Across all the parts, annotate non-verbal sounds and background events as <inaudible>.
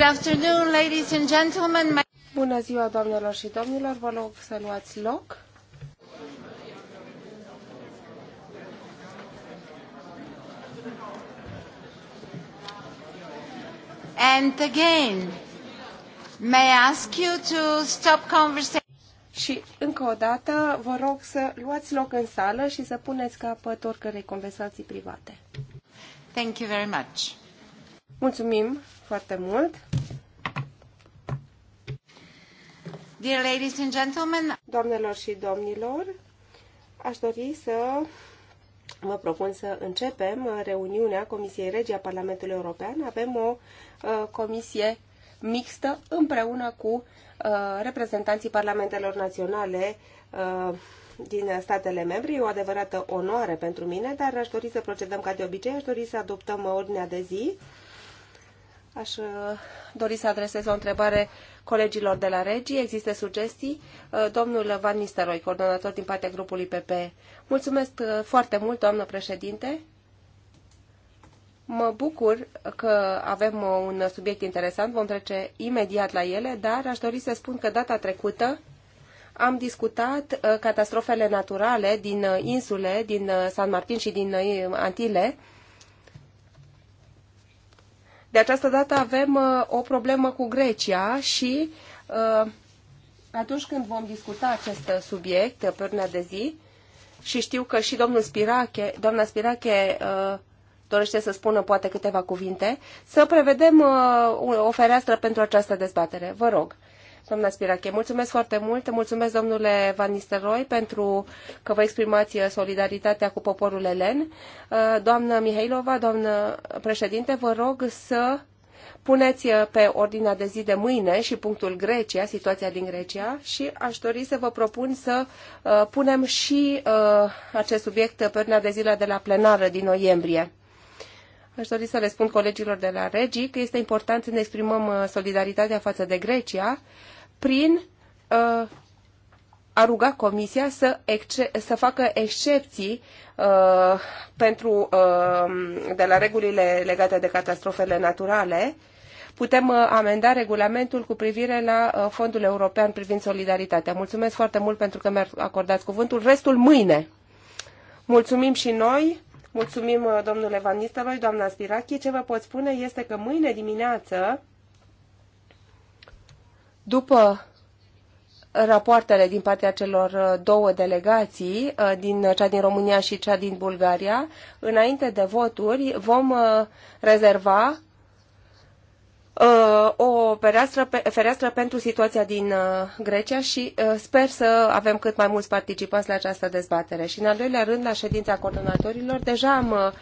Good afternoon, ladies and gentlemen. Bună ziua, doamnelor și domnilor. Vă rog să luați loc. And again, may I ask you to stop conversation? Și încă o dată vă rog să luați loc în sală și să puneți capăt oricărei conversații private. Thank you very much. Mulțumim foarte mult. Dear ladies and gentlemen, Doamnelor și domnilor, aș dori să vă propun să începem uh, reuniunea Comisiei Regia Parlamentului European. Avem o uh, comisie mixtă împreună cu uh, reprezentanții parlamentelor naționale uh, din statele membre. E o adevărată onoare pentru mine, dar aș dori să procedăm ca de obicei. Aș dori să adoptăm ordinea de zi. Aș uh, dori să adresez o întrebare colegilor de la Regii. Există sugestii? Uh, domnul Van Nistelrooy, coordonator din partea grupului PP. Mulțumesc uh, foarte mult, doamnă președinte. Mă bucur că avem un subiect interesant, vom trece imediat la ele, dar aș dori să spun că data trecută am discutat catastrofele naturale din insule, din San Martin și din Antile, de această dată avem uh, o problemă cu Grecia și uh, atunci când vom discuta acest subiect uh, pe urmea de zi, și știu că și domnul Spirache, doamna Spirache dorește să spună poate câteva cuvinte, să prevedem o fereastră pentru această dezbatere. Vă rog. Doamna Spirache, mulțumesc foarte mult. Mulțumesc, domnule Van Nistelrooy, pentru că vă exprimați solidaritatea cu poporul elen. Uh, doamnă Mihailova, doamnă președinte, vă rog să puneți uh, pe ordinea de zi de mâine și punctul Grecia, situația din Grecia și aș dori să vă propun să uh, punem și acest subiect pe ordinea de zile de la plenară din noiembrie. Aș dori să le spun colegilor de la Regi că este important să ne exprimăm solidaritatea față de Grecia prin uh, a ruga Comisia să, exce- să facă excepții uh, pentru, uh, de la regulile legate de catastrofele naturale. Putem uh, amenda regulamentul cu privire la uh, Fondul European privind solidaritatea. Mulțumesc foarte mult pentru că mi-a acordat cuvântul. Restul mâine. Mulțumim și noi. Mulțumim, uh, domnule Van Nistelrooy, doamna Spirachie. Ce vă pot spune este că mâine dimineață după rapoartele din partea celor uh, două delegații, uh, din uh, cea din România și cea din Bulgaria, înainte de voturi vom rezerva o fereastră, fereastră pentru situația din uh, Grecia și uh, sper să avem cât mai mulți participanți la această dezbatere. Și în al doilea rând, la ședința coordonatorilor, deja am uh,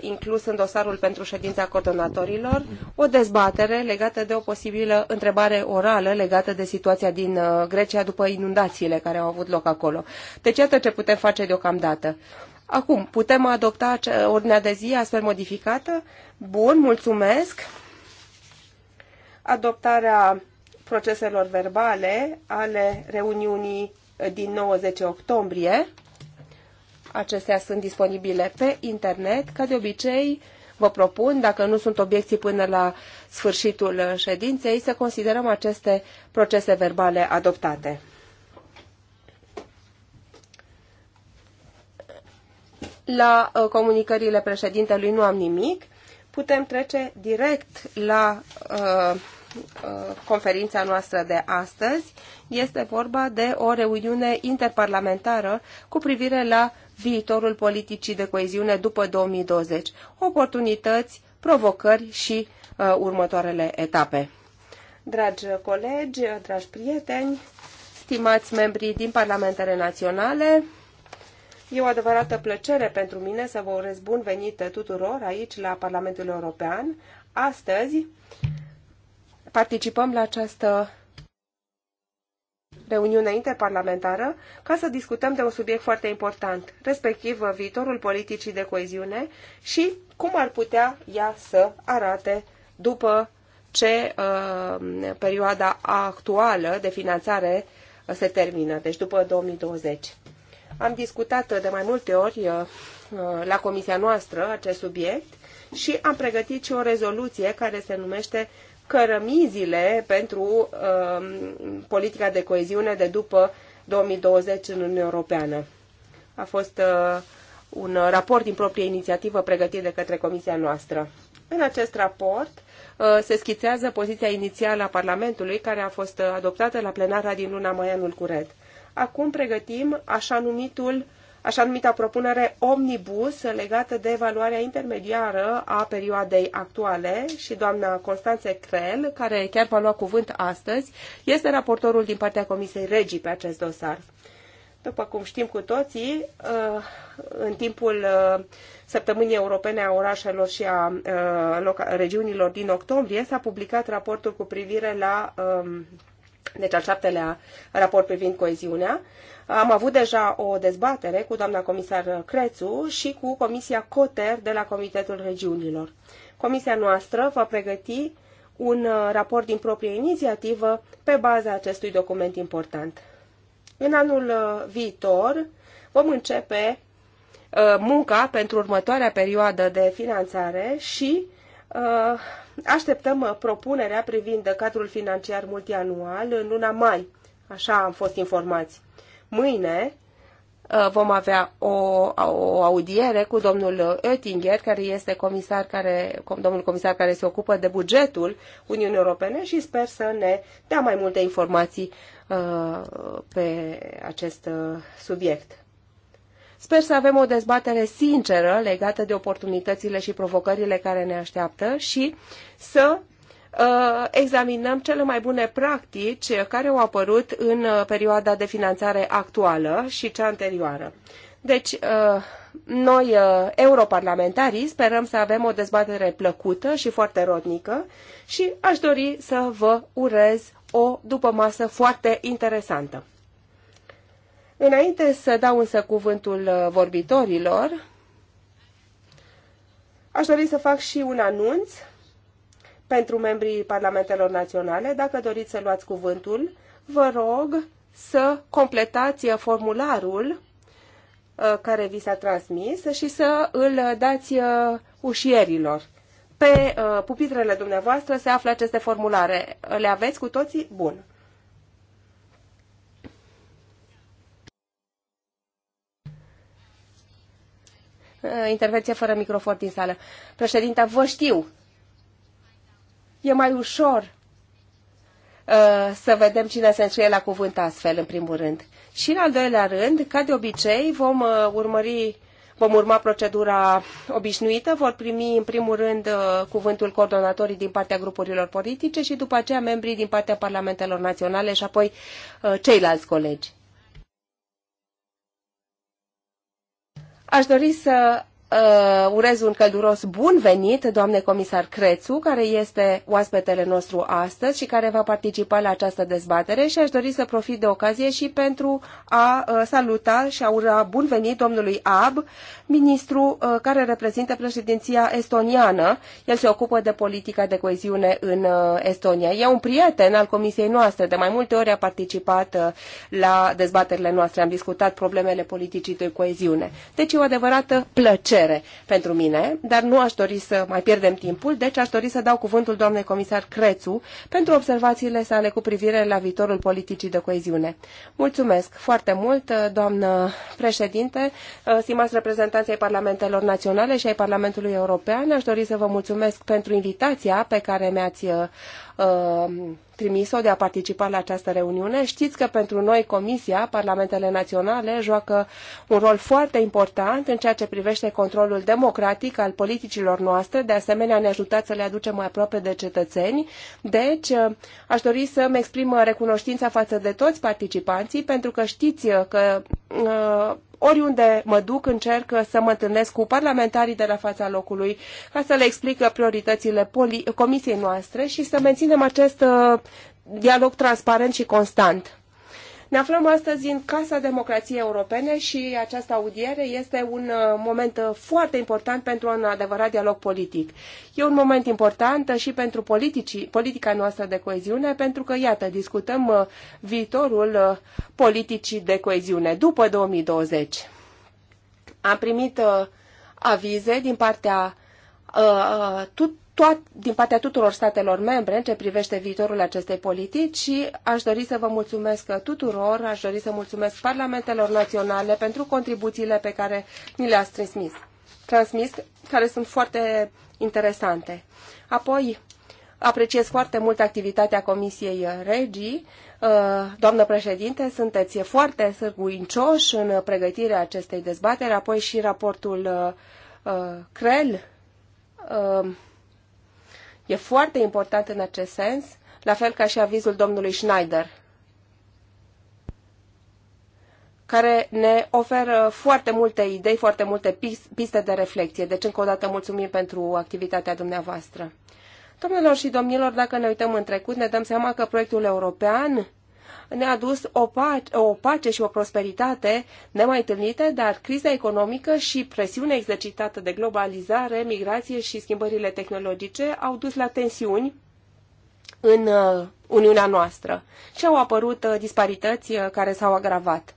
inclus în dosarul pentru ședința coordonatorilor o dezbatere legată de o posibilă întrebare orală legată de situația din Grecia după inundațiile care au avut loc acolo. Deci iată ce putem face deocamdată. Acum, putem adopta ordinea de zi astfel modificată? Bun, mulțumesc! adoptarea proceselor verbale ale reuniunii din 90 octombrie. Acestea sunt disponibile pe internet. Ca de obicei, vă propun, dacă nu sunt obiecții până la sfârșitul ședinței, să considerăm aceste procese verbale adoptate. La uh, comunicările președintelui nu am nimic. Putem trece direct la uh, Uh, conferința noastră de astăzi. Este vorba de o reuniune interparlamentară cu privire la viitorul politicii de coeziune după 2020, oportunități, provocări și uh, următoarele etape. Dragi colegi, dragi prieteni, stimați membrii din Parlamentele Naționale, E o adevărată plăcere pentru mine să vă urez bun venit tuturor aici la Parlamentul European. Astăzi participăm la această reuniune interparlamentară ca să discutăm de un subiect foarte important, respectiv viitorul politicii de coeziune și cum ar putea ea să arate după ce uh, perioada actuală de finanțare uh, se termină, deci după 2020. Am discutat uh, de mai multe ori uh, uh, la comisia noastră acest subiect și am pregătit și o rezoluție care se numește cărămizile pentru uh, politica de coeziune de după 2020 în Uniunea Europeană. A fost uh, un raport din proprie inițiativă pregătit de către comisia noastră. În acest raport uh, se schițează poziția inițială a Parlamentului, care a fost adoptată la plenara din luna mai anul curent. Acum pregătim așa numitul așa numita propunere omnibus legată de evaluarea intermediară a perioadei actuale și doamna Constanțe Crel, care chiar va lua cuvânt astăzi, este raportorul din partea Comisiei Regii pe acest dosar. După cum știm cu toții, uh, în timpul uh, Săptămânii Europene a Orașelor și a uh, regiunilor din octombrie s-a publicat raportul cu privire la um, deci al șaptelea raport privind coeziunea. Am avut deja o dezbatere cu doamna comisar Crețu și cu Comisia Coter de la Comitetul Regiunilor. Comisia noastră va pregăti un uh, raport din proprie inițiativă pe baza acestui document important. În anul uh, viitor vom începe uh, munca pentru următoarea perioadă de finanțare și așteptăm uh, propunerea privind cadrul financiar multianual în luna mai. Așa am fost informați. Mâine uh, vom avea o, o audiere cu domnul Oettinger, care este comisar care, domnul comisar care se ocupă de bugetul Uniunii Europene și sper să ne dea mai multe informații uh, pe acest subiect. Sper să avem o dezbatere sinceră legată de oportunitățile și provocările care ne așteaptă și să uh, examinăm cele mai bune practici care au apărut în uh, perioada de finanțare actuală și cea anterioară. Deci, uh, noi, europarlamentarii, sperăm să avem o dezbatere plăcută și foarte rodnică și aș dori să vă urez o după masă foarte interesantă. Înainte să dau însă cuvântul uh, vorbitorilor, aș dori să fac și un anunț pentru membrii Parlamentelor Naționale. Dacă doriți să luați cuvântul, vă rog să completați uh, formularul uh, care vi s-a transmis și să îl dați ușierilor. Pe pupitrele dumneavoastră se află aceste formulare. Le aveți cu toții? Bun. Uh, intervenție fără microfon din sală. Președinte, vă știu. E mai ușor uh, să vedem cine se înșuie la cuvânt astfel, în primul rând. Și în al doilea rând, ca de obicei, vom uh, urmări Vom urma procedura obișnuită, vor primi în primul rând cuvântul coordonatorii din partea grupurilor politice și după aceea membrii din partea parlamentelor naționale și apoi ceilalți colegi. Aș dori să uh, urez un călduros bun venit, doamne comisar Crețu, care este oaspetele nostru astăzi și care va participa la această dezbatere și aș dori să profit de ocazie și pentru a uh, saluta și a ura bun venit domnului Ab, ministru uh, care reprezintă președinția estoniană. El se ocupă de politica de coeziune în uh, Estonia. E un prieten al comisiei noastre. De mai multe ori a participat uh, la dezbaterile noastre. Am discutat problemele politicii de coeziune. Deci e o adevărată plăcere plăcere pentru mine, dar nu aș dori să mai pierdem timpul, deci aș dori să dau cuvântul doamnei comisar Crețu pentru observațiile sale cu privire la viitorul politicii de coeziune. Mulțumesc foarte mult, uh, doamnă președinte, uh, stimați reprezentanții ai Parlamentelor Naționale și ai Parlamentului European, aș dori să vă mulțumesc pentru invitația pe care mi-ați uh, uh trimis-o de a participa la această reuniune. Știți că pentru noi Comisia, Parlamentele Naționale, joacă un rol foarte important în ceea ce privește controlul democratic al politicilor noastre. De asemenea, ne ajutat să le aducem mai aproape de cetățeni. Deci, aș dori să-mi exprim recunoștința față de toți participanții, pentru că știți că uh, Oriunde mă duc, încerc să mă întâlnesc cu parlamentarii de la fața locului ca să le explică prioritățile comisiei noastre și să menținem acest uh, dialog transparent și constant. Ne aflăm astăzi în Casa Democrației Europene și această audiere este un uh, moment uh, foarte important pentru un adevărat dialog politic. E un moment important uh, și pentru politicii, politica noastră de coeziune, pentru că, iată, discutăm viitorul politicii de coeziune după 2020. Am primit avize din partea tut toat, din partea tuturor statelor membre în ce privește viitorul acestei politici și aș dori să vă mulțumesc tuturor, aș dori să mulțumesc parlamentelor naționale pentru contribuțiile pe care mi le-ați transmis, transmis, care sunt foarte interesante. Apoi, apreciez foarte mult activitatea Comisiei Regii. Uh, doamnă președinte, sunteți foarte sârguincioși în pregătirea acestei dezbateri, apoi și raportul uh, uh, Crel, E foarte important în acest sens, la fel ca și avizul domnului Schneider, care ne oferă foarte multe idei, foarte multe piste de reflexie. Deci, încă o dată, mulțumim pentru activitatea dumneavoastră. Domnilor și domnilor, dacă ne uităm în trecut, ne dăm seama că proiectul european ne-a dus o pace, o pace și o prosperitate nemai întâlnite, dar criza economică și presiunea exercitată de globalizare, migrație și schimbările tehnologice au dus la tensiuni în uh, Uniunea noastră și au apărut uh, disparități uh, care s-au agravat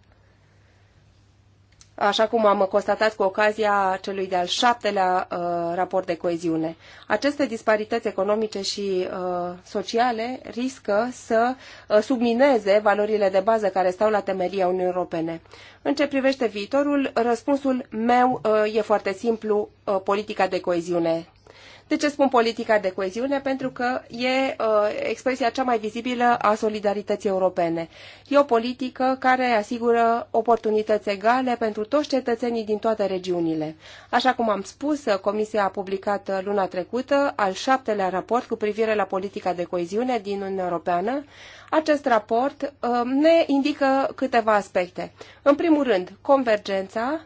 așa cum am constatat cu ocazia celui de-al șaptelea uh, raport de coeziune. Aceste disparități economice și uh, sociale riscă să uh, submineze valorile de bază care stau la temelia Uniunii Europene. În ce privește viitorul, răspunsul meu uh, e foarte simplu, uh, politica de coeziune de ce spun politica de coeziune? Pentru că e uh, expresia cea mai vizibilă a solidarității europene. E o politică care asigură oportunități egale pentru toți cetățenii din toate regiunile. Așa cum am spus, Comisia a publicat luna trecută al șaptelea raport cu privire la politica de coeziune din Uniunea Europeană. Acest raport uh, ne indică câteva aspecte. În primul rând, convergența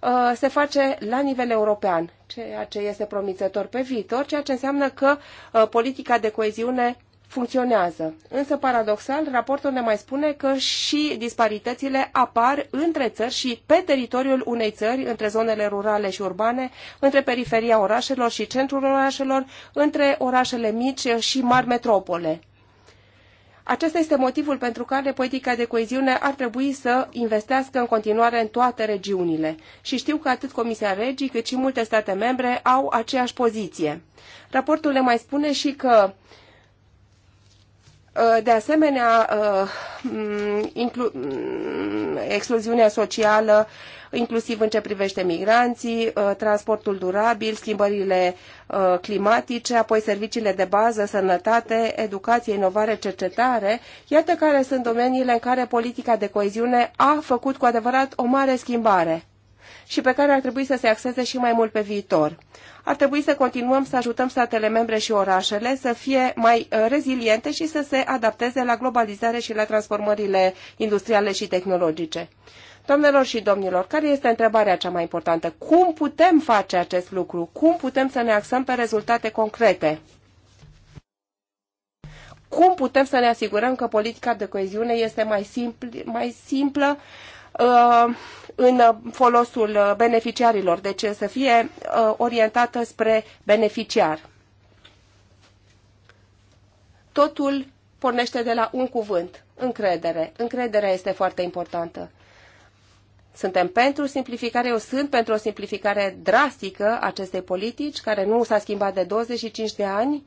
Uh, se face la nivel european, ceea ce este promițător pe viitor, ceea ce înseamnă că uh, politica de coeziune funcționează. Însă, paradoxal, raportul ne mai spune că și disparitățile apar între țări și pe teritoriul unei țări, între zonele rurale și urbane, între periferia orașelor și centrul orașelor, între orașele mici și mari metropole. Acesta este motivul pentru care politica de coeziune ar trebui să investească în continuare în toate regiunile. Și știu că atât Comisia Regii cât și multe state membre au aceeași poziție. Raportul le mai spune și că Uh, de asemenea, uh, excluziunea socială, inclusiv în ce privește migranții, uh, transportul durabil, schimbările climatice, apoi serviciile de bază, sănătate, educație, inovare, cercetare, iată care sunt domeniile în care politica de coeziune a făcut cu adevărat o mare schimbare și pe care ar trebui să se axeze și mai mult pe viitor ar trebui să continuăm să ajutăm statele membre și orașele să fie mai uh, reziliente și să se adapteze la globalizare și la transformările industriale și tehnologice. Domnilor și domnilor, care este întrebarea cea mai importantă? Cum putem face acest lucru? Cum putem să ne axăm pe rezultate concrete? Cum putem să ne asigurăm că politica de coeziune este mai, simpl, mai simplă, uh, în folosul uh, beneficiarilor, deci să fie uh, orientată spre beneficiar. Totul pornește de la un cuvânt, încredere. Încrederea este foarte importantă. Suntem pentru simplificare, eu sunt pentru o simplificare drastică acestei politici, care nu s-a schimbat de 25 de ani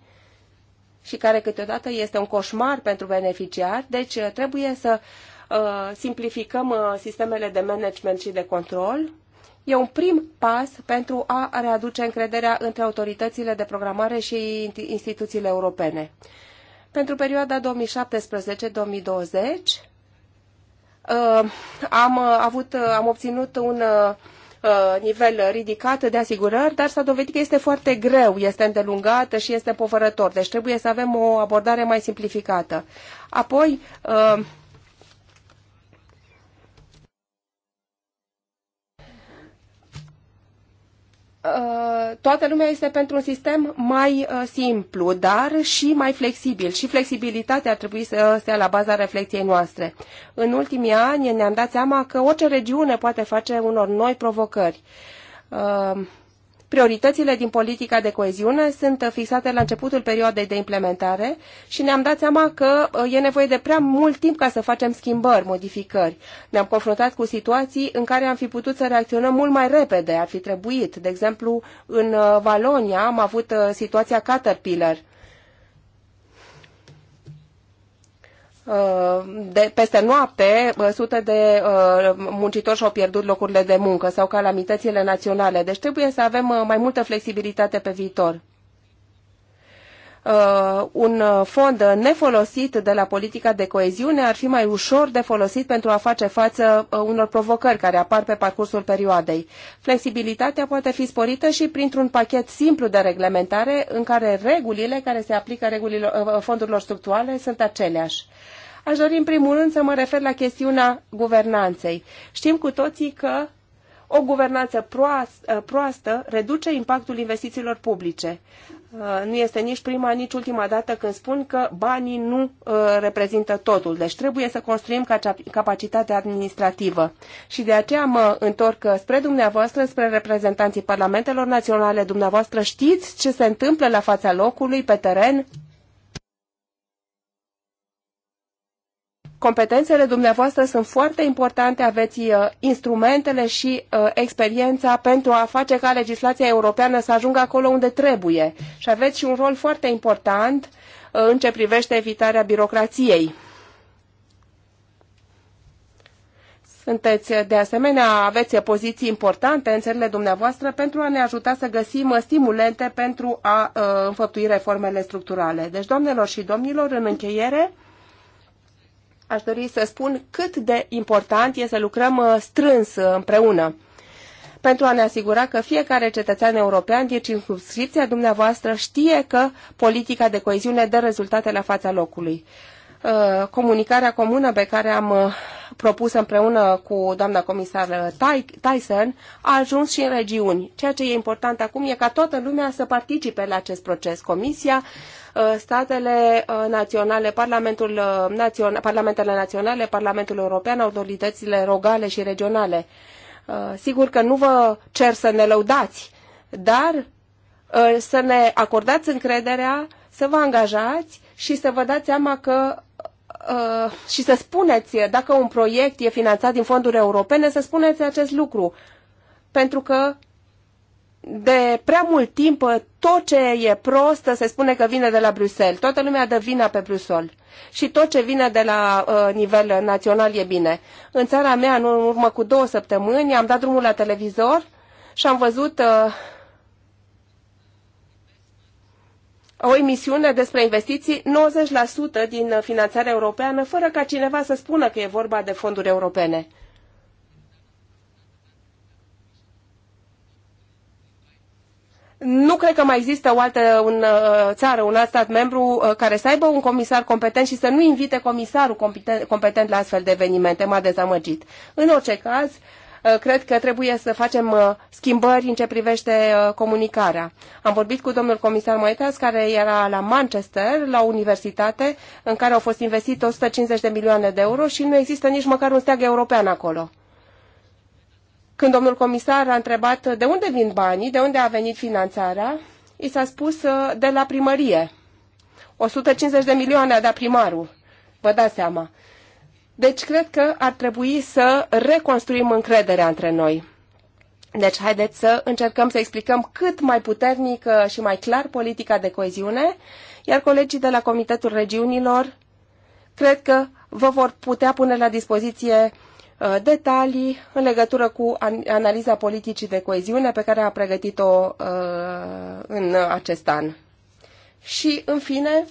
și care câteodată este un coșmar pentru beneficiar, deci uh, trebuie să uh, Uh, simplificăm uh, sistemele de management și de control. E un prim pas pentru a readuce încrederea între autoritățile de programare și instituțiile europene. Pentru perioada 2017-2020 uh, am, avut, am obținut un nivel ridicat de asigurări, dar s-a dovedit că este foarte greu, este îndelungată și este povărător. Deci trebuie să avem o abordare mai simplificată. Apoi, Uh, toată lumea este pentru un sistem mai uh, simplu, dar și mai flexibil. Și flexibilitatea ar trebui să uh, stea la baza reflecției noastre. În ultimii ani ne-am dat seama că orice regiune poate face unor noi provocări. Prioritățile din politica de coeziune sunt fixate la începutul perioadei de implementare și ne-am dat seama că uh, e nevoie de prea mult timp ca să facem schimbări, modificări. Ne-am confruntat cu situații în care am fi putut să reacționăm mult mai repede, ar fi trebuit. De exemplu, în uh, Valonia am avut uh, situația Caterpillar, Uh, de peste noapte uh, sute de uh, muncitori și-au pierdut locurile de muncă sau calamitățile naționale. Deci trebuie să avem mai multă flexibilitate pe viitor. Uh, un fond nefolosit de la politica de coeziune ar fi mai ușor de folosit pentru a face față unor provocări care apar pe parcursul perioadei. Flexibilitatea poate fi sporită și printr-un pachet simplu de reglementare în care regulile care se aplică regulilor, fondurilor structurale sunt aceleași. Aș dori în primul rând să mă refer la chestiunea guvernanței. Știm cu toții că o guvernanță ă, proastă, reduce impactul investițiilor publice. Ă, nu este nici prima, nici ultima dată când spun că banii nu ă, reprezintă totul. Deci trebuie să construim capacitatea administrativă. Și de aceea mă întorc spre dumneavoastră, spre reprezentanții parlamentelor naționale. Dumneavoastră știți ce se întâmplă la fața locului, pe teren, competențele dumneavoastră sunt foarte importante, aveți uh, instrumentele și uh, experiența pentru a face ca legislația europeană să ajungă acolo unde trebuie și aveți și un rol foarte important uh, în ce privește evitarea birocrației. Sunteți, de asemenea, aveți poziții importante în țările dumneavoastră pentru a ne ajuta să găsim stimulente pentru a înfăptui reformele structurale. Deci, doamnelor și domnilor, în încheiere, aș dori să spun cât de important e să lucrăm uh, strâns uh, împreună pentru a ne asigura că fiecare cetățean european din deci circunscripția dumneavoastră știe că politica de coeziune dă rezultate la fața locului. Uh, comunicarea comună pe care am propus împreună cu doamna comisar Tyson a ajuns și în regiuni. Ceea ce e important acum e ca toată lumea să participe la acest proces. Comisia Uh, statele uh, naționale, Parlamentul uh, național, Parlamentele naționale, Parlamentul European, autoritățile rogale și regionale. Sigur că nu vă cer să ne lăudați, dar să ne acordați încrederea, să vă angajați și să vă dați seama că și să spuneți, dacă un proiect e finanțat din fonduri europene, să spuneți acest lucru. Pentru că de prea mult timp tot ce e prost se spune că vine de la Bruxelles. Toată lumea dă vina pe Bruxelles. Și tot ce vine de la uh, nivel național e bine. În țara mea, în urmă cu două săptămâni, am dat drumul la televizor și am văzut uh, o emisiune despre investiții, 90% din finanțarea europeană, fără ca cineva să spună că e vorba de fonduri europene. Nu cred că mai există o altă un, uh, țară, un alt stat membru uh, care să aibă un comisar competent și să nu invite comisarul competent, competent la astfel de evenimente. M-a dezamăgit. În orice caz, uh, cred că trebuie să facem schimbări în ce privește comunicarea. Am vorbit cu domnul comisar Moetas, care era la Manchester, la universitate, în care au fost investiți 150 de milioane de euro și nu există nici măcar un steag european acolo. Când domnul comisar a întrebat de unde vin banii, de unde a venit finanțarea, i s-a spus uh, de la primărie. 150 de milioane a dat primarul. Vă dați seama. Deci cred că ar trebui să reconstruim încrederea între noi. Deci haideți să încercăm să explicăm cât mai puternic uh, și mai clar politica de coeziune, iar colegii de la Comitetul Regiunilor cred că vă vor putea pune la dispoziție Uh, detalii în legătură cu analiza politicii de coeziune pe care a pregătit-o uh, în acest an. Și, în fine,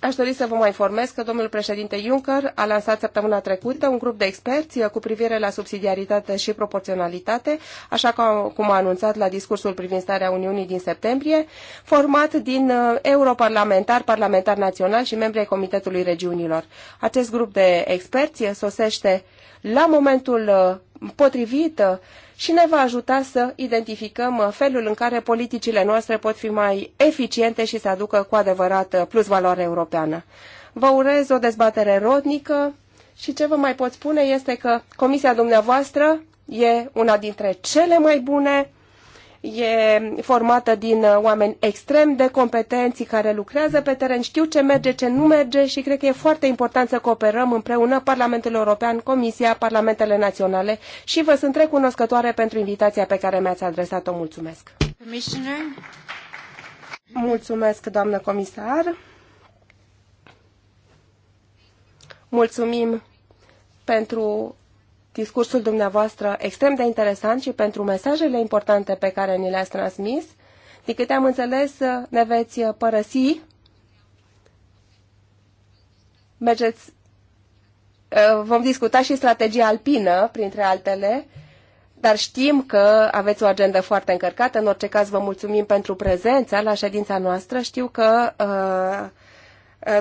Aș dori să vă mai informez că domnul președinte Juncker a lansat săptămâna trecută un grup de experți uh, cu privire la subsidiaritate și proporționalitate, așa cum a anunțat la discursul privind starea Uniunii din septembrie, format din europarlamentar, parlamentar național și membri ai Comitetului Regiunilor. Acest grup de experți sosește la momentul uh, potrivit uh, și ne va ajuta să identificăm uh, felul în care politicile noastre pot fi mai eficiente și să aducă cu adevărat plus valoare europeană. Vă urez o dezbatere rodnică și ce vă mai pot spune este că comisia dumneavoastră e una dintre cele mai bune e formată din uh, oameni extrem de competenți care lucrează pe teren, știu ce merge, ce nu merge și cred că e foarte important să cooperăm împreună Parlamentul European, Comisia, Parlamentele Naționale și vă sunt recunoscătoare pentru invitația pe care mi-ați adresat-o. Mulțumesc! Mulțumesc, doamnă comisar! Mulțumim pentru discursul dumneavoastră extrem de interesant și pentru mesajele importante pe care ni le-ați transmis. Din câte am înțeles, ne veți părăsi. Mergeți. Uh, vom discuta și strategia alpină, printre altele, dar știm că aveți o agendă foarte încărcată. În orice caz, vă mulțumim pentru prezența la ședința noastră. Știu că uh, uh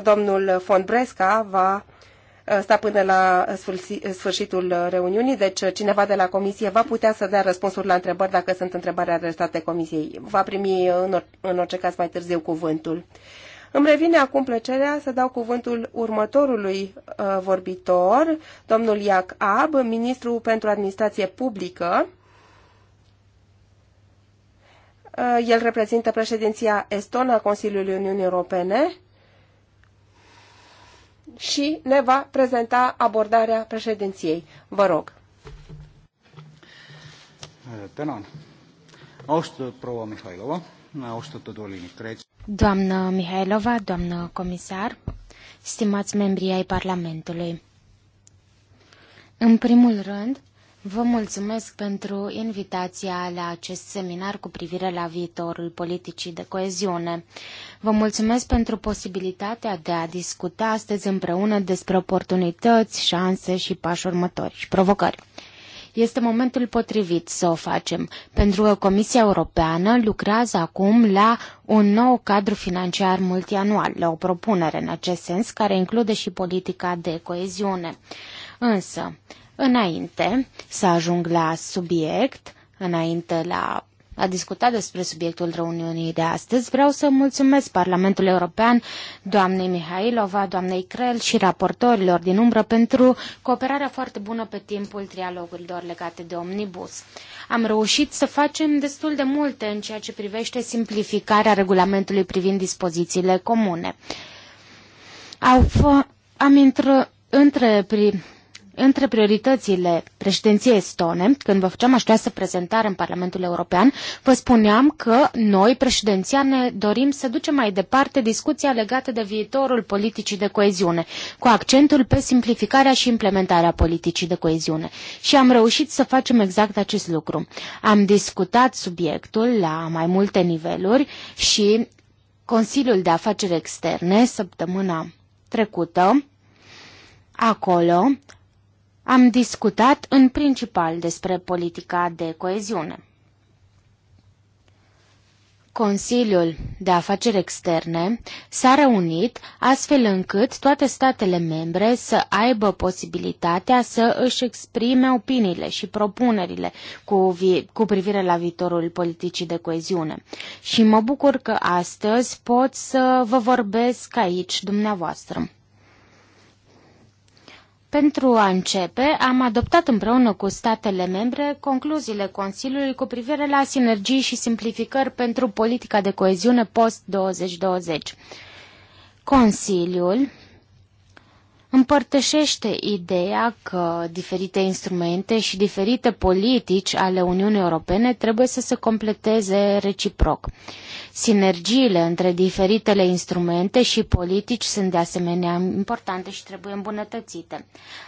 domnul Bresca va sta până la sfârșitul reuniunii, deci cineva de la comisie va putea să dea răspunsuri la întrebări dacă sunt întrebări adresate comisiei. Va primi în, or- în orice caz mai târziu cuvântul. Îmi revine acum plăcerea să dau cuvântul următorului uh, vorbitor, domnul Iac Ab, ministru pentru administrație publică. Uh, el reprezintă președinția Estona a Consiliului Uniunii Europene și ne va prezenta abordarea președinției. Vă rog. Tänan. Austatud Mihailova, Mihhailova, austatud volinik Reets. Doamnă Mihailova, doamnă comisar, stimați membrii ai Parlamentului. În primul rând, Vă mulțumesc pentru invitația la acest seminar cu privire la viitorul politicii de coeziune. Vă mulțumesc pentru posibilitatea de a discuta astăzi împreună despre oportunități, șanse și pași următori și provocări. Este momentul potrivit să o facem, pentru că Comisia Europeană lucrează acum la un nou cadru financiar multianual, la o propunere în acest sens care include și politica de coeziune. Însă, Înainte să ajung la subiect, înainte la a discuta despre subiectul reuniunii de astăzi, vreau să mulțumesc Parlamentul European, doamnei Mihailova, doamnei Crel și raportorilor din umbră pentru cooperarea foarte bună pe timpul trialogurilor legate de omnibus. Am reușit să facem destul de multe în ceea ce privește simplificarea regulamentului privind dispozițiile comune. Au am intră între pri între prioritățile președinției estone, când vă făceam această prezentare în Parlamentul European, vă spuneam că noi, președinția, ne dorim să ducem mai departe discuția legată de viitorul politicii de coeziune, cu accentul pe simplificarea și implementarea politicii de coeziune. Și am reușit să facem exact acest lucru. Am discutat subiectul la mai multe niveluri și Consiliul de Afaceri Externe, săptămâna trecută, acolo am discutat în principal despre politica de coeziune. Consiliul de Afaceri Externe s-a reunit astfel încât toate statele membre să aibă posibilitatea să își exprime opiniile și propunerile cu, cu privire la viitorul politicii de coeziune. Și mă bucur că astăzi pot să vă vorbesc aici dumneavoastră. Pentru a începe, am adoptat împreună cu statele membre concluziile Consiliului cu privire la sinergii și simplificări pentru politica de coeziune post-2020. Consiliul împărtășește ideea că diferite instrumente și diferite politici ale Uniunii Europene trebuie să se completeze reciproc. Sinergiile între diferitele instrumente și politici sunt de asemenea importante și trebuie îmbunătățite.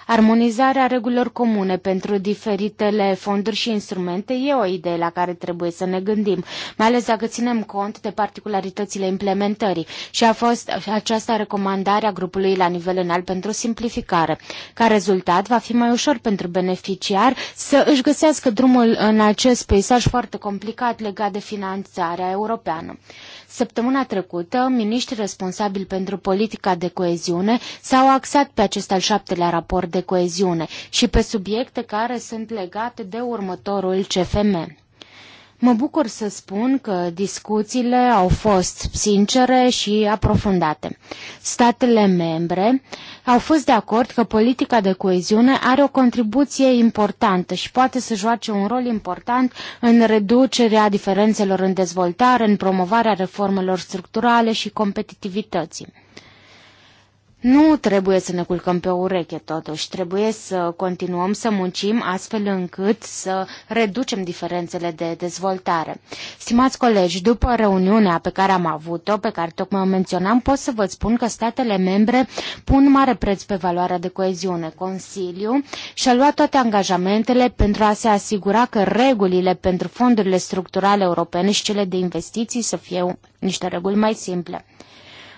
Armonizarea regulilor comune pentru diferitele fonduri și instrumente e o idee la care trebuie să ne gândim, mai ales dacă ținem cont de particularitățile implementării și a fost aceasta recomandarea grupului la nivel înalt pentru simplificare. Ca rezultat, va fi mai ușor pentru beneficiar să își găsească drumul în acest peisaj foarte complicat legat de finanțarea europeană. Săptămâna trecută, miniștrii responsabili pentru politica de coeziune s-au axat pe acest al șaptelea raport de coeziune și pe subiecte care sunt legate de următorul CFM. Mă bucur să spun că discuțiile au fost sincere și aprofundate. Statele membre au fost de acord că politica de coeziune are o contribuție importantă și poate să joace un rol important în reducerea diferențelor în dezvoltare, în promovarea reformelor structurale și competitivității. Nu trebuie să ne culcăm pe ureche totuși, trebuie să continuăm să muncim astfel încât să reducem diferențele de dezvoltare. Stimați colegi, după reuniunea pe care am avut-o, pe care tocmai o menționam, pot să vă spun că statele membre pun mare preț pe valoarea de coeziune. Consiliu și-a luat toate angajamentele pentru a se asigura că regulile pentru fondurile structurale europene și cele de investiții să fie niște reguli mai simple.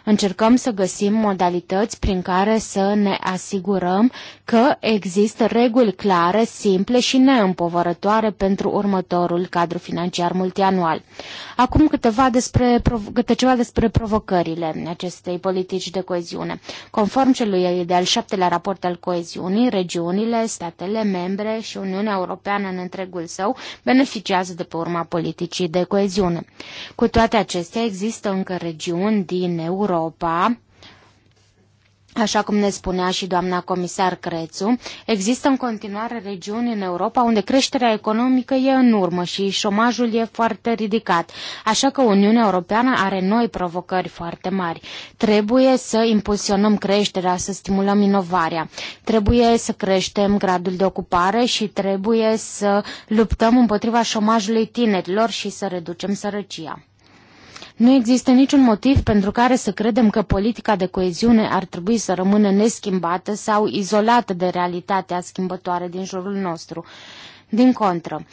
Încercăm să găsim modalități prin care să ne asigurăm că există reguli clare, simple și neîmpovărătoare pentru următorul cadru financiar multianual. Acum câteva despre, câte ceva despre provocările acestei politici de coeziune. Conform celui de-al șaptelea raport al coeziunii, regiunile, statele membre și Uniunea Europeană în întregul său beneficiază de pe urma politicii de coeziune. Cu toate acestea, există încă regiuni din Europa Europa, Așa cum ne spunea și doamna comisar Crețu, există în continuare regiuni în Europa unde creșterea economică e în urmă și șomajul e foarte ridicat. Așa că Uniunea Europeană are noi provocări foarte mari. Trebuie să impulsionăm creșterea, să stimulăm inovarea. Trebuie să creștem gradul de ocupare și trebuie să luptăm împotriva șomajului tinerilor și să reducem sărăcia. Nu există niciun motiv pentru care să credem că politica de coeziune ar trebui să rămână neschimbată sau izolată de realitatea schimbătoare din jurul nostru. Din contră,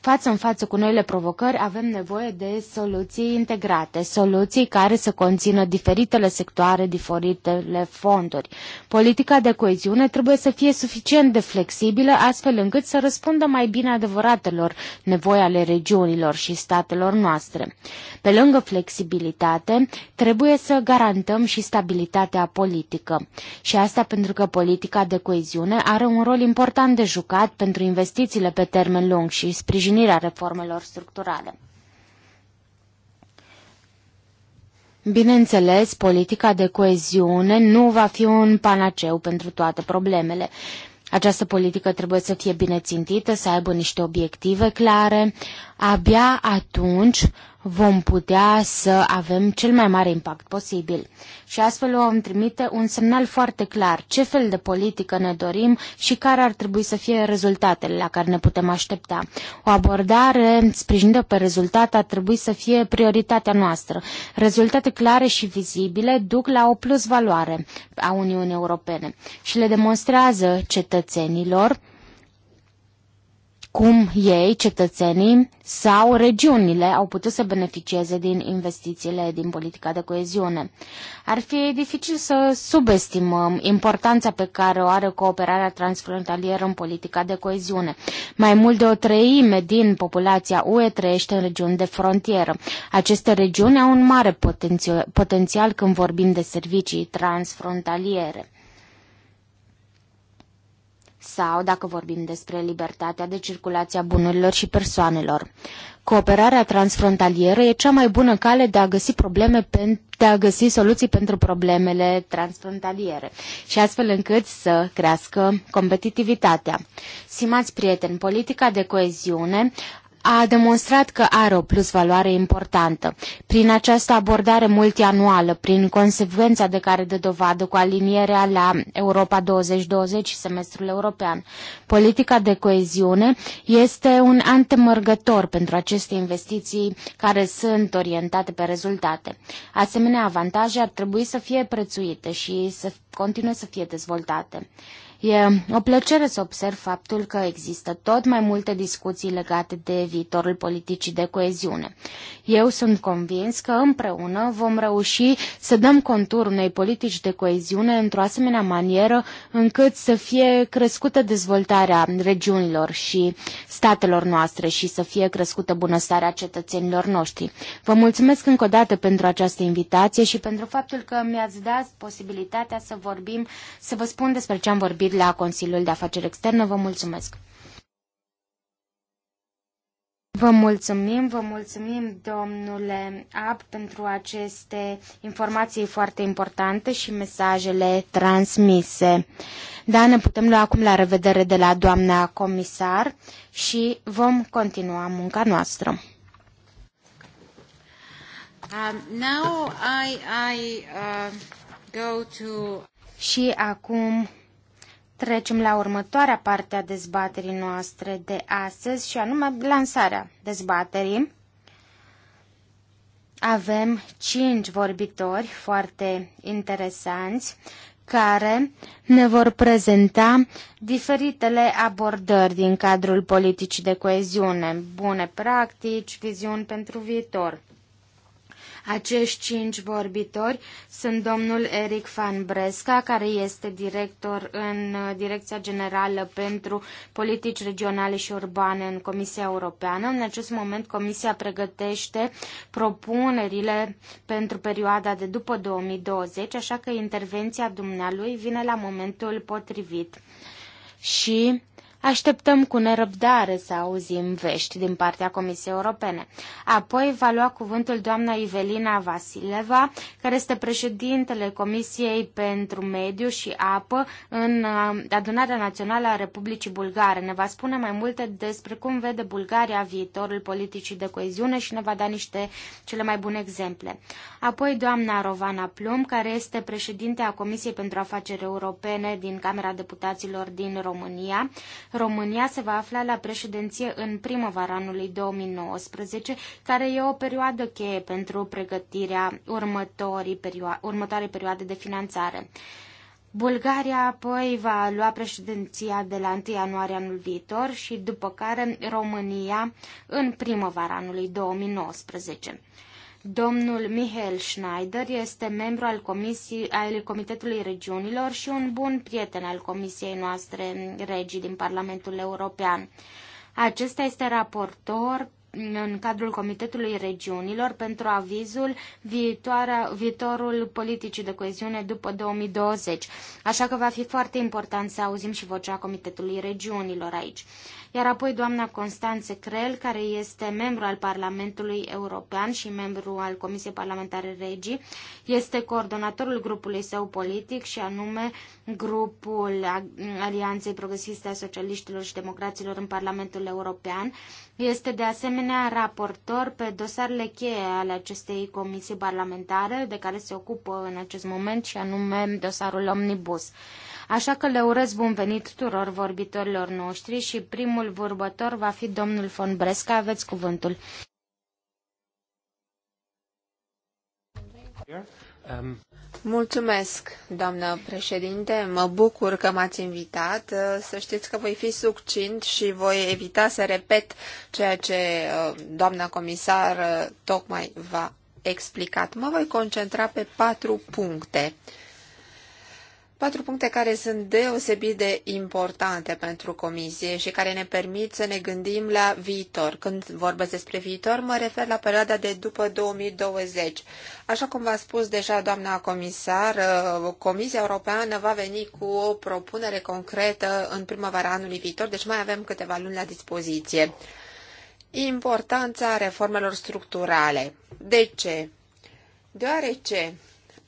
față în față cu noile provocări, avem nevoie de soluții integrate, soluții care să conțină diferitele sectoare, diferitele fonduri. Politica de coeziune trebuie să fie suficient de flexibilă, astfel încât să răspundă mai bine adevăratelor nevoi ale regiunilor și statelor noastre. Pe lângă flexibilitate, trebuie să garantăm și stabilitatea politică. Și asta pentru că politica de coeziune are un rol important de jucat pentru investițiile pe termen lung și sprijin sprijinirea reformelor structurale. Bineînțeles, politica de coeziune nu va fi un panaceu pentru toate problemele. Această politică trebuie să fie bine țintită, să aibă niște obiective clare. Abia atunci vom putea să avem cel mai mare impact posibil. Și astfel vom trimite un semnal foarte clar ce fel de politică ne dorim și care ar trebui să fie rezultatele la care ne putem aștepta. O abordare sprijinită pe rezultat ar trebui să fie prioritatea noastră. Rezultate clare și vizibile duc la o plus valoare a Uniunii Europene și le demonstrează cetățenilor cum ei, cetățenii sau regiunile au putut să beneficieze din investițiile din politica de coeziune. Ar fi dificil să subestimăm importanța pe care o are cooperarea transfrontalieră în politica de coeziune. Mai mult de o treime din populația UE trăiește în regiuni de frontieră. Aceste regiuni au un mare potențial când vorbim de servicii transfrontaliere sau dacă vorbim despre libertatea de circulație a bunurilor și persoanelor. Cooperarea transfrontalieră e cea mai bună cale de a găsi probleme pentru de a găsi soluții pentru problemele transfrontaliere și astfel încât să crească competitivitatea. Simați prieteni, politica de coeziune a demonstrat că are o plusvaloare importantă. Prin această abordare multianuală, prin consecvența de care dă dovadă cu alinierea la Europa 2020 și semestrul european, politica de coeziune este un antemărgător pentru aceste investiții care sunt orientate pe rezultate. Asemenea, avantaje ar trebui să fie prețuite și să continue să fie dezvoltate. E o plăcere să observ faptul că există tot mai multe discuții legate de viitorul politicii de coeziune. Eu sunt convins că împreună vom reuși să dăm contur unei politici de coeziune într-o asemenea manieră încât să fie crescută dezvoltarea regiunilor și statelor noastre și să fie crescută bunăstarea cetățenilor noștri. Vă mulțumesc încă o dată pentru această invitație și pentru faptul că mi-ați dat posibilitatea să vorbim, să vă spun despre ce am vorbit la Consiliul de Afaceri Externe. Vă mulțumesc! Vă mulțumim, vă mulțumim, domnule Ab, pentru aceste informații foarte importante și mesajele transmise. Da, ne putem lua acum la revedere de la doamna comisar și vom continua munca noastră. Um, now I, I, uh, go to... Și acum Trecem la următoarea parte a dezbaterii noastre de astăzi și anume lansarea dezbaterii. Avem cinci vorbitori foarte interesanți care ne vor prezenta diferitele abordări din cadrul politicii de coeziune, bune practici, viziuni pentru viitor. Acești cinci vorbitori sunt domnul Eric Van Bresca, care este director în uh, Direcția Generală pentru Politici Regionale și Urbane în Comisia Europeană. În acest moment Comisia pregătește propunerile pentru perioada de după 2020, așa că intervenția dumnealui vine la momentul potrivit. Și Așteptăm cu nerăbdare să auzim vești din partea Comisiei Europene. Apoi va lua cuvântul doamna Ivelina Vasileva, care este președintele Comisiei pentru Mediu și Apă în uh, Adunarea Națională a Republicii Bulgare. Ne va spune mai multe despre cum vede Bulgaria viitorul politicii de coeziune și ne va da niște cele mai bune exemple. Apoi doamna Rovana Plum, care este președinte a Comisiei pentru Afaceri Europene din Camera Deputaților din România, România se va afla la președinție în primăvara anului 2019, care e o perioadă cheie pentru pregătirea următoarei perioade, următoare perioade de finanțare. Bulgaria apoi va lua președinția de la 1 ianuarie anul viitor și după care România în primăvara anului 2019. Domnul Michael Schneider este membru al, comisii, al Comitetului Regiunilor și un bun prieten al Comisiei noastre regii din Parlamentul European. Acesta este raportor în cadrul Comitetului Regiunilor pentru avizul viitorul politicii de coeziune după 2020. Așa că va fi foarte important să auzim și vocea Comitetului Regiunilor aici iar apoi doamna Constanțe Crel, care este membru al Parlamentului European și membru al Comisiei Parlamentare Regii, este coordonatorul grupului său politic și anume grupul Alianței Progresiste a Socialiștilor și Democraților în Parlamentul European. Este de asemenea raportor pe dosarele cheie ale acestei comisii parlamentare de care se ocupă în acest moment și anume dosarul Omnibus. Așa că le urez bun venit tuturor vorbitorilor noștri și primul vorbător va fi domnul von Bresca. Aveți cuvântul. Mulțumesc, doamnă președinte. Mă bucur că m-ați invitat. Să știți că voi fi succint și voi evita să repet ceea ce uh, doamna comisar uh, tocmai v-a explicat. Mă voi concentra pe patru puncte. Patru puncte care sunt deosebit de importante pentru comisie și care ne permit să ne gândim la viitor. Când vorbesc despre viitor, mă refer la perioada de după 2020. Așa cum v-a spus deja doamna comisar, uh, Comisia Europeană va veni cu o propunere concretă în primăvara anului viitor, deci mai avem câteva luni la dispoziție. Importanța reformelor structurale. De ce? Deoarece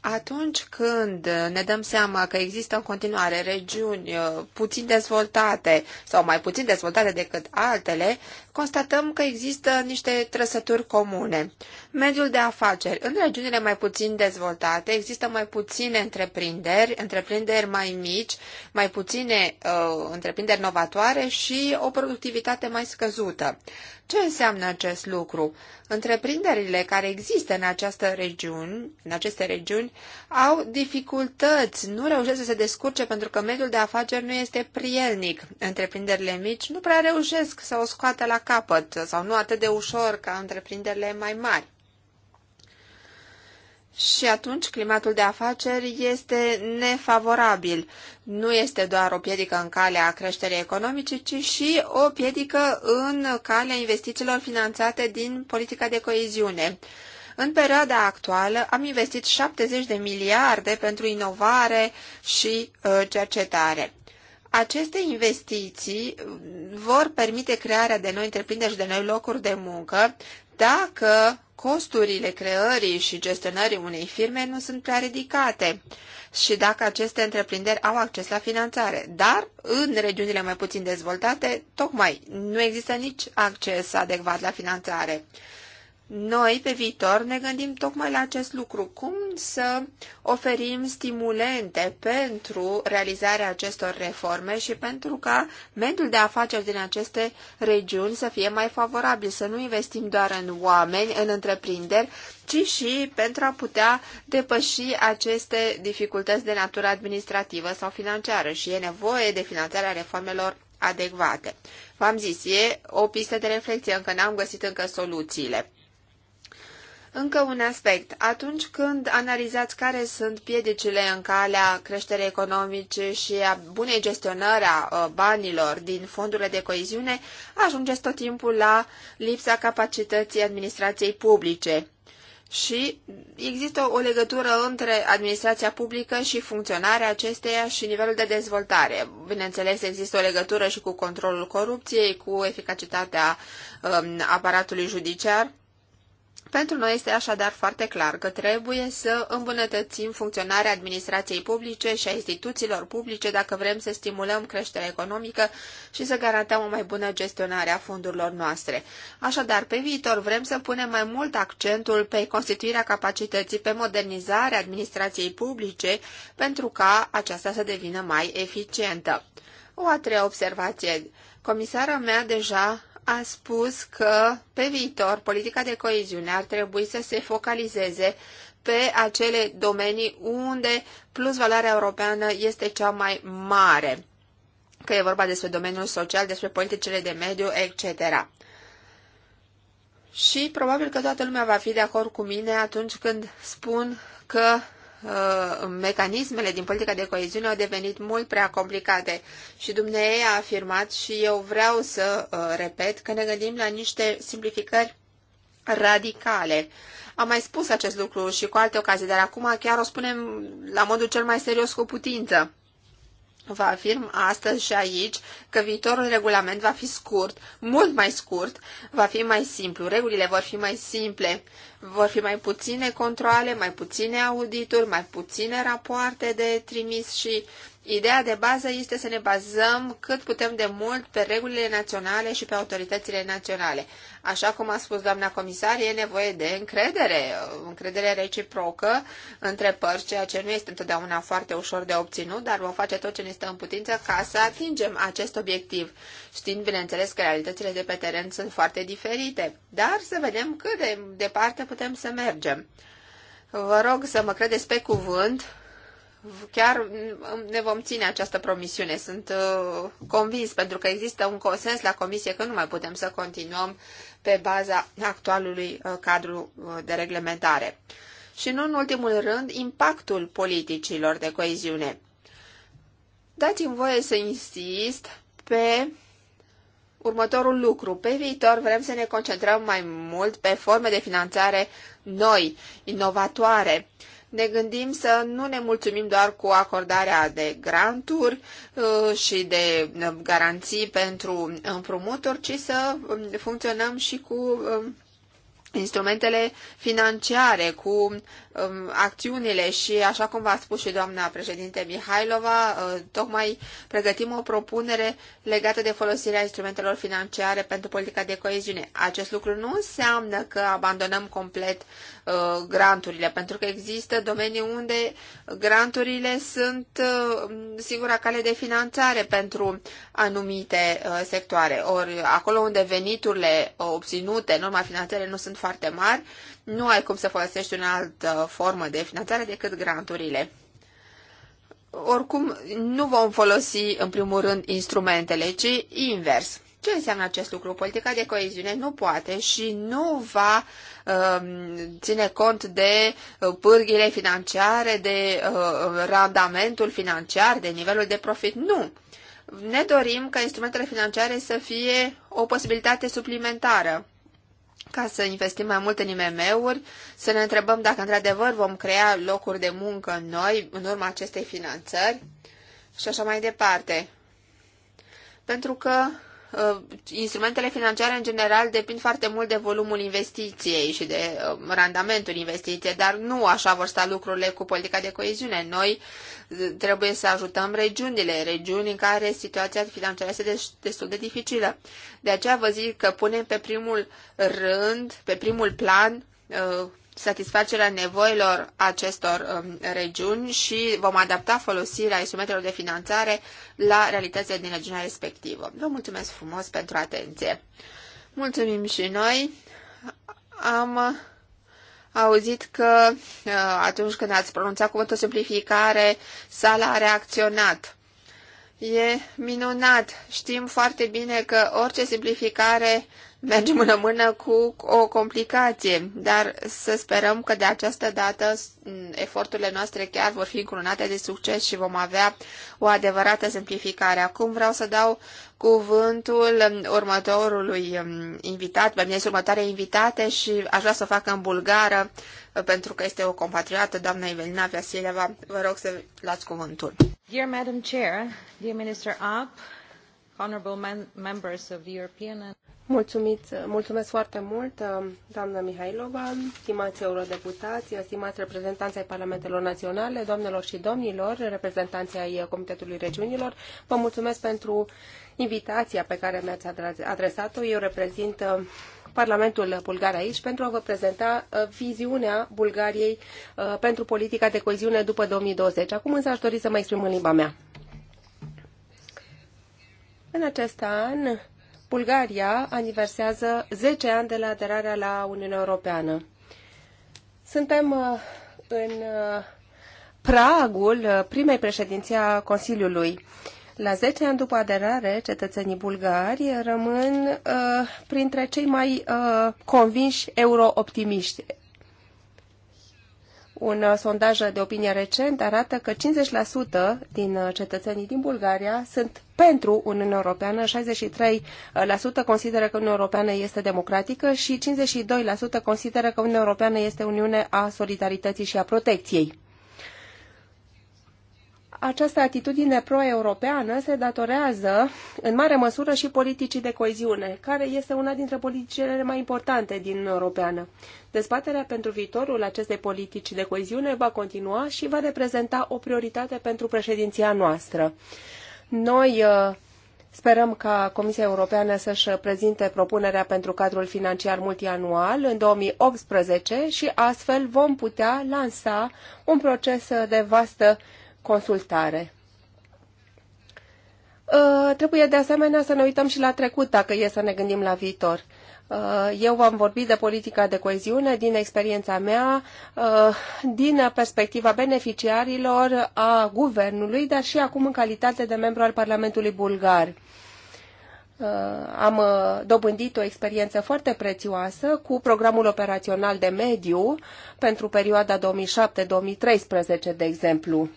atunci când ne dăm seama că există în continuare regiuni uh, puțin dezvoltate sau mai puțin dezvoltate decât altele, constatăm că există niște trăsături comune. Mediul de afaceri. În regiunile mai puțin dezvoltate există mai puține întreprinderi, întreprinderi mai mici, mai puține uh, întreprinderi novatoare și o productivitate mai scăzută. Ce înseamnă acest lucru? Întreprinderile care există în, această regiuni, în aceste regiuni au dificultăți, nu reușesc să se descurce pentru că mediul de afaceri nu este prielnic. Întreprinderile mici nu prea reușesc să o scoată la capăt sau nu atât de ușor ca întreprinderile mai mari. Și atunci climatul de afaceri este nefavorabil. Nu este doar o piedică în calea creșterii economice, ci și o piedică în calea investițiilor finanțate din politica de coeziune. În perioada actuală am investit 70 de miliarde pentru inovare și uh, cercetare. Aceste investiții vor permite crearea de noi întreprinderi și de noi locuri de muncă dacă costurile creării și gestionării unei firme nu sunt prea ridicate și dacă aceste întreprinderi au acces la finanțare. Dar în regiunile mai puțin dezvoltate, tocmai nu există nici acces adecvat la finanțare. Noi, pe viitor, ne gândim tocmai la acest lucru, cum să oferim stimulente pentru realizarea acestor reforme și pentru ca mediul de afaceri din aceste regiuni să fie mai favorabil, să nu investim doar în oameni, în întreprinderi, ci și pentru a putea depăși aceste dificultăți de natură administrativă sau financiară și e nevoie de finanțarea reformelor adecvate. V-am zis, e o pistă de reflexie, încă n-am găsit încă soluțiile. Încă un aspect. Atunci când analizați care sunt piedicile în calea creșterii economice și a bunei gestionări a uh, banilor din fondurile de coeziune, ajungeți tot timpul la lipsa capacității administrației publice. Și există o legătură între administrația publică și funcționarea acesteia și nivelul de dezvoltare. Bineînțeles, există o legătură și cu controlul corupției, cu eficacitatea um, aparatului judiciar pentru noi este așadar foarte clar că trebuie să îmbunătățim funcționarea administrației publice și a instituțiilor publice dacă vrem să stimulăm creșterea economică și să garantăm o mai bună gestionare a fondurilor noastre. Așadar, pe viitor vrem să punem mai mult accentul pe constituirea capacității, pe modernizarea administrației publice pentru ca aceasta să devină mai eficientă. O a treia observație. Comisara mea deja a spus că pe viitor politica de coeziune ar trebui să se focalizeze pe acele domenii unde plus valoarea europeană este cea mai mare, că e vorba despre domeniul social, despre politicile de mediu, etc. Și probabil că toată lumea va fi de acord cu mine atunci când spun că Uh, mecanismele din politica de coeziune au devenit mult prea complicate și dumneavoastră a afirmat și eu vreau să uh, repet că ne gândim la niște simplificări radicale. Am mai spus acest lucru și cu alte ocazii, dar acum chiar o spunem la modul cel mai serios cu putință. Vă afirm astăzi și aici că viitorul regulament va fi scurt, mult mai scurt, va fi mai simplu, regulile vor fi mai simple, vor fi mai puține controle, mai puține audituri, mai puține rapoarte de trimis și Ideea de bază este să ne bazăm cât putem de mult pe regulile naționale și pe autoritățile naționale. Așa cum a spus doamna comisar, e nevoie de încredere, încredere reciprocă între părți, ceea ce nu este întotdeauna foarte ușor de obținut, dar vom face tot ce ne stă în putință ca să atingem acest obiectiv, știind, bineînțeles, că realitățile de pe teren sunt foarte diferite, dar să vedem cât de departe putem să mergem. Vă rog să mă credeți pe cuvânt chiar ne vom ține această promisiune. Sunt uh, convins, pentru că există un consens la Comisie că nu mai putem să continuăm pe baza actualului uh, cadru uh, de reglementare. Și nu în ultimul rând, impactul politicilor de coeziune. Dați-mi voie să insist pe următorul lucru. Pe viitor vrem să ne concentrăm mai mult pe forme de finanțare noi, inovatoare, ne gândim să nu ne mulțumim doar cu acordarea de granturi uh, și de uh, garanții pentru împrumuturi, ci să um, funcționăm și cu um, instrumentele financiare, cu Um, acțiunile și, așa cum v-a spus și doamna președinte Mihailova, uh, tocmai pregătim o propunere legată de folosirea instrumentelor financiare pentru politica de coeziune. Acest lucru nu înseamnă că abandonăm complet uh, granturile, pentru că există domenii unde granturile sunt uh, singura cale de finanțare pentru anumite sectoare. Ori acolo unde veniturile obținute în urma finanțării nu sunt foarte mari, nu ai cum să folosești o altă uh, formă de finanțare decât granturile. Oricum, nu vom folosi, în primul rând, instrumentele, ci invers. Ce înseamnă acest lucru? Politica de coeziune nu poate și nu va uh, ține cont de uh, pârghile financiare, de uh, randamentul financiar, de nivelul de profit. Nu! Ne dorim ca instrumentele financiare să fie o posibilitate suplimentară ca să investim mai mult în IMM-uri, să ne întrebăm dacă într-adevăr vom crea locuri de muncă noi în urma acestei finanțări și așa mai departe. Pentru că Uh, instrumentele financiare în general depind foarte mult de volumul investiției și de uh, randamentul investiției, dar nu așa vor sta lucrurile cu politica de coeziune. Noi uh, trebuie să ajutăm regiunile, regiuni în care situația financiară este destul de dificilă. De aceea vă zic că punem pe primul rând, pe primul plan satisfacerea nevoilor acestor um, regiuni și vom adapta folosirea instrumentelor de finanțare la realitățile din regiunea respectivă. Vă mulțumesc frumos pentru atenție. Mulțumim și noi. Am auzit că uh, atunci când ați pronunțat cuvântul simplificare, sala a reacționat. E minunat. Știm foarte bine că orice simplificare Mergem mână-mână cu o complicație, dar să sperăm că de această dată mm, eforturile noastre chiar vor fi încurunate de succes și vom avea o adevărată simplificare. Acum vreau să dau cuvântul mm, următorului mm, invitat, pe mine următoare invitate și aș vrea să o fac în bulgară, pentru că este o compatriotă, doamna Evelina Vasileva. Vă rog să luați cuvântul. Dear Madam Chair, dear Minister Up, honorable members of the European Mulțumit, mulțumesc foarte mult, doamnă Mihailova, stimați eurodeputați, stimați reprezentanți ai Parlamentelor Naționale, doamnelor și domnilor, reprezentanții ai Comitetului Regiunilor. Vă mulțumesc pentru invitația pe care mi-ați adresat-o. Eu reprezint uh, Parlamentul Bulgar aici pentru a vă prezenta uh, viziunea Bulgariei uh, pentru politica de coeziune după 2020. Acum însă aș dori să mă exprim în limba mea. În acest an, Bulgaria aniversează 10 ani de la aderarea la Uniunea Europeană. Suntem uh, în uh, pragul uh, primei președinții a Consiliului. La 10 ani după aderare, cetățenii bulgari rămân uh, printre cei mai uh, convinși eurooptimiști, un uh, sondaj de opinie recent arată că 50% din uh, cetățenii din Bulgaria sunt pentru Uniunea Europeană, 63% consideră că Uniunea Europeană este democratică și 52% consideră că Uniunea Europeană este Uniunea a solidarității și a protecției această atitudine pro-europeană se datorează în mare măsură și politicii de coeziune, care este una dintre politicile mai importante din Uniunea Europeană. Dezbaterea pentru viitorul acestei politici de coeziune va continua și va reprezenta o prioritate pentru președinția noastră. Noi uh, Sperăm ca Comisia Europeană să-și prezinte propunerea pentru cadrul financiar multianual în 2018 și astfel vom putea lansa un proces de vastă consultare. Uh, trebuie de asemenea să ne uităm și la trecut dacă e să ne gândim la viitor. Uh, eu v-am vorbit de politica de coeziune din experiența mea, uh, din perspectiva beneficiarilor a guvernului, dar și acum în calitate de membru al Parlamentului Bulgar. Am dobândit o experiență foarte prețioasă cu programul operațional de mediu pentru perioada 2007-2013, de exemplu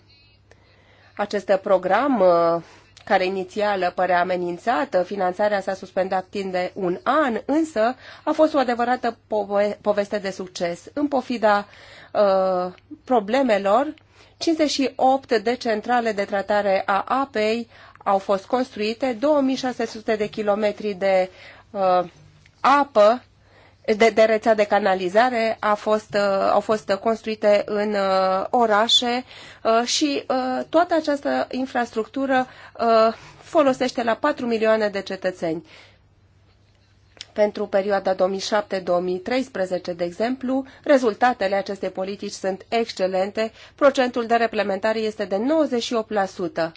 acest program uh, care inițial părea amenințată, uh, finanțarea s-a suspendat timp de un an, însă a fost o adevărată pove- poveste de succes. În pofida uh, problemelor, 58 de centrale de tratare a apei au fost construite, 2600 de kilometri de uh, apă de, de rețea de canalizare a fost, uh, au fost construite în uh, orașe uh, și toată această infrastructură folosește la 4 milioane de cetățeni. Pentru perioada 2007-2013, de exemplu, rezultatele acestei politici sunt excelente, procentul de replementare este de 98%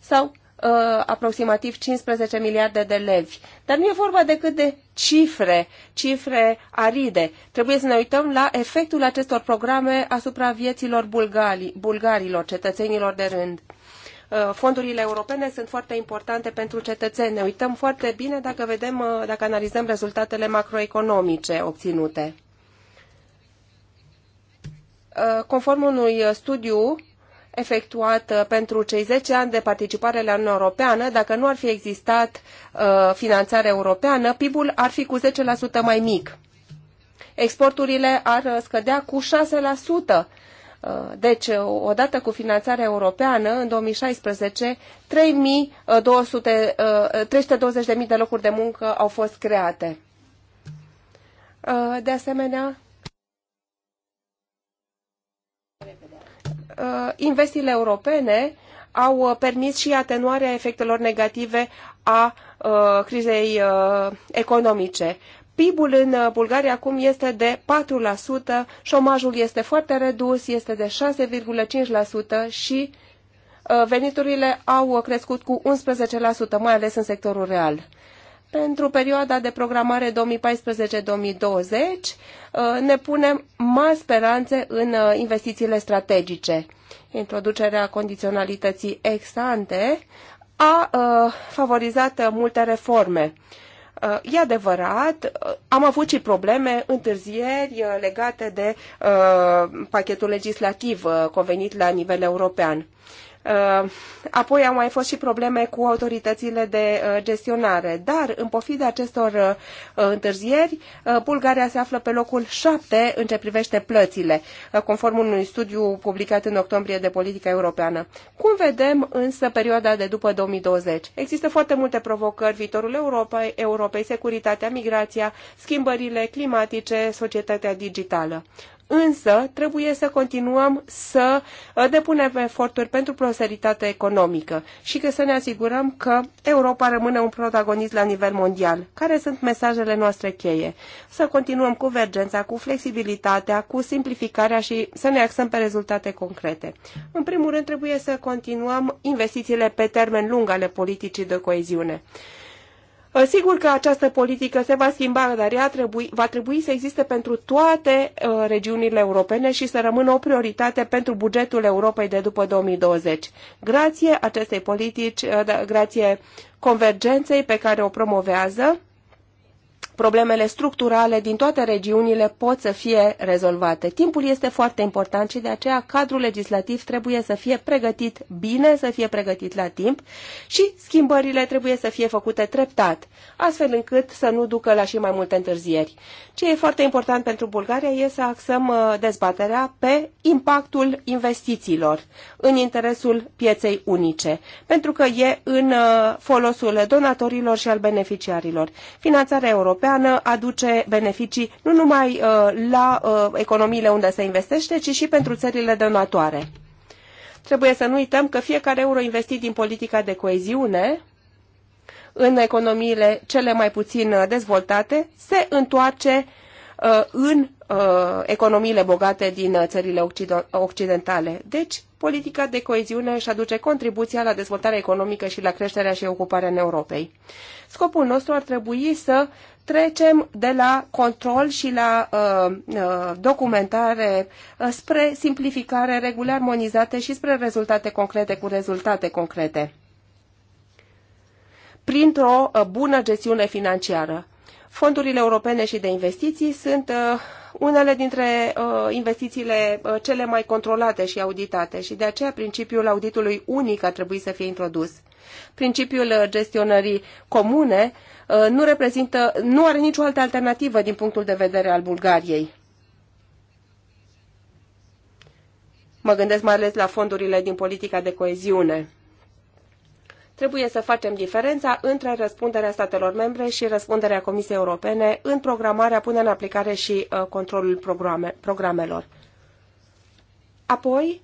sau uh, aproximativ 15 miliarde de levi. Dar nu e vorba decât de cifre, cifre aride. Trebuie să ne uităm la efectul acestor programe asupra vieților bulgari, bulgarilor, cetățenilor de rând. Uh, fondurile europene sunt foarte importante pentru cetățeni. Ne uităm foarte bine dacă, vedem, uh, dacă analizăm rezultatele macroeconomice obținute. Uh, conform unui studiu efectuat uh, pentru cei 10 ani de participare la Uniunea Europeană, dacă nu ar fi existat uh, finanțare europeană, PIB-ul ar fi cu 10% mai mic. Exporturile ar uh, scădea cu 6%. Deci, odată cu finanțarea europeană, în 2016, 3200, 320.000 de locuri de muncă au fost create. De asemenea, Uh, investiile europene au uh, permis și atenuarea efectelor negative a uh, crizei economice. PIB-ul în Bulgaria acum este de 4%, șomajul este foarte redus, este de 6,5% și veniturile au crescut cu 11%, mai ales în sectorul real pentru perioada de programare 2014-2020 uh, ne punem mari speranțe în uh, investițiile strategice. Introducerea condiționalității ex-ante a uh, favorizat multe reforme. E adevărat, am avut și probleme, întârzieri legate de pachetul legislativ convenit la nivel european. Uh, apoi au mai fost și probleme cu autoritățile de uh, gestionare. Dar, în pofida acestor uh, întârzieri, Bulgaria se află pe locul 7 în ce privește plățile, conform unui studiu publicat în octombrie de politica europeană. Cum vedem însă perioada de după 2020? Există foarte multe provocări, viitorul Europei, Europei securitatea, migrația, schimbările climatice, societatea digitală însă trebuie să continuăm să uh, depunem eforturi pentru prosperitate economică și că să ne asigurăm că Europa rămâne un protagonist la nivel mondial. Care sunt mesajele noastre cheie? Să continuăm convergența, cu flexibilitatea, cu simplificarea și să ne axăm pe rezultate concrete. În primul rând, trebuie să continuăm investițiile pe termen lung ale politicii de coeziune. Ă, sigur că această politică se va schimba, dar ea trebui, va trebui să existe pentru toate ă, regiunile europene și să rămână o prioritate pentru bugetul Europei de după 2020. Grație acestei politici, ă, da, grație convergenței pe care o promovează, problemele structurale din toate regiunile pot să fie rezolvate. Timpul este foarte important și de aceea cadrul legislativ trebuie să fie pregătit bine, să fie pregătit la timp și schimbările trebuie să fie făcute treptat, astfel încât să nu ducă la și mai multe întârzieri. Ce e foarte important pentru Bulgaria e să axăm uh, dezbaterea pe impactul investițiilor în interesul pieței unice, pentru că e în uh, folosul donatorilor și al beneficiarilor. Finanțarea europeană Europeană aduce beneficii nu numai uh, la uh, economiile unde se investește, ci și pentru țările donatoare. Trebuie să nu uităm că fiecare euro investit din politica de coeziune în economiile cele mai puțin uh, dezvoltate se întoarce în economiile bogate din țările occidentale. Deci, politica de coeziune își aduce contribuția la dezvoltarea economică și la creșterea și ocuparea în Europei. Scopul nostru ar trebui să trecem de la control și la uh, uh, documentare uh, spre simplificare, regulă, armonizate și spre rezultate concrete cu rezultate concrete printr-o uh, bună gestiune financiară. Fondurile europene și de investiții sunt uh, unele dintre uh, investițiile uh, cele mai controlate și auditate și de aceea principiul auditului unic ar trebui să fie introdus. Principiul uh, gestionării comune uh, Uh, nu reprezintă, nu are nicio altă alternativă din punctul de vedere al Bulgariei. Mă gândesc mai ales la fondurile din politica de coeziune. Trebuie să facem diferența între răspunderea statelor membre și răspunderea Comisiei Europene în programarea, punerea în aplicare și uh, controlul programe, programelor. Apoi,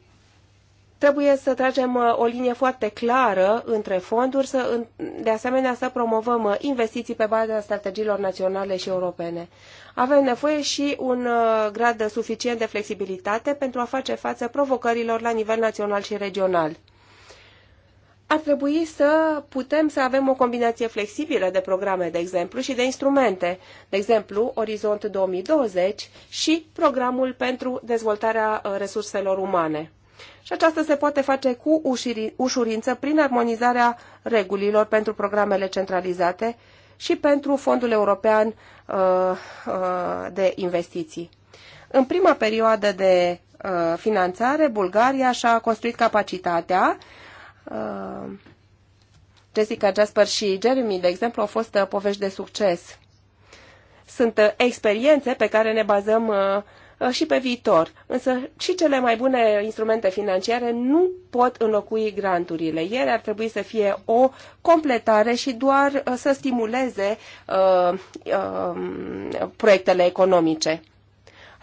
Trebuie să tragem uh, o linie foarte clară între fonduri, să, de asemenea să promovăm uh, investiții pe baza strategiilor naționale și europene. Avem nevoie și un uh, grad suficient de flexibilitate pentru a face față provocărilor la nivel național și regional ar trebui să putem să avem o combinație flexibilă de programe, de exemplu, și de instrumente, de exemplu, Orizont 2020 și programul pentru dezvoltarea resurselor umane și aceasta se poate face cu ușurință prin armonizarea regulilor pentru programele centralizate și pentru Fondul European uh, uh, de Investiții. În prima perioadă de uh, finanțare, Bulgaria și-a construit capacitatea Jessica Jasper și Jeremy, de exemplu, au fost povești de succes. Sunt experiențe pe care ne bazăm Uh, și pe viitor. Însă și cele mai bune instrumente financiare nu pot înlocui granturile. Ele ar trebui să fie o completare și doar uh, să stimuleze uh, uh, proiectele economice.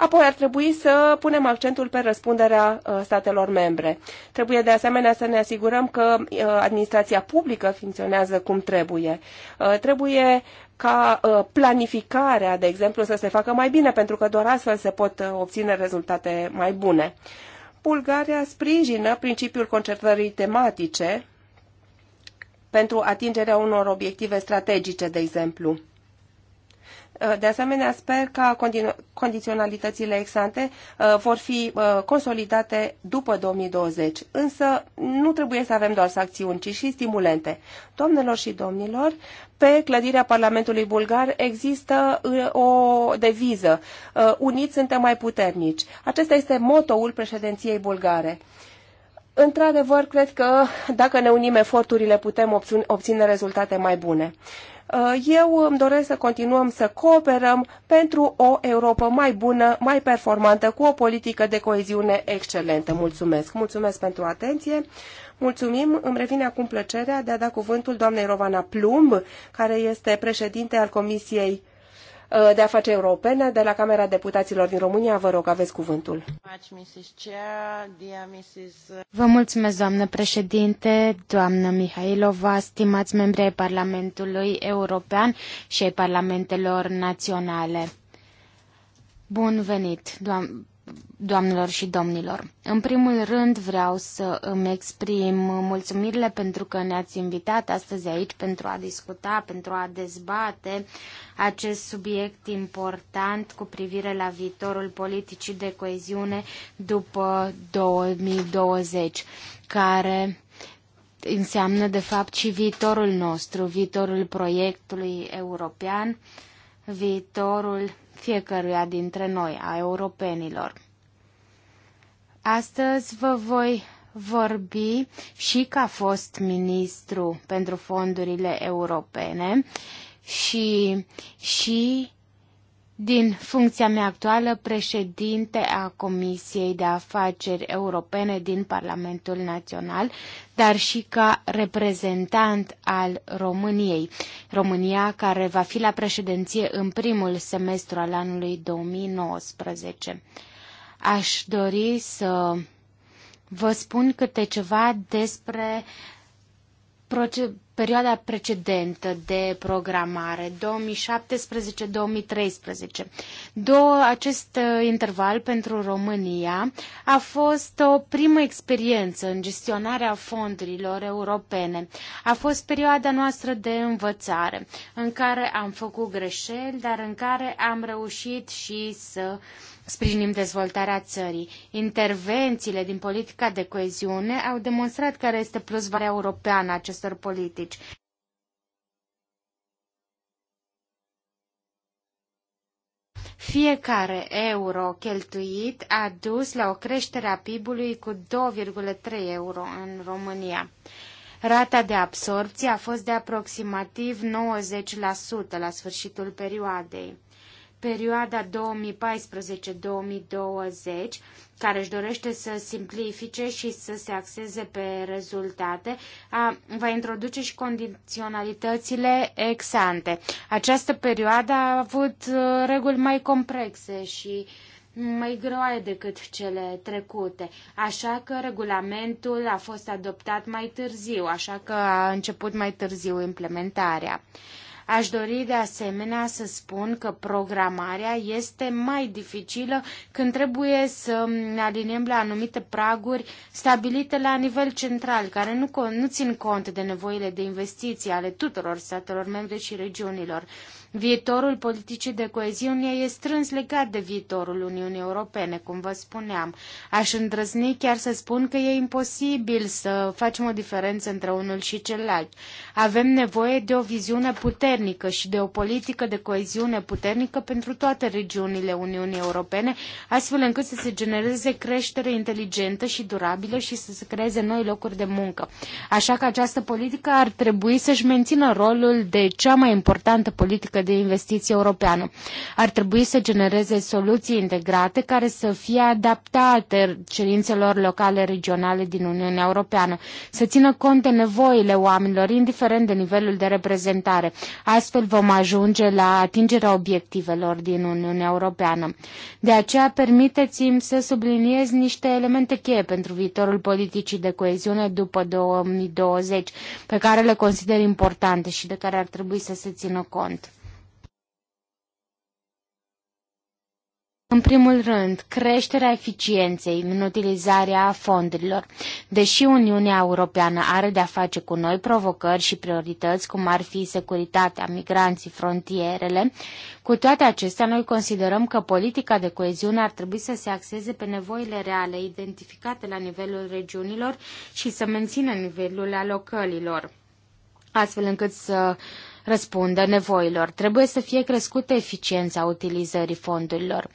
Apoi ar trebui să punem accentul pe răspunderea uh, statelor membre. Trebuie de asemenea să ne asigurăm că uh, administrația publică funcționează cum trebuie. Uh, trebuie ca planificarea, de exemplu, să se facă mai bine, pentru că doar astfel se pot obține rezultate mai bune. Bulgaria sprijină principiul concertării tematice pentru atingerea unor obiective strategice, de exemplu. Uh, de asemenea, sper că condiționalitățile exante uh, vor fi uh, consolidate după 2020. Însă nu trebuie să avem doar sancțiuni, ci și stimulente. domnilor și domnilor, pe clădirea Parlamentului Bulgar există o deviză. Uniți suntem mai puternici. Acesta este motoul președinției bulgare. Într-adevăr, cred că dacă ne unim eforturile, putem obține rezultate mai bune. Uh, eu îmi doresc să continuăm să cooperăm pentru o Europa mai bună, mai performantă, cu o politică de coeziune excelentă. Mulțumesc! Mulțumesc pentru atenție! Mulțumim! Îmi revine acum plăcerea de a da cuvântul doamnei Rovana Plumb, care este președinte al Comisiei Uh, de Afaceri Europene de la Camera Deputaților din România. Vă rog, aveți cuvântul. Vă mulțumesc, doamnă președinte, doamnă Mihailova, stimați membri ai Parlamentului European și ai Parlamentelor Naționale. Bun venit, doamnă doamnelor și domnilor. În primul rând vreau să îmi exprim mulțumirile pentru că ne-ați invitat astăzi aici pentru a discuta, pentru a dezbate acest subiect important cu privire la viitorul politicii de coeziune după 2020, care înseamnă de fapt și viitorul nostru, viitorul proiectului european viitorul fiecăruia dintre noi, a europenilor. Astăzi vă voi vorbi și ca fost ministru pentru fondurile europene și, și din funcția mea actuală președinte a Comisiei de Afaceri Europene din Parlamentul Național, dar și ca reprezentant al României. România care va fi la președinție în primul semestru al anului 2019. Aș dori să vă spun câte ceva despre perioada precedentă de programare, 2017-2013. Două, acest uh, interval pentru România a fost o primă experiență în gestionarea fondurilor europene. A fost perioada noastră de învățare, în care am făcut greșeli, dar în care am reușit și să Sprijinim dezvoltarea țării. Intervențiile din politica de coeziune au demonstrat care este plusvarea europeană a acestor politici. Fiecare euro cheltuit a dus la o creștere a PIB-ului cu 2,3 euro în România. Rata de absorpție a fost de aproximativ 90% la sfârșitul perioadei perioada 2014-2020, care își dorește să simplifice și să se axeze pe rezultate, a, va introduce și condiționalitățile ex-ante. Această perioadă a avut uh, reguli mai complexe și mm, mai groaie decât cele trecute, așa că regulamentul a fost adoptat mai târziu, așa că a început mai târziu implementarea. Aș dori de asemenea să spun că programarea este mai dificilă când trebuie să ne aliniem la anumite praguri stabilite la nivel central, care nu, nu țin cont de nevoile de investiții ale tuturor statelor membre și regiunilor. Viitorul politicii de coeziune e strâns legat de viitorul Uniunii Europene, cum vă spuneam. Aș îndrăzni chiar să spun că e imposibil să facem o diferență între unul și celălalt. Avem nevoie de o viziune puternică și de o politică de coeziune puternică pentru toate regiunile Uniunii Europene, astfel încât să se genereze creștere inteligentă și durabilă și să se creeze noi locuri de muncă. Așa că această politică ar trebui să-și mențină rolul de cea mai importantă politică Bancă de Investiții Europeană. Ar trebui să genereze soluții integrate care să fie adaptate cerințelor locale regionale din Uniunea Europeană, să țină cont de nevoile oamenilor, indiferent de nivelul de reprezentare. Astfel vom ajunge la atingerea obiectivelor din Uniunea Europeană. De aceea, permiteți-mi să subliniez niște elemente cheie pentru viitorul politicii de coeziune după 2020, pe care le consider importante și de care ar trebui să se țină cont. În primul rând, creșterea eficienței în utilizarea fondurilor. Deși Uniunea Europeană are de-a face cu noi provocări și priorități, cum ar fi securitatea, migranții, frontierele, cu toate acestea noi considerăm că politica de coeziune ar trebui să se axeze pe nevoile reale identificate la nivelul regiunilor și să mențină nivelul alocărilor astfel încât să uh, răspundă nevoilor. Trebuie să fie crescută eficiența utilizării fondurilor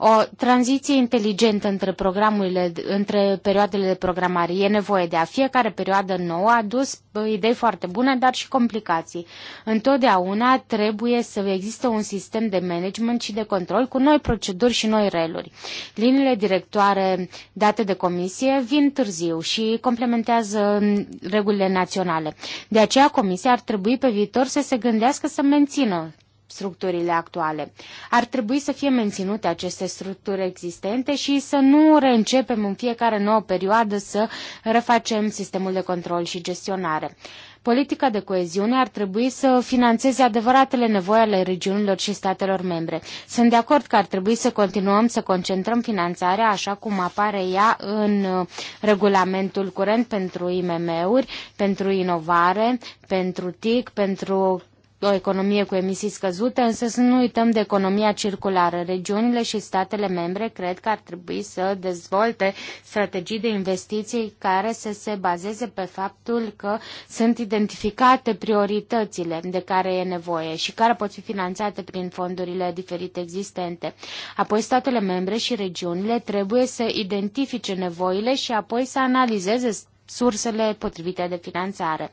o tranziție inteligentă între programurile, între perioadele de programare. E nevoie de a fiecare perioadă nouă a adus idei foarte bune, dar și complicații. Întotdeauna trebuie să existe un sistem de management și de control cu noi proceduri și noi reluri. Liniile directoare date de comisie vin târziu și complementează regulile naționale. De aceea comisia ar trebui pe viitor să se gândească să mențină structurile actuale. Ar trebui să fie menținute aceste structuri existente și să nu reîncepem în fiecare nouă perioadă să refacem sistemul de control și gestionare. Politica de coeziune ar trebui să financeze adevăratele nevoi ale regiunilor și statelor membre. Sunt de acord că ar trebui să continuăm să concentrăm finanțarea așa cum apare ea în uh, regulamentul curent pentru IMM-uri, pentru inovare, pentru TIC, pentru o economie cu emisii scăzute, însă să nu uităm de economia circulară. Regiunile și statele membre cred că ar trebui să dezvolte strategii de investiții care să se bazeze pe faptul că sunt identificate prioritățile de care e nevoie și care pot fi finanțate prin fondurile diferite existente. Apoi statele membre și regiunile trebuie să identifice nevoile și apoi să analizeze sursele potrivite de finanțare.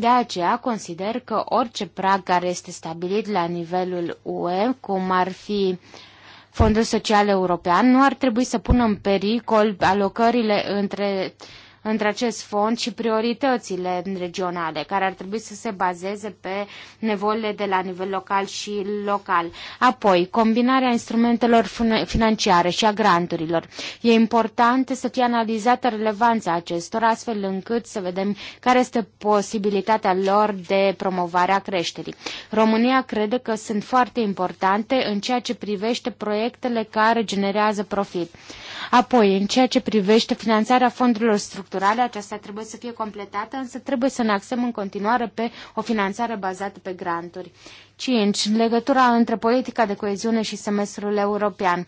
De aceea consider că orice prag care este stabilit la nivelul UE, cum ar fi Fondul Social European, nu ar trebui să pună în pericol alocările între între acest fond și prioritățile regionale, care ar trebui să se bazeze pe nevoile de la nivel local și local. Apoi, combinarea instrumentelor financiare și a granturilor. E important să fie analizată relevanța acestora, astfel încât să vedem care este posibilitatea lor de promovare a creșterii. România crede că sunt foarte importante în ceea ce privește proiectele care generează profit. Apoi, în ceea ce privește finanțarea fondurilor structurale, structurale, aceasta trebuie să fie completată, însă trebuie să ne axăm în continuare pe o finanțare bazată pe granturi. 5. Legătura între politica de coeziune și semestrul european.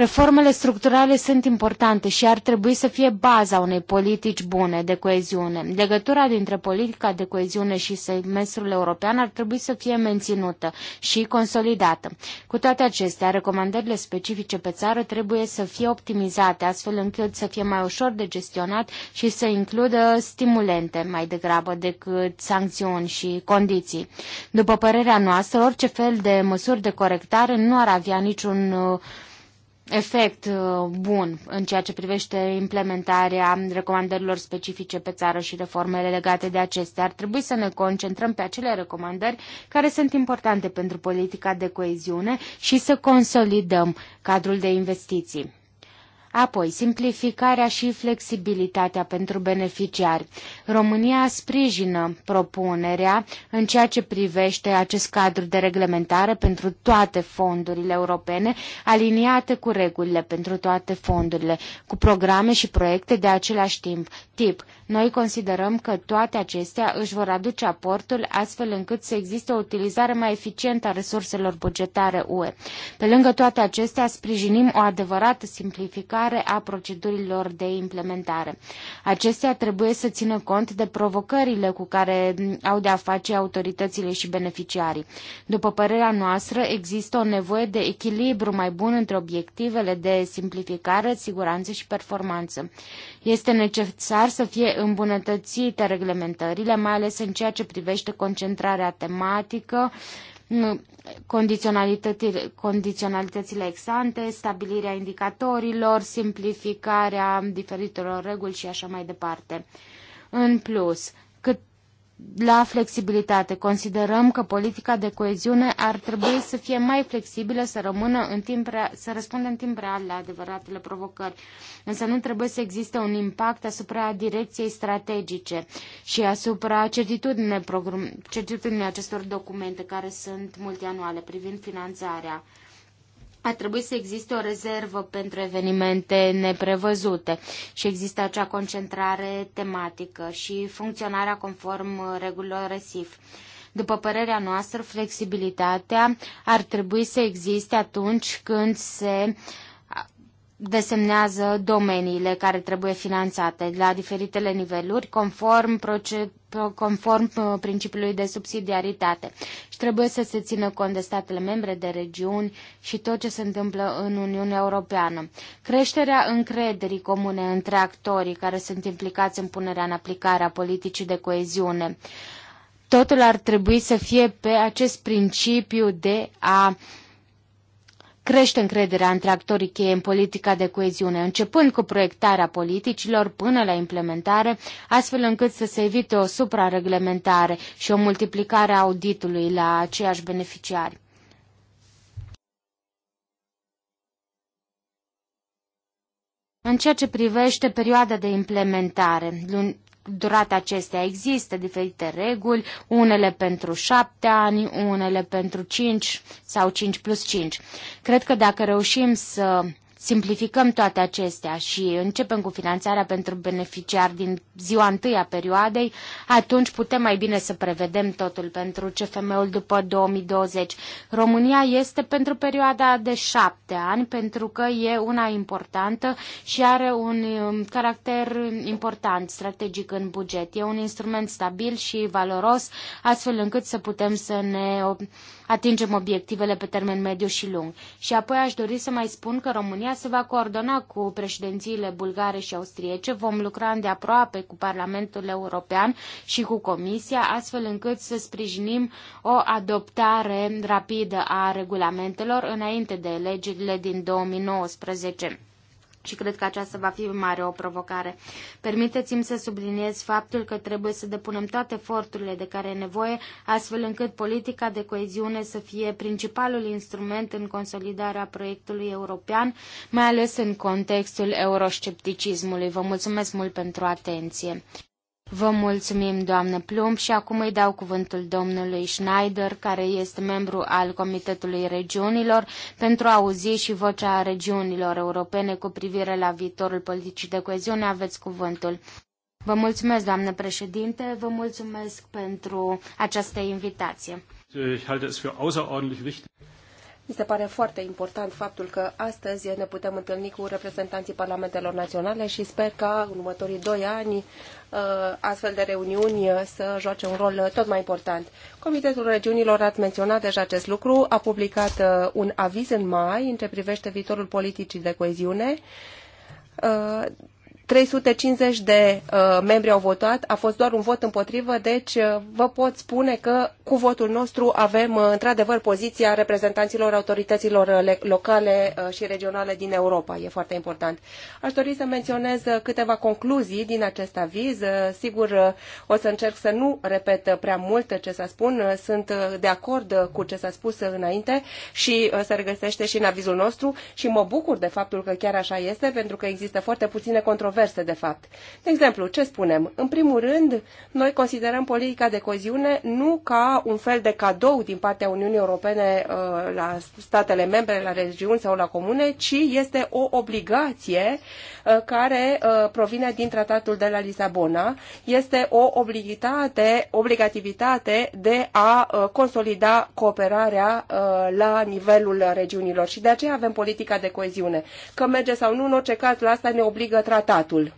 Reformele structurale sunt importante și ar trebui să fie baza unei politici bune de coeziune. Legătura dintre politica de coeziune și semestrul european ar trebui să fie menținută și consolidată. Cu toate acestea, recomandările specifice pe țară trebuie să fie optimizate, astfel încât să fie mai ușor de gestionat și să includă stimulente mai degrabă decât sancțiuni și condiții. După părerea noastră, orice fel de măsuri de corectare nu ar avea niciun uh, efect uh, bun în ceea ce privește implementarea recomandărilor specifice pe țară și reformele legate de acestea. Ar trebui să ne concentrăm pe acele recomandări care sunt importante pentru politica de coeziune și să consolidăm cadrul de investiții. Apoi, simplificarea și flexibilitatea pentru beneficiari. România sprijină propunerea în ceea ce privește acest cadru de reglementare pentru toate fondurile europene, aliniate cu regulile pentru toate fondurile, cu programe și proiecte de același timp. Tip, noi considerăm că toate acestea își vor aduce aportul astfel încât să existe o utilizare mai eficientă a resurselor bugetare UE. Pe lângă toate acestea, sprijinim o adevărată simplificare simplificare a procedurilor de implementare. Acestea trebuie să țină cont de provocările cu care au de-a face autoritățile și beneficiarii. După părerea noastră, există o nevoie de echilibru mai bun între obiectivele de simplificare, siguranță și performanță. Este necesar să fie îmbunătățite reglementările, mai ales în ceea ce privește concentrarea tematică, condiționalitățile, condiționalitățile exante, stabilirea indicatorilor, simplificarea diferitelor reguli și așa mai departe. În plus, cât la flexibilitate. Considerăm că politica de coeziune ar trebui să fie mai flexibilă, să rămână în timp real, să răspundă în timp real la adevăratele provocări. Însă nu trebuie să existe un impact asupra direcției strategice și asupra certitudinii, certitudinii acestor documente care sunt multianuale privind finanțarea ar trebui să existe o rezervă pentru evenimente neprevăzute și există acea concentrare tematică și funcționarea conform regulilor RESIF. După părerea noastră, flexibilitatea ar trebui să existe atunci când se uh, desemnează domeniile care trebuie finanțate la diferitele niveluri conform, conform uh, principiului de subsidiaritate și trebuie să se țină cont de statele membre, de regiuni și tot ce se întâmplă în Uniunea Europeană. Creșterea încrederii comune între actorii care sunt implicați în punerea în aplicare a politicii de coeziune. Totul ar trebui să fie pe acest principiu de a uh, crește încrederea între actorii cheie în politica de coeziune, începând cu proiectarea politicilor până la implementare, astfel încât să se evite o suprareglementare și o multiplicare a auditului la aceiași beneficiari. În ceea ce privește perioada de implementare, durata acestea există diferite reguli, unele pentru șapte ani, unele pentru cinci sau cinci plus cinci. Cred că dacă reușim să simplificăm toate acestea și începem cu finanțarea pentru beneficiari din ziua a perioadei, atunci putem mai bine să prevedem totul pentru CFM-ul după 2020. România este pentru perioada de șapte ani, pentru că e una importantă și are un um, caracter important strategic în buget. E un instrument stabil și valoros, astfel încât să putem să ne um, atingem obiectivele pe termen mediu și lung. Și apoi aș dori să mai spun că România România se va coordona cu președințiile bulgare și austriece. Vom lucra îndeaproape cu Parlamentul European și cu Comisia, astfel încât să sprijinim o adoptare rapidă a regulamentelor înainte de legile din 2019 și cred că aceasta va fi mare o provocare. Permiteți-mi să subliniez faptul că trebuie să depunem toate eforturile de care e nevoie, astfel încât politica de coeziune să fie principalul instrument în consolidarea proiectului european, mai ales în contextul euroscepticismului. Vă mulțumesc mult pentru atenție. Vă mulțumim, doamnă Plumb, și acum îi dau cuvântul domnului Schneider, care este membru al Comitetului Regiunilor, pentru a auzi și vocea regiunilor europene cu privire la viitorul politicii de coeziune. Aveți cuvântul. Vă mulțumesc, doamnă președinte, vă mulțumesc pentru această invitație. Mi se pare foarte important faptul că astăzi ne putem întâlni cu reprezentanții parlamentelor naționale și sper că în următorii doi ani Uh, astfel de reuniuni uh, să joace un rol uh, tot mai important. Comitetul Regiunilor, a menționat deja acest lucru, a publicat un aviz în mai în ce privește viitorul politicii de coeziune 350 de uh, membri au votat, a fost doar un vot împotrivă, deci uh, vă pot spune că cu votul nostru avem uh, într-adevăr poziția reprezentanților autorităților uh, locale uh, și regionale din Europa. E foarte important. Aș dori să menționez uh, câteva concluzii din acest aviz. Uh, sigur, uh, o să încerc să nu repet uh, prea mult ce să spun. Uh, sunt uh, de acord uh, cu ce s-a spus uh, înainte și uh, se regăsește și în avizul nostru și mă bucur de faptul că chiar așa este, pentru că există foarte puține controverse diverse, de fapt. De exemplu, ce spunem? În primul rând, noi considerăm politica de coziune nu ca un fel de cadou din partea Uniunii Europene uh, la statele membre, la regiuni sau la comune, ci este o obligație uh, care uh, provine din tratatul de la Lisabona. Este o obligitate, obligativitate de a consolida cooperarea la nivelul regiunilor și de aceea avem politica de coeziune. Că merge sau nu, în orice caz, la asta ne obligă tratatul statul.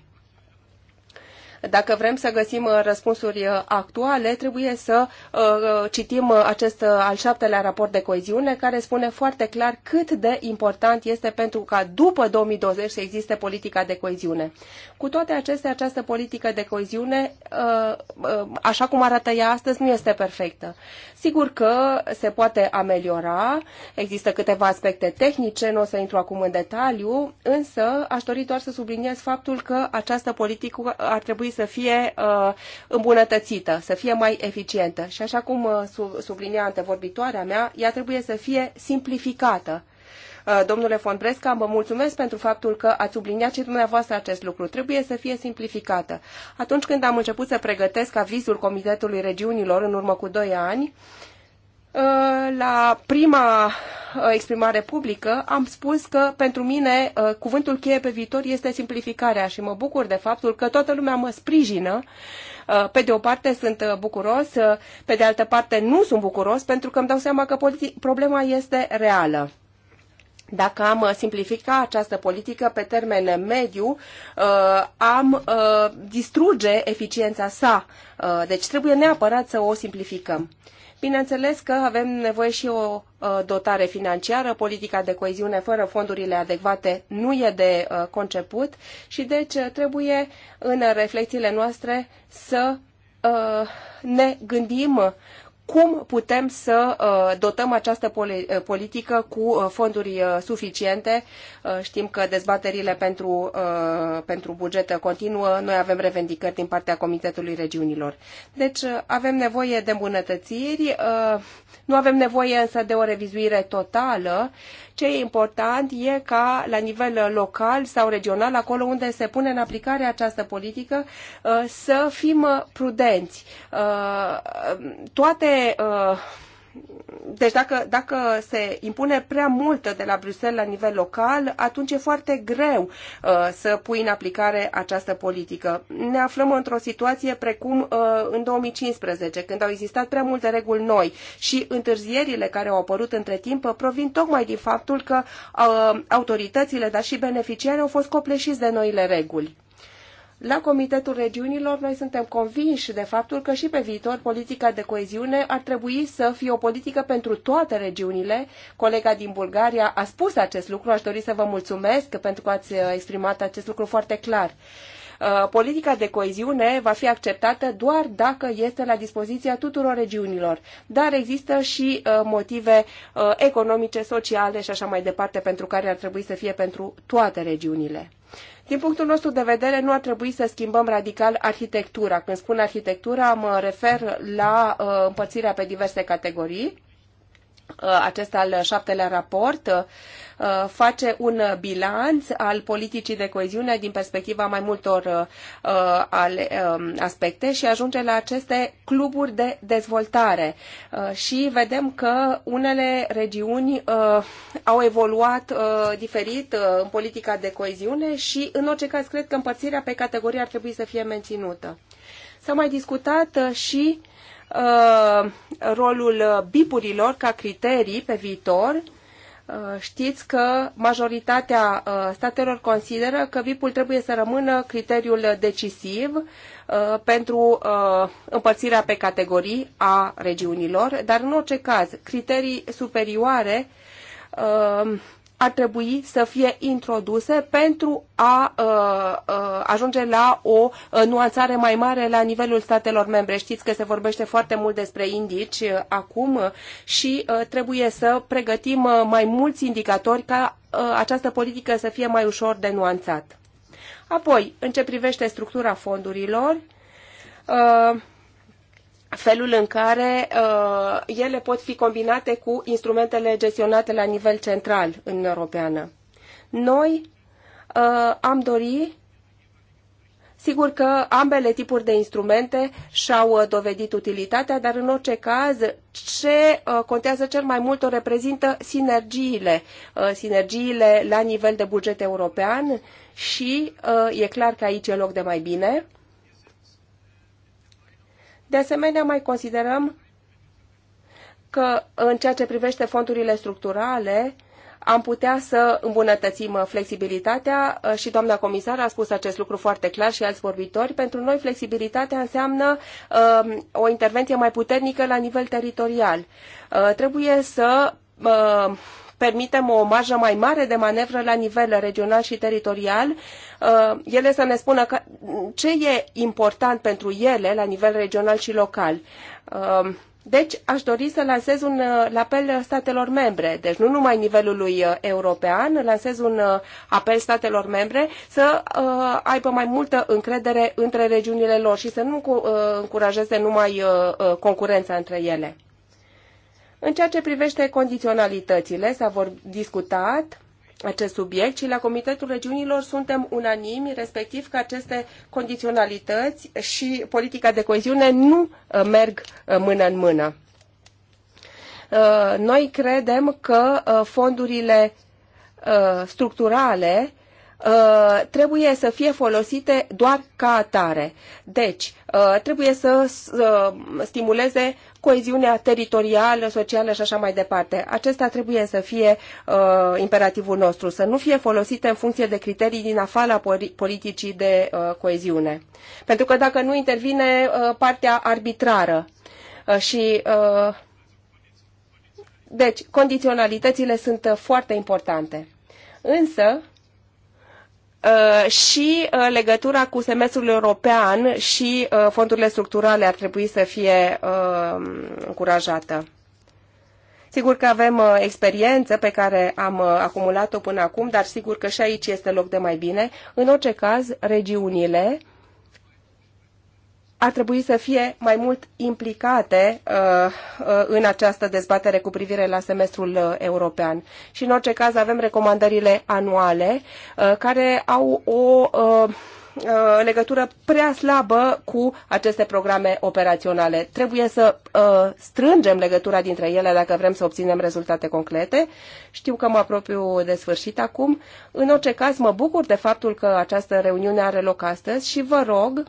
Dacă vrem să găsim uh, răspunsuri uh, actuale, trebuie să uh, citim acest al șaptelea raport de coeziune, care spune foarte clar cât de important este pentru ca după 2020 să existe politica de coeziune. Cu toate acestea, această politică de coeziune, așa cum arată ea astăzi, nu este perfectă. Sigur că se poate ameliora, există câteva aspecte tehnice, nu o să intru acum în detaliu, însă aș dori doar să subliniez faptul că această politică ar trebui să fie uh, îmbunătățită, să fie mai eficientă. Și așa cum uh, sublinia antevorbitoarea mea, ea trebuie să fie simplificată. Uh, domnule von Bresca, vă mulțumesc pentru faptul că ați subliniat și dumneavoastră acest lucru. Trebuie să fie simplificată. Atunci când am început să pregătesc avizul Comitetului Regiunilor în urmă cu doi ani, uh, Uh, la prima uh, exprimare publică, am spus că pentru mine uh, cuvântul cheie pe viitor este simplificarea și mă bucur de faptul că toată lumea mă sprijină. Pe de o parte sunt bucuros, pe de altă parte nu sunt bucuros pentru că îmi dau seama că problema este reală. Dacă am simplifica această politică pe termen mediu, am distruge eficiența sa. Deci trebuie neapărat să o simplificăm. Bineînțeles că avem nevoie și o uh, dotare financiară, politica de coeziune fără fondurile adecvate nu e de uh, conceput și deci uh, trebuie în reflexiile noastre să ne gândim cum putem să uh, dotăm această uh, politică cu uh, fonduri suficiente. Știm că dezbaterile pentru, pentru buget continuă. Noi avem revendicări din partea Comitetului Regiunilor. Deci avem nevoie de îmbunătățiri. Nu avem nevoie însă de o revizuire totală. Ce e important e ca la nivel local sau regional, acolo unde se pune în aplicare această politică, să fim prudenți. Toate Uh, deci dacă, dacă se impune prea mult de la Bruxelles la nivel local, atunci e foarte greu uh, să pui în aplicare această politică. Ne aflăm într-o situație precum uh, în 2015, când au existat prea multe reguli noi și întârzierile care au apărut între timp provin tocmai din faptul că autoritățile, dar și beneficiarii au fost copleșiți de noile reguli. La Comitetul Regiunilor noi suntem convinși de faptul că și pe viitor politica de coeziune ar trebui să fie o politică pentru toate regiunile. Colega din Bulgaria a spus acest lucru, aș dori să vă mulțumesc pentru că ați uh, exprimat acest lucru foarte clar uh, politica de coeziune va fi acceptată doar dacă este la dispoziția tuturor regiunilor. Dar există și uh, motive economice, sociale și așa mai departe pentru care ar trebui să fie pentru toate regiunile. Din punctul nostru de vedere, nu ar trebui să schimbăm radical arhitectura. Când spun arhitectura, mă refer la uh, împărțirea pe diverse categorii Uh, acest al șaptelea raport uh, face un bilanț al politicii de coeziune din perspectiva mai multor uh, um, aspecte și ajunge la aceste cluburi de dezvoltare. Și vedem că unele regiuni au evoluat diferit în politica de coeziune și, în orice caz, cred că împărțirea pe categorie ar trebui să fie menținută. S-a mai discutat și Uh, rolul bipurilor ca criterii pe viitor. Uh, știți că majoritatea uh, statelor consideră că VIP-ul trebuie să rămână criteriul decisiv pentru împărțirea pe categorii a regiunilor, dar în orice caz, criterii superioare ar trebui să fie introduse pentru a uh, uh, ajunge la o uh, nuanțare mai mare la nivelul statelor membre. Știți că se vorbește foarte mult despre indici uh, acum uh, și uh, trebuie să pregătim uh, mai mulți indicatori ca uh, această politică să fie mai ușor de nuanțat. Apoi, în ce privește structura fondurilor, uh, felul în care uh, ele pot fi combinate cu instrumentele gestionate la nivel central în Europeană. Noi uh, am dori Sigur că ambele tipuri de instrumente și-au uh, dovedit utilitatea, dar în orice caz, ce uh, contează cel mai mult o reprezintă sinergiile, uh, sinergiile la nivel de buget european și e clar că aici e loc de mai bine. De asemenea, mai considerăm că în ceea ce privește fondurile structurale, am putea să îmbunătățim flexibilitatea uh, și doamna comisar a spus acest lucru foarte clar și alți vorbitori. Pentru noi flexibilitatea înseamnă um, o intervenție mai puternică la nivel teritorial. Uh, trebuie să uh, permitem o marjă mai mare de manevră la nivel regional și teritorial, uh, ele să ne spună că, ce e important pentru ele la nivel regional și local. Uh, deci aș dori să lansez un uh, apel statelor membre, deci nu numai nivelului european, lansez un apel statelor membre să uh, aibă mai multă încredere între regiunile lor și să nu încurajeze numai uh, concurența între ele. În ceea ce privește condiționalitățile, s-a vor discutat acest subiect și la Comitetul Regiunilor suntem unanimi, respectiv că aceste condiționalități și politica de coeziune nu uh, merg uh, mână în mână. Uh, noi credem că fondurile structurale Uh, trebuie să fie folosite doar ca atare. Deci, uh, trebuie să uh, stimuleze coeziunea teritorială, socială și așa mai departe. Acesta trebuie să fie uh, imperativul nostru, să nu fie folosite în funcție de criterii din afara politicii de uh, coeziune. Pentru că dacă nu intervine uh, partea arbitrară uh, și. Uh, deci, condiționalitățile sunt foarte importante. Însă, Uh, și uh, legătura cu semestrul european și uh, fondurile structurale ar trebui să fie încurajată. Sigur că avem experiență pe care am acumulat-o până acum, dar sigur că și aici este loc de mai bine. În orice caz, regiunile ar trebui să fie mai mult implicate uh, uh, în această dezbatere cu privire la semestrul uh, european. Și în orice caz avem recomandările anuale care au o legătură prea slabă cu aceste programe operaționale. Trebuie să uh, strângem legătura dintre ele dacă vrem să obținem rezultate concrete. Știu că mă apropiu de sfârșit acum. În orice caz, mă bucur de faptul că această reuniune are loc astăzi și vă rog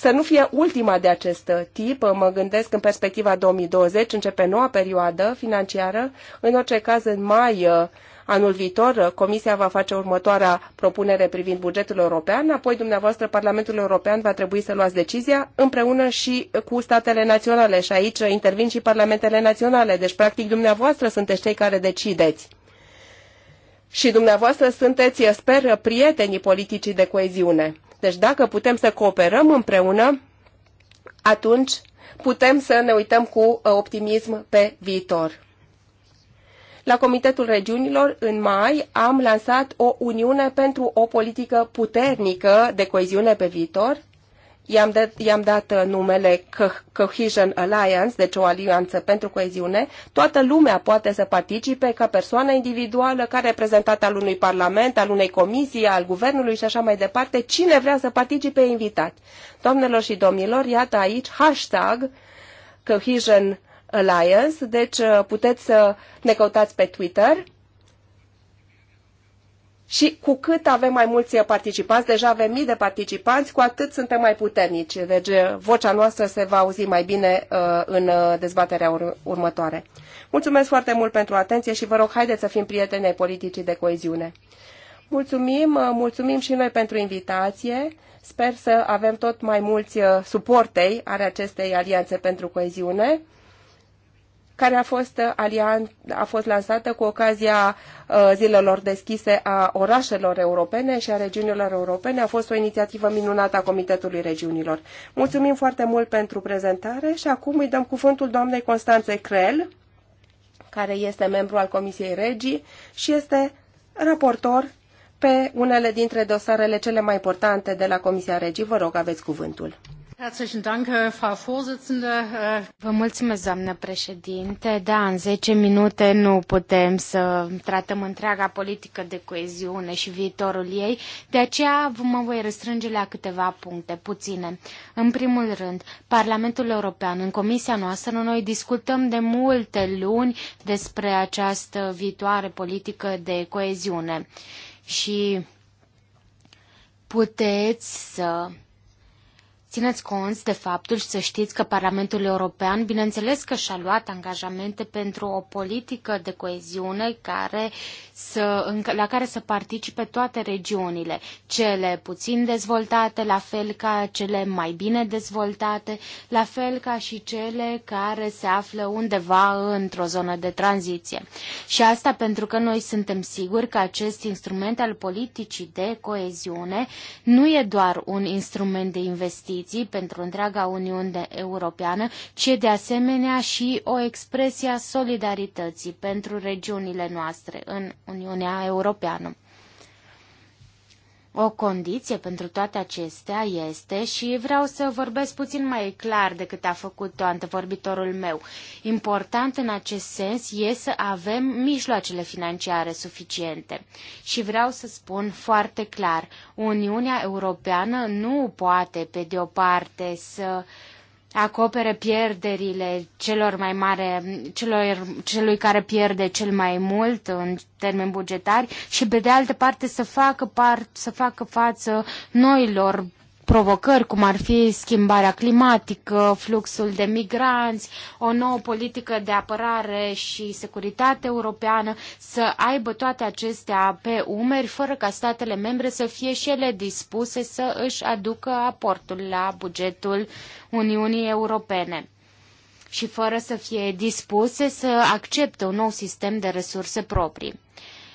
să nu fie ultima de acest tip. Mă gândesc în perspectiva 2020, începe noua perioadă financiară. În orice caz, în mai uh, anul viitor, uh, Comisia va face următoarea propunere privind bugetul european, apoi dumneavoastră Parlamentul European va trebui să luați decizia împreună și cu statele naționale și aici uh, intervin și parlamentele naționale, deci practic dumneavoastră sunteți cei care decideți. Și dumneavoastră sunteți, sper, prietenii politicii de coeziune. Deci dacă putem să cooperăm împreună, atunci putem să ne uităm cu uh, optimism pe viitor. La Comitetul Regiunilor, în mai, am lansat o uniune pentru o politică puternică de coeziune pe viitor, i-am, dat, uh, numele Cohesion Alliance, deci o alianță pentru coeziune, toată lumea poate să participe ca persoană individuală, ca reprezentant al unui parlament, al unei comisii, al guvernului și așa mai departe. Cine vrea să participe, invitat. Doamnelor și domnilor, iată aici hashtag Cohesion Alliance, deci uh, puteți să ne căutați pe Twitter și cu cât avem mai mulți participanți, deja avem mii de participanți, cu atât suntem mai puternici. Deci uh, vocea noastră se va auzi mai bine uh, în uh, dezbaterea ur- următoare. Mulțumesc foarte mult pentru atenție și vă rog, haideți să fim prieteni ai politicii de coeziune. Mulțumim, uh, mulțumim și noi pentru invitație. Sper să avem tot mai mulți suportei are acestei alianțe pentru coeziune care a fost, uh, alian, a fost lansată cu ocazia uh, zilelor deschise a orașelor europene și a regiunilor europene. A fost o inițiativă minunată a Comitetului Regiunilor. Mulțumim foarte mult pentru prezentare și acum îi dăm cuvântul doamnei Constanțe Crel, care este membru al Comisiei Regii și este raportor pe unele dintre dosarele cele mai importante de la Comisia Regii. Vă rog, aveți cuvântul. Äh, vă mulțumesc, doamnă președinte. Da, în 10 minute nu putem să tratăm întreaga politică de coeziune și viitorul ei, de aceea mă voi restrânge la câteva puncte, puține. În primul rând, Parlamentul European, în comisia noastră, noi discutăm de multe luni despre această viitoare politică de coeziune. Și puteți să Țineți cont de faptul și să știți că Parlamentul European, bineînțeles că și-a luat angajamente pentru o politică de coeziune care să, la care să participe toate regiunile, cele puțin dezvoltate, la fel ca cele mai bine dezvoltate, la fel ca și cele care se află undeva într-o zonă de tranziție. Și asta pentru că noi suntem siguri că acest instrument al politicii de coeziune nu e doar un instrument de investiție, condiții pentru întreaga Uniune Europeană, ci de asemenea și o expresie a solidarității pentru regiunile noastre în Uniunea Europeană. O condiție pentru toate acestea este, și vreau să vorbesc puțin mai clar decât a făcut-o antevorbitorul meu, important în acest sens e să avem mijloacele financiare suficiente. Și vreau să spun foarte clar, Uniunea Europeană nu poate, pe de o parte, să uh, acopere pierderile celor mai mare, celor, celui care pierde cel mai mult în termeni bugetari și pe de altă parte să facă, part, să facă față noilor provocări, cum ar fi schimbarea climatică, fluxul de migranți, o nouă politică de apărare și securitate europeană, să aibă toate acestea pe umeri, fără ca statele membre să fie și ele dispuse să își aducă aportul la bugetul Uniunii Europene și fără să fie dispuse să accepte un nou sistem de resurse proprii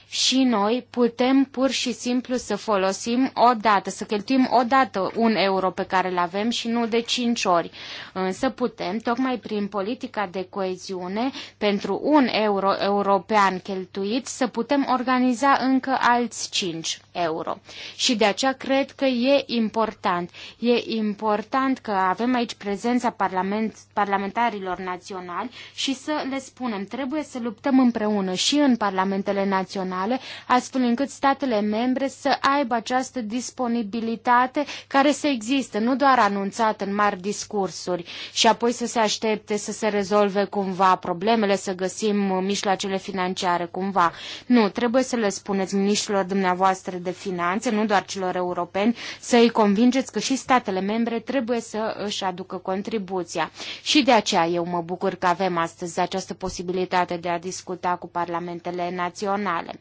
și noi putem pur și simplu să folosim o dată, să cheltuim o dată un euro pe care îl avem și nu de cinci ori. Însă putem, tocmai prin politica de coeziune, pentru un euro european cheltuit, să putem organiza încă alți cinci euro. Și de aceea cred că e important. E important că avem aici prezența parlament, parlamentarilor naționali și să le spunem, trebuie să luptăm împreună și în parlamentele naționale naționale, astfel încât statele membre să aibă această disponibilitate care să există, nu doar anunțată în mari discursuri și apoi să se aștepte să se rezolve cumva problemele, să găsim mijloacele financiare cumva. Nu, trebuie să le spuneți miniștrilor dumneavoastră de finanțe, nu doar celor europeni, să îi convingeți că și statele membre trebuie să își aducă contribuția. Și de aceea eu mă bucur că avem astăzi această posibilitate de a discuta cu parlamentele naționale.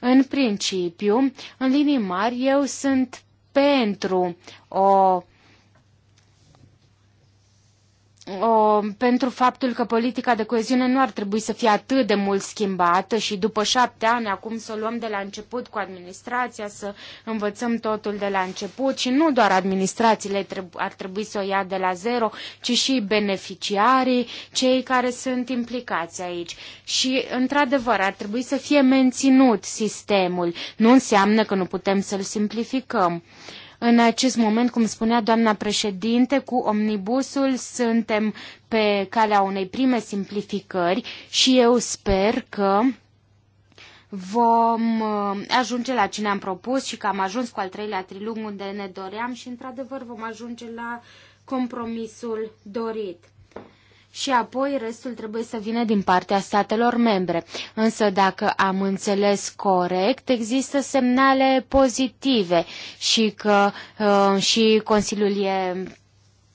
În principiu, în linii mari, eu sunt pentru o o, pentru faptul că politica de coeziune nu ar trebui să fie atât de mult schimbată și după șapte ani acum să o luăm de la început cu administrația, să învățăm totul de la început și nu doar administrațiile ar trebui să o ia de la zero, ci și beneficiarii, cei care sunt implicați aici. Și, într-adevăr, ar trebui să fie menținut sistemul. Nu înseamnă că nu putem să-l simplificăm. Uh, în acest moment, cum spunea doamna președinte, cu omnibusul suntem pe calea unei prime simplificări și eu sper că vom uh, ajunge la cine am propus și că am ajuns cu al treilea trilung unde ne doream și într-adevăr vom ajunge la compromisul dorit și apoi restul trebuie să vină din partea statelor membre. Însă dacă am înțeles corect, există semnale pozitive și că uh, și Consiliul e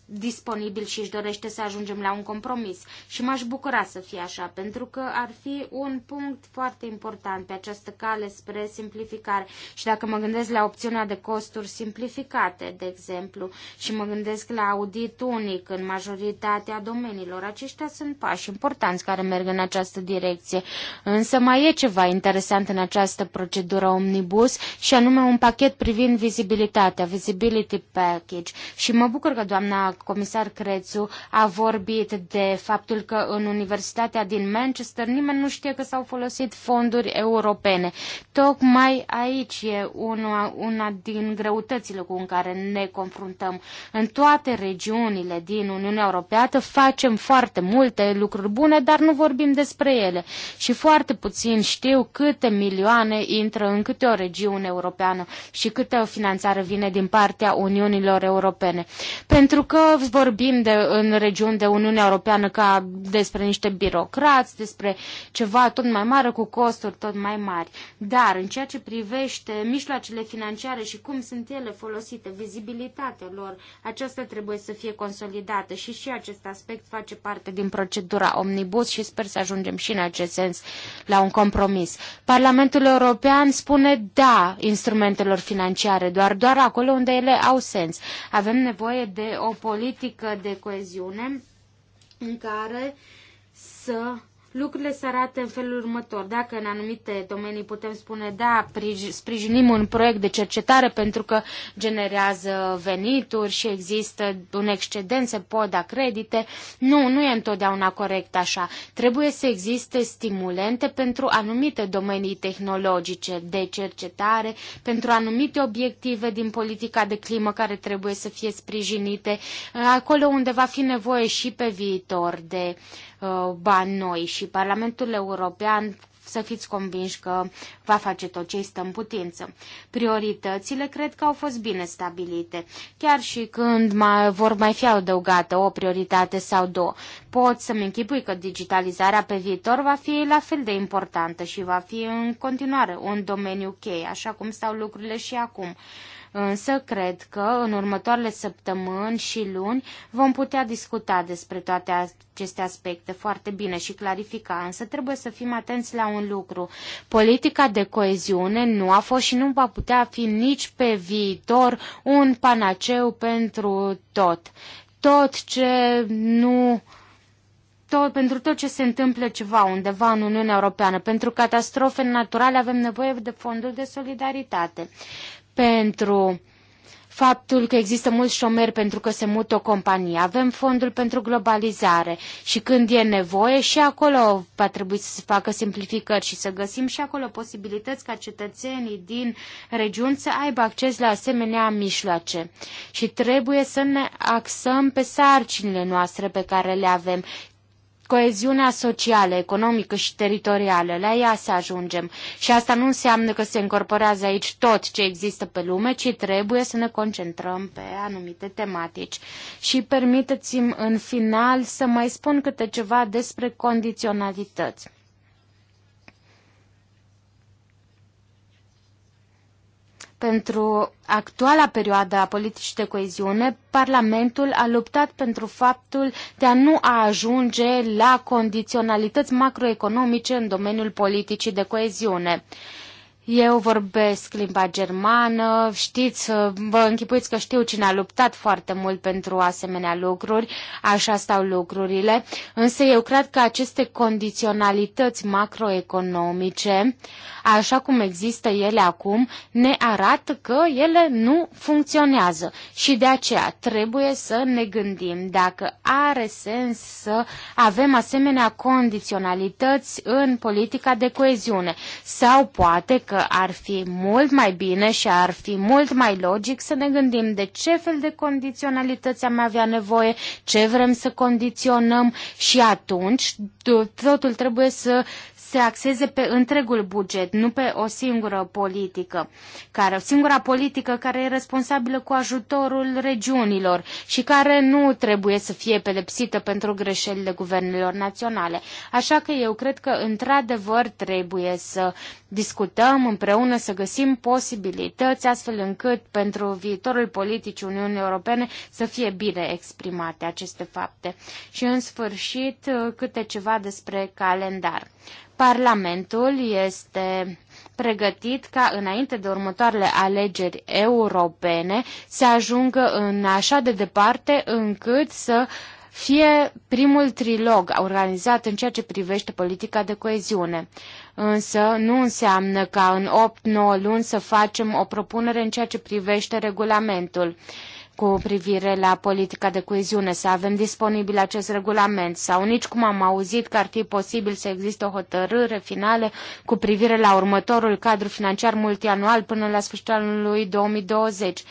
disponibil și își dorește să ajungem la un compromis. Și m-aș bucura să fie așa, pentru că ar fi un punct foarte important pe această cale spre simplificare. Și dacă mă gândesc la opțiunea de costuri simplificate, de exemplu, și mă gândesc la audit unic în majoritatea domeniilor, aceștia sunt pași importanți care merg în această direcție. Însă mai e ceva interesant în această procedură omnibus și anume un pachet privind vizibilitatea, Visibility Package. Și mă bucur că doamna comisar Crețu a vorbit de faptul că în Universitatea din Manchester nimeni nu știe că s-au folosit fonduri europene. Tocmai aici e una, una din greutățile cu care ne confruntăm. În toate regiunile din Uniunea Europeană facem foarte multe lucruri bune, dar nu vorbim despre ele. Și foarte puțin știu câte milioane intră în câte o regiune europeană și câte o finanțare vine din partea Uniunilor Europene. Pentru că vorbim de, în regiuni de Uniunea Europeană ca despre niște birocrați, despre ceva tot mai mare cu costuri tot mai mari. Dar în ceea ce privește mijloacele financiare și cum sunt ele folosite, vizibilitatea lor, aceasta trebuie să fie consolidată și și acest aspect face parte din procedura omnibus și sper să ajungem și în acest sens la un compromis. Parlamentul European spune da instrumentelor financiare, doar doar acolo unde ele au sens. Avem nevoie de o politică de coeziune în care să lucrurile se arată în felul următor. Dacă în anumite domenii putem spune, da, sprijinim un proiect de cercetare pentru că generează venituri și există un excedent, se pot da credite, nu, nu e întotdeauna corect așa. Trebuie să existe stimulente pentru anumite domenii tehnologice de cercetare, pentru anumite obiective din politica de climă care trebuie să fie sprijinite, acolo unde va fi nevoie și pe viitor de uh, Uh, bani noi și Parlamentul European să fiți convinși că va face tot ce stă în putință. Prioritățile cred că au fost bine stabilite. Chiar și când mai, vor mai fi adăugată o prioritate sau două, pot să-mi închipui că digitalizarea pe viitor va fi la fel de importantă și va fi în continuare un domeniu cheie, așa cum stau lucrurile și acum. Însă cred că în următoarele săptămâni și luni vom putea discuta despre toate aceste aspecte foarte bine și clarifica, însă trebuie să fim atenți la un lucru. Politica de coeziune nu a fost și nu va putea fi nici pe viitor un panaceu pentru tot. Tot ce nu tot, pentru tot ce se întâmplă ceva undeva în Uniunea Europeană, pentru catastrofe naturale avem nevoie de fondul de solidaritate pentru faptul că există mulți șomeri pentru că se mută o companie. Avem fondul pentru globalizare și când e nevoie și acolo va trebui să se facă simplificări și să găsim și acolo posibilități ca cetățenii din regiuni să aibă acces la asemenea mijloace. Și trebuie să ne axăm pe sarcinile noastre pe care le avem coeziunea socială, economică și teritorială, la ea să ajungem. Și asta nu înseamnă că se încorporează aici tot ce există pe lume, ci trebuie să ne concentrăm pe anumite tematici. Și permiteți-mi în final să mai spun câte ceva despre condiționalități. Pentru actuala perioadă a politicii de coeziune, Parlamentul a luptat pentru faptul de a nu a ajunge la condiționalități macroeconomice în domeniul politicii de coeziune. Eu vorbesc limba germană, știți, vă închipuiți că știu cine a luptat foarte mult pentru asemenea lucruri, așa stau lucrurile, însă eu cred că aceste condiționalități macroeconomice, așa cum există ele acum, ne arată că ele nu funcționează și de aceea trebuie să ne gândim dacă are sens să avem asemenea condiționalități în politica de coeziune sau poate că că ar fi mult mai bine și ar fi mult mai logic să ne gândim de ce fel de condiționalități am avea nevoie, ce vrem să condiționăm și atunci totul trebuie să se axeze pe întregul buget, nu pe o singură politică, care, o singura politică care e responsabilă cu ajutorul regiunilor și care nu trebuie să fie pedepsită pentru greșelile guvernelor naționale. Așa că eu cred că, într-adevăr, trebuie să discutăm împreună, să găsim posibilități astfel încât pentru viitorul politicii Uniunii Europene să fie bine exprimate aceste fapte. Și, în sfârșit, câte ceva despre calendar. Parlamentul este pregătit ca înainte de următoarele alegeri europene să ajungă în așa de departe încât să fie primul trilog organizat în ceea ce privește politica de coeziune. Însă nu înseamnă ca în 8-9 luni să facem o propunere în ceea ce privește regulamentul cu privire la politica de coeziune, să avem disponibil acest regulament sau nici cum am auzit că ar fi posibil să existe o hotărâre finală cu privire la următorul cadru financiar multianual până la sfârșitul anului 2020.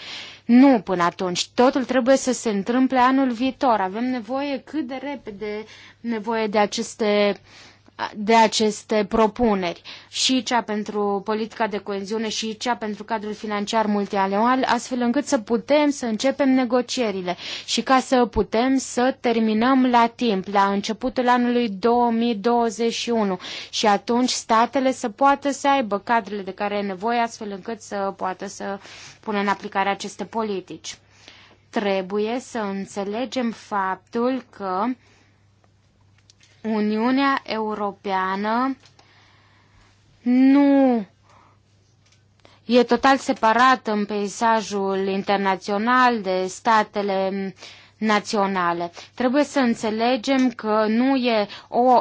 Nu până atunci. Totul trebuie să se întâmple anul viitor. Avem nevoie cât de repede nevoie de aceste uh, de aceste propuneri, și cea pentru politica de coeziune și cea pentru cadrul financiar multianual, astfel încât să putem să începem negocierile și ca să putem să terminăm la timp, la începutul anului 2021 și atunci statele să poată să aibă cadrele de care e nevoie, astfel încât să poată să pună în aplicare aceste politici. Trebuie să înțelegem faptul că uh, Uniunea Europeană nu e total separată în peisajul internațional de statele naționale. Trebuie să înțelegem că nu e o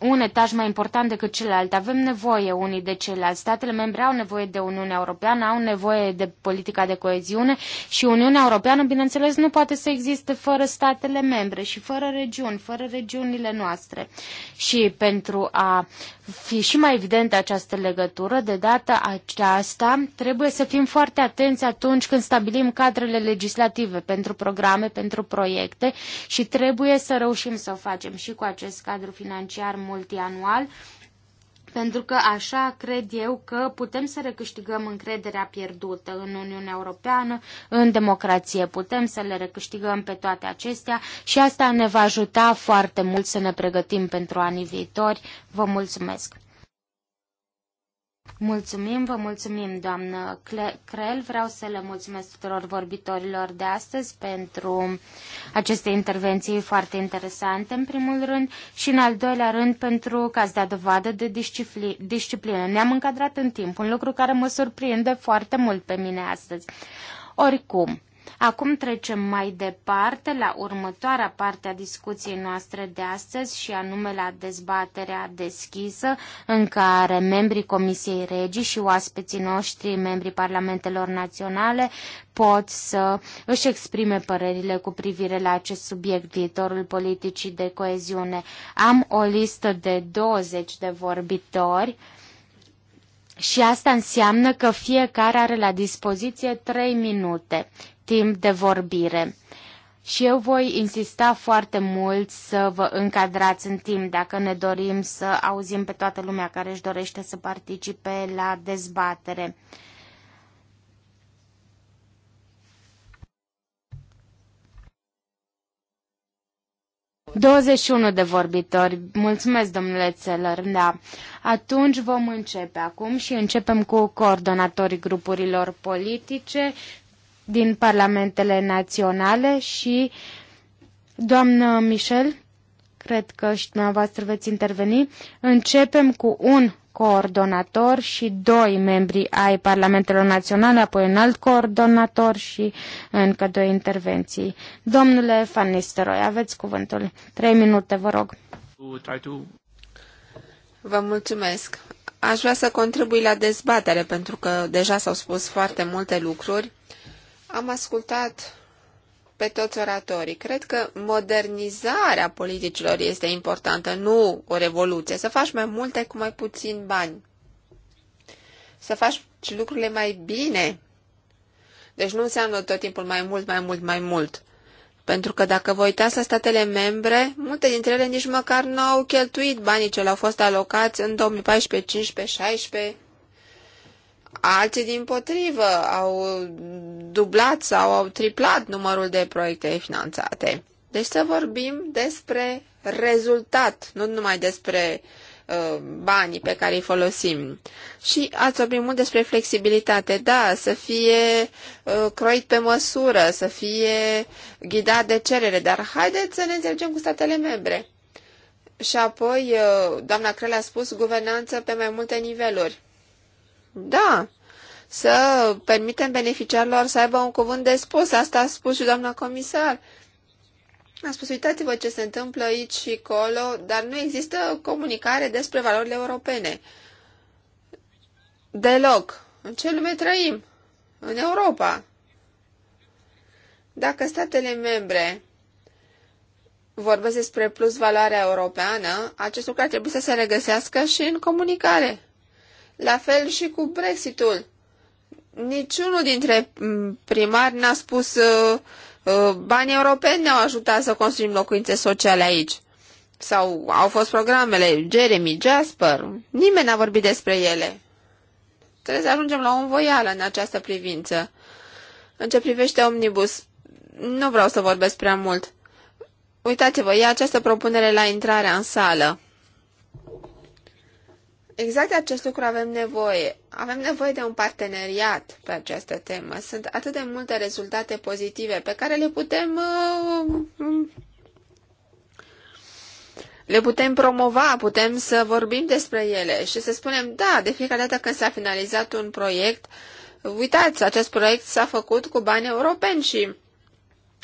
un etaj mai important decât celălalt. Avem nevoie unii de ceilalți. Statele membre au nevoie de Uniunea Europeană, au nevoie de politica de coeziune și Uniunea Europeană, bineînțeles, nu poate să existe fără statele membre și fără regiuni, fără regiunile noastre. Și pentru a fi și mai evidentă această legătură. De data aceasta, trebuie să fim foarte atenți atunci când stabilim cadrele legislative pentru programe, pentru proiecte și trebuie să reușim să o facem și cu acest cadru financiar multianual pentru că așa cred eu că putem să recâștigăm încrederea pierdută în Uniunea Europeană, în democrație. Putem să le recâștigăm pe toate acestea și asta ne va ajuta foarte mult să ne pregătim pentru anii viitori. Vă mulțumesc! Mulțumim, vă mulțumim, doamnă Crel. Vreau să le mulțumesc tuturor vorbitorilor de astăzi pentru aceste intervenții foarte interesante, în primul rând, și în al doilea rând pentru că ați dat dovadă de disciplină. Ne-am încadrat în timp, un lucru care mă surprinde foarte mult pe mine astăzi. Oricum, Acum trecem mai departe la următoarea parte a discuției noastre de astăzi și anume la dezbaterea deschisă în care membrii Comisiei Regii și oaspeții noștri, membrii Parlamentelor Naționale, pot să își exprime părerile cu privire la acest subiect, viitorul politicii de coeziune. Am o listă de 20 de vorbitori. Și asta înseamnă că fiecare are la dispoziție 3 minute timp de vorbire. Și eu voi insista foarte mult să vă încadrați în timp dacă ne dorim să auzim pe toată lumea care își dorește să participe la dezbatere. Douăzeci și unu de vorbitori. Mulțumesc, domnule Țelăr. Da. Atunci vom începe acum și începem cu coordonatorii grupurilor politice din parlamentele naționale și, doamnă Michel, cred că și dumneavoastră veți interveni, începem cu un coordonator și doi membri ai Parlamentelor Naționale, apoi un alt coordonator și încă două intervenții. Domnule Van Nistelrooy, aveți cuvântul. Trei minute, vă rog. Vă mulțumesc. Aș vrea să contribui la dezbatere, pentru că deja s-au spus foarte multe lucruri am ascultat pe toți oratorii. Cred că modernizarea politicilor este importantă, nu o revoluție. Să faci mai multe cu mai puțin bani. Să faci lucrurile mai bine. Deci nu înseamnă tot timpul mai mult, mai mult, mai mult. Pentru că dacă vă uitați la statele membre, multe dintre ele nici măcar nu au cheltuit banii ce le-au fost alocați în 2014, 15, 16, Alții, din potrivă, au dublat sau au triplat numărul de proiecte finanțate. Deci să vorbim despre rezultat, nu numai despre uh, banii pe care îi folosim. Și ați vorbit mult despre flexibilitate, da, să fie uh, croit pe măsură, să fie ghidat de cerere, dar haideți să ne înțelegem cu statele membre. Și apoi, uh, doamna Crele a spus guvernanță pe mai multe niveluri. Da, să permitem beneficiarilor să aibă un cuvânt de spus. Asta a spus și doamna comisar. A spus, uitați-vă ce se întâmplă aici și acolo, dar nu există comunicare despre valorile europene. Deloc. În ce lume trăim? În Europa. Dacă statele membre vorbesc despre plus valoarea europeană, acest lucru ar trebui să se regăsească și în comunicare. La fel și cu Brexitul. Niciunul dintre mm, primari n-a spus uh, uh, banii europeni ne-au ajutat să construim locuințe sociale aici. Sau au fost programele Jeremy, Jasper, nimeni n-a vorbit despre ele. Trebuie să ajungem la o învoială în această privință. În ce privește Omnibus, nu vreau să vorbesc prea mult. Uitați-vă, e această propunere la intrarea în sală exact de acest lucru avem nevoie. Avem nevoie de un parteneriat pe această temă. Sunt atât de multe rezultate pozitive pe care le putem uh, le putem promova, putem să vorbim despre ele și să spunem, da, de fiecare dată când s-a finalizat un proiect, uitați, acest proiect s-a făcut cu bani europeni și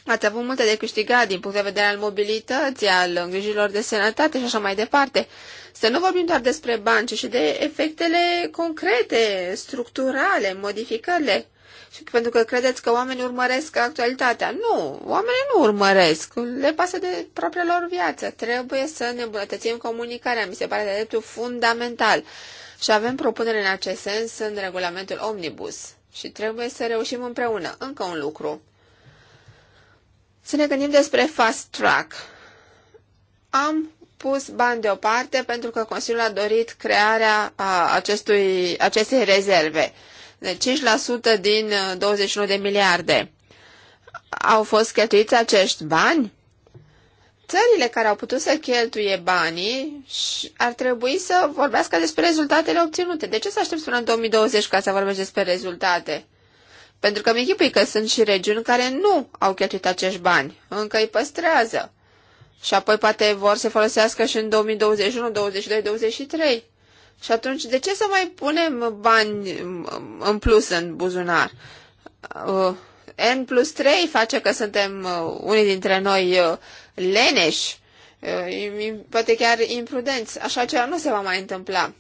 Ați avut multe de câștigat din punct de vedere al mobilității, al îngrijilor de sănătate și așa mai departe. Să nu vorbim doar despre bani, ci și de efectele concrete, structurale, modificările. Și pentru că credeți că oamenii urmăresc actualitatea. Nu, oamenii nu urmăresc. Le pasă de propria lor viață. Trebuie să ne îmbunătățim comunicarea. Mi se pare de dreptul fundamental. Și avem propunere în acest sens în regulamentul Omnibus. Și trebuie să reușim împreună. Încă un lucru să ne gândim despre fast track. Am pus bani deoparte pentru că Consiliul a dorit crearea a acestui, acestei rezerve de 5% din 21 uh, de miliarde. Au fost cheltuiți acești bani? Țările care au putut să cheltuie banii ar trebui să vorbească despre rezultatele obținute. De ce să aștepți până în 2020 ca să vorbești despre rezultate? Pentru că mi închipui că sunt și regiuni care nu au cheltuit acești bani, încă îi păstrează. Și apoi poate vor să folosească și în 2021, 22, 23. Și atunci, de ce să mai punem bani în plus în buzunar? Uh, N plus 3 face că suntem uh, unii dintre noi uh, leneși, poate chiar imprudenți. Așa ceva nu se va mai întâmpla.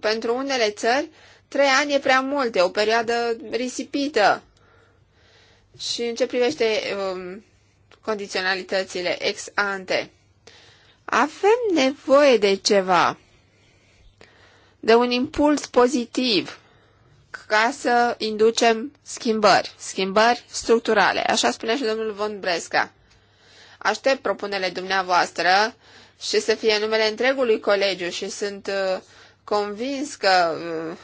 Pentru unele țări, Trei ani e prea mult, e o perioadă risipită. Și în ce privește um, condiționalitățile ex ante, avem nevoie de ceva, de un impuls pozitiv ca să inducem schimbări, schimbări structurale. Așa spune și domnul Von Bresca. Aștept propunele dumneavoastră și să fie numele întregului colegiu și sunt uh, convins că uh,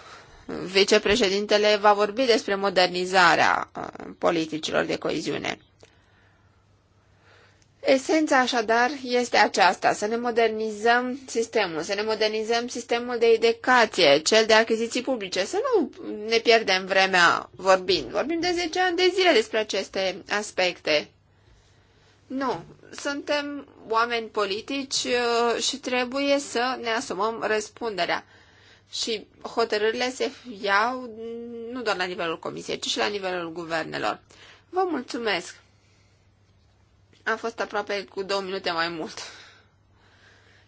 vicepreședintele va vorbi despre modernizarea uh, politicilor de coeziune. Esența așadar este aceasta, să ne modernizăm sistemul, să ne modernizăm sistemul de educație, cel de achiziții publice, să nu ne pierdem vremea vorbind. Vorbim de 10 ani de zile despre aceste aspecte. Nu, suntem oameni politici uh, și trebuie să ne asumăm răspunderea și hotărârile se iau nu doar la nivelul comisiei, ci și la nivelul guvernelor. Vă mulțumesc! Am fost aproape cu două minute mai mult.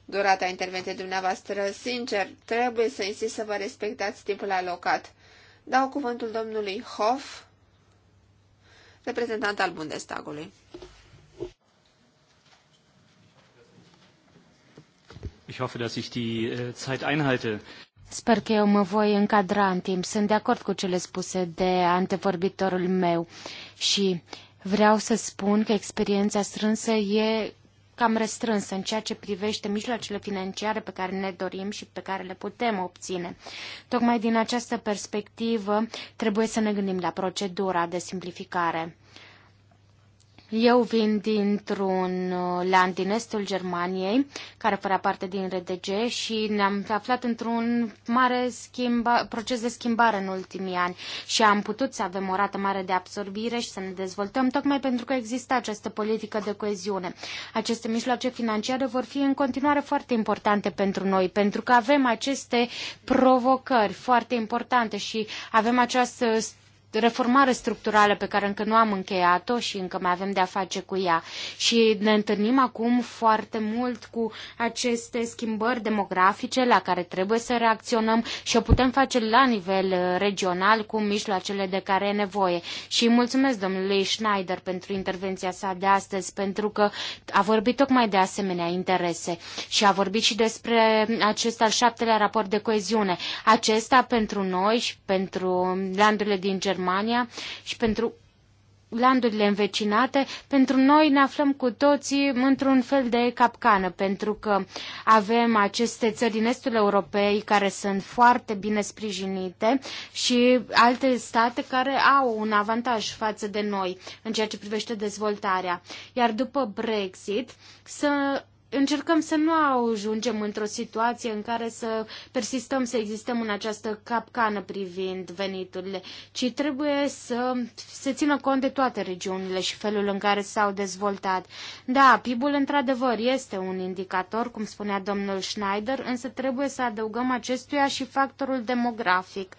Durata intervenției dumneavoastră, sincer, trebuie să insist să vă respectați timpul alocat. Dau cuvântul domnului Hoff, reprezentant al Bundestagului. Ich hoffe, dass ich die äh, Zeit einhalte. Sper că eu mă voi încadra în timp. Sunt de acord cu cele spuse de antevorbitorul meu și vreau să spun că experiența strânsă e cam restrânsă în ceea ce privește mijloacele financiare pe care ne dorim și pe care le putem obține. Tocmai din această perspectivă trebuie să ne gândim la procedura de simplificare. Eu vin dintr-un uh, land din estul Germaniei, care fără parte din RDG și ne-am aflat într-un mare schimba, proces de schimbare în ultimii ani și am putut să avem o rată mare de absorbire și să ne dezvoltăm, tocmai pentru că există această politică de coeziune. Aceste mijloace financiare vor fi în continuare foarte importante pentru noi, pentru că avem aceste provocări foarte importante și avem această reformare structurală pe care încă nu am încheiat-o și încă mai avem de a face cu ea. Și ne întâlnim acum foarte mult cu aceste schimbări demografice la care trebuie să reacționăm și o putem face la nivel uh, regional cu mijloacele de care e nevoie. Și mulțumesc domnului Schneider pentru intervenția sa de astăzi, pentru că a vorbit tocmai de asemenea interese și a vorbit și despre acest al șaptelea raport de coeziune. Acesta pentru noi și pentru landurile din Germania Germania și pentru landurile învecinate, pentru noi ne aflăm cu toții într-un fel de capcană, pentru că avem aceste țări din estul europei care sunt foarte bine sprijinite și alte state care au un avantaj față de noi în ceea ce privește dezvoltarea. Iar după Brexit, să încercăm să nu ajungem într-o situație în care să persistăm să existăm în această capcană privind veniturile, ci trebuie să se țină cont de toate regiunile și felul în care s-au dezvoltat. Da, PIB-ul într-adevăr este un indicator, cum spunea domnul Schneider, însă trebuie să adăugăm acestuia și factorul demografic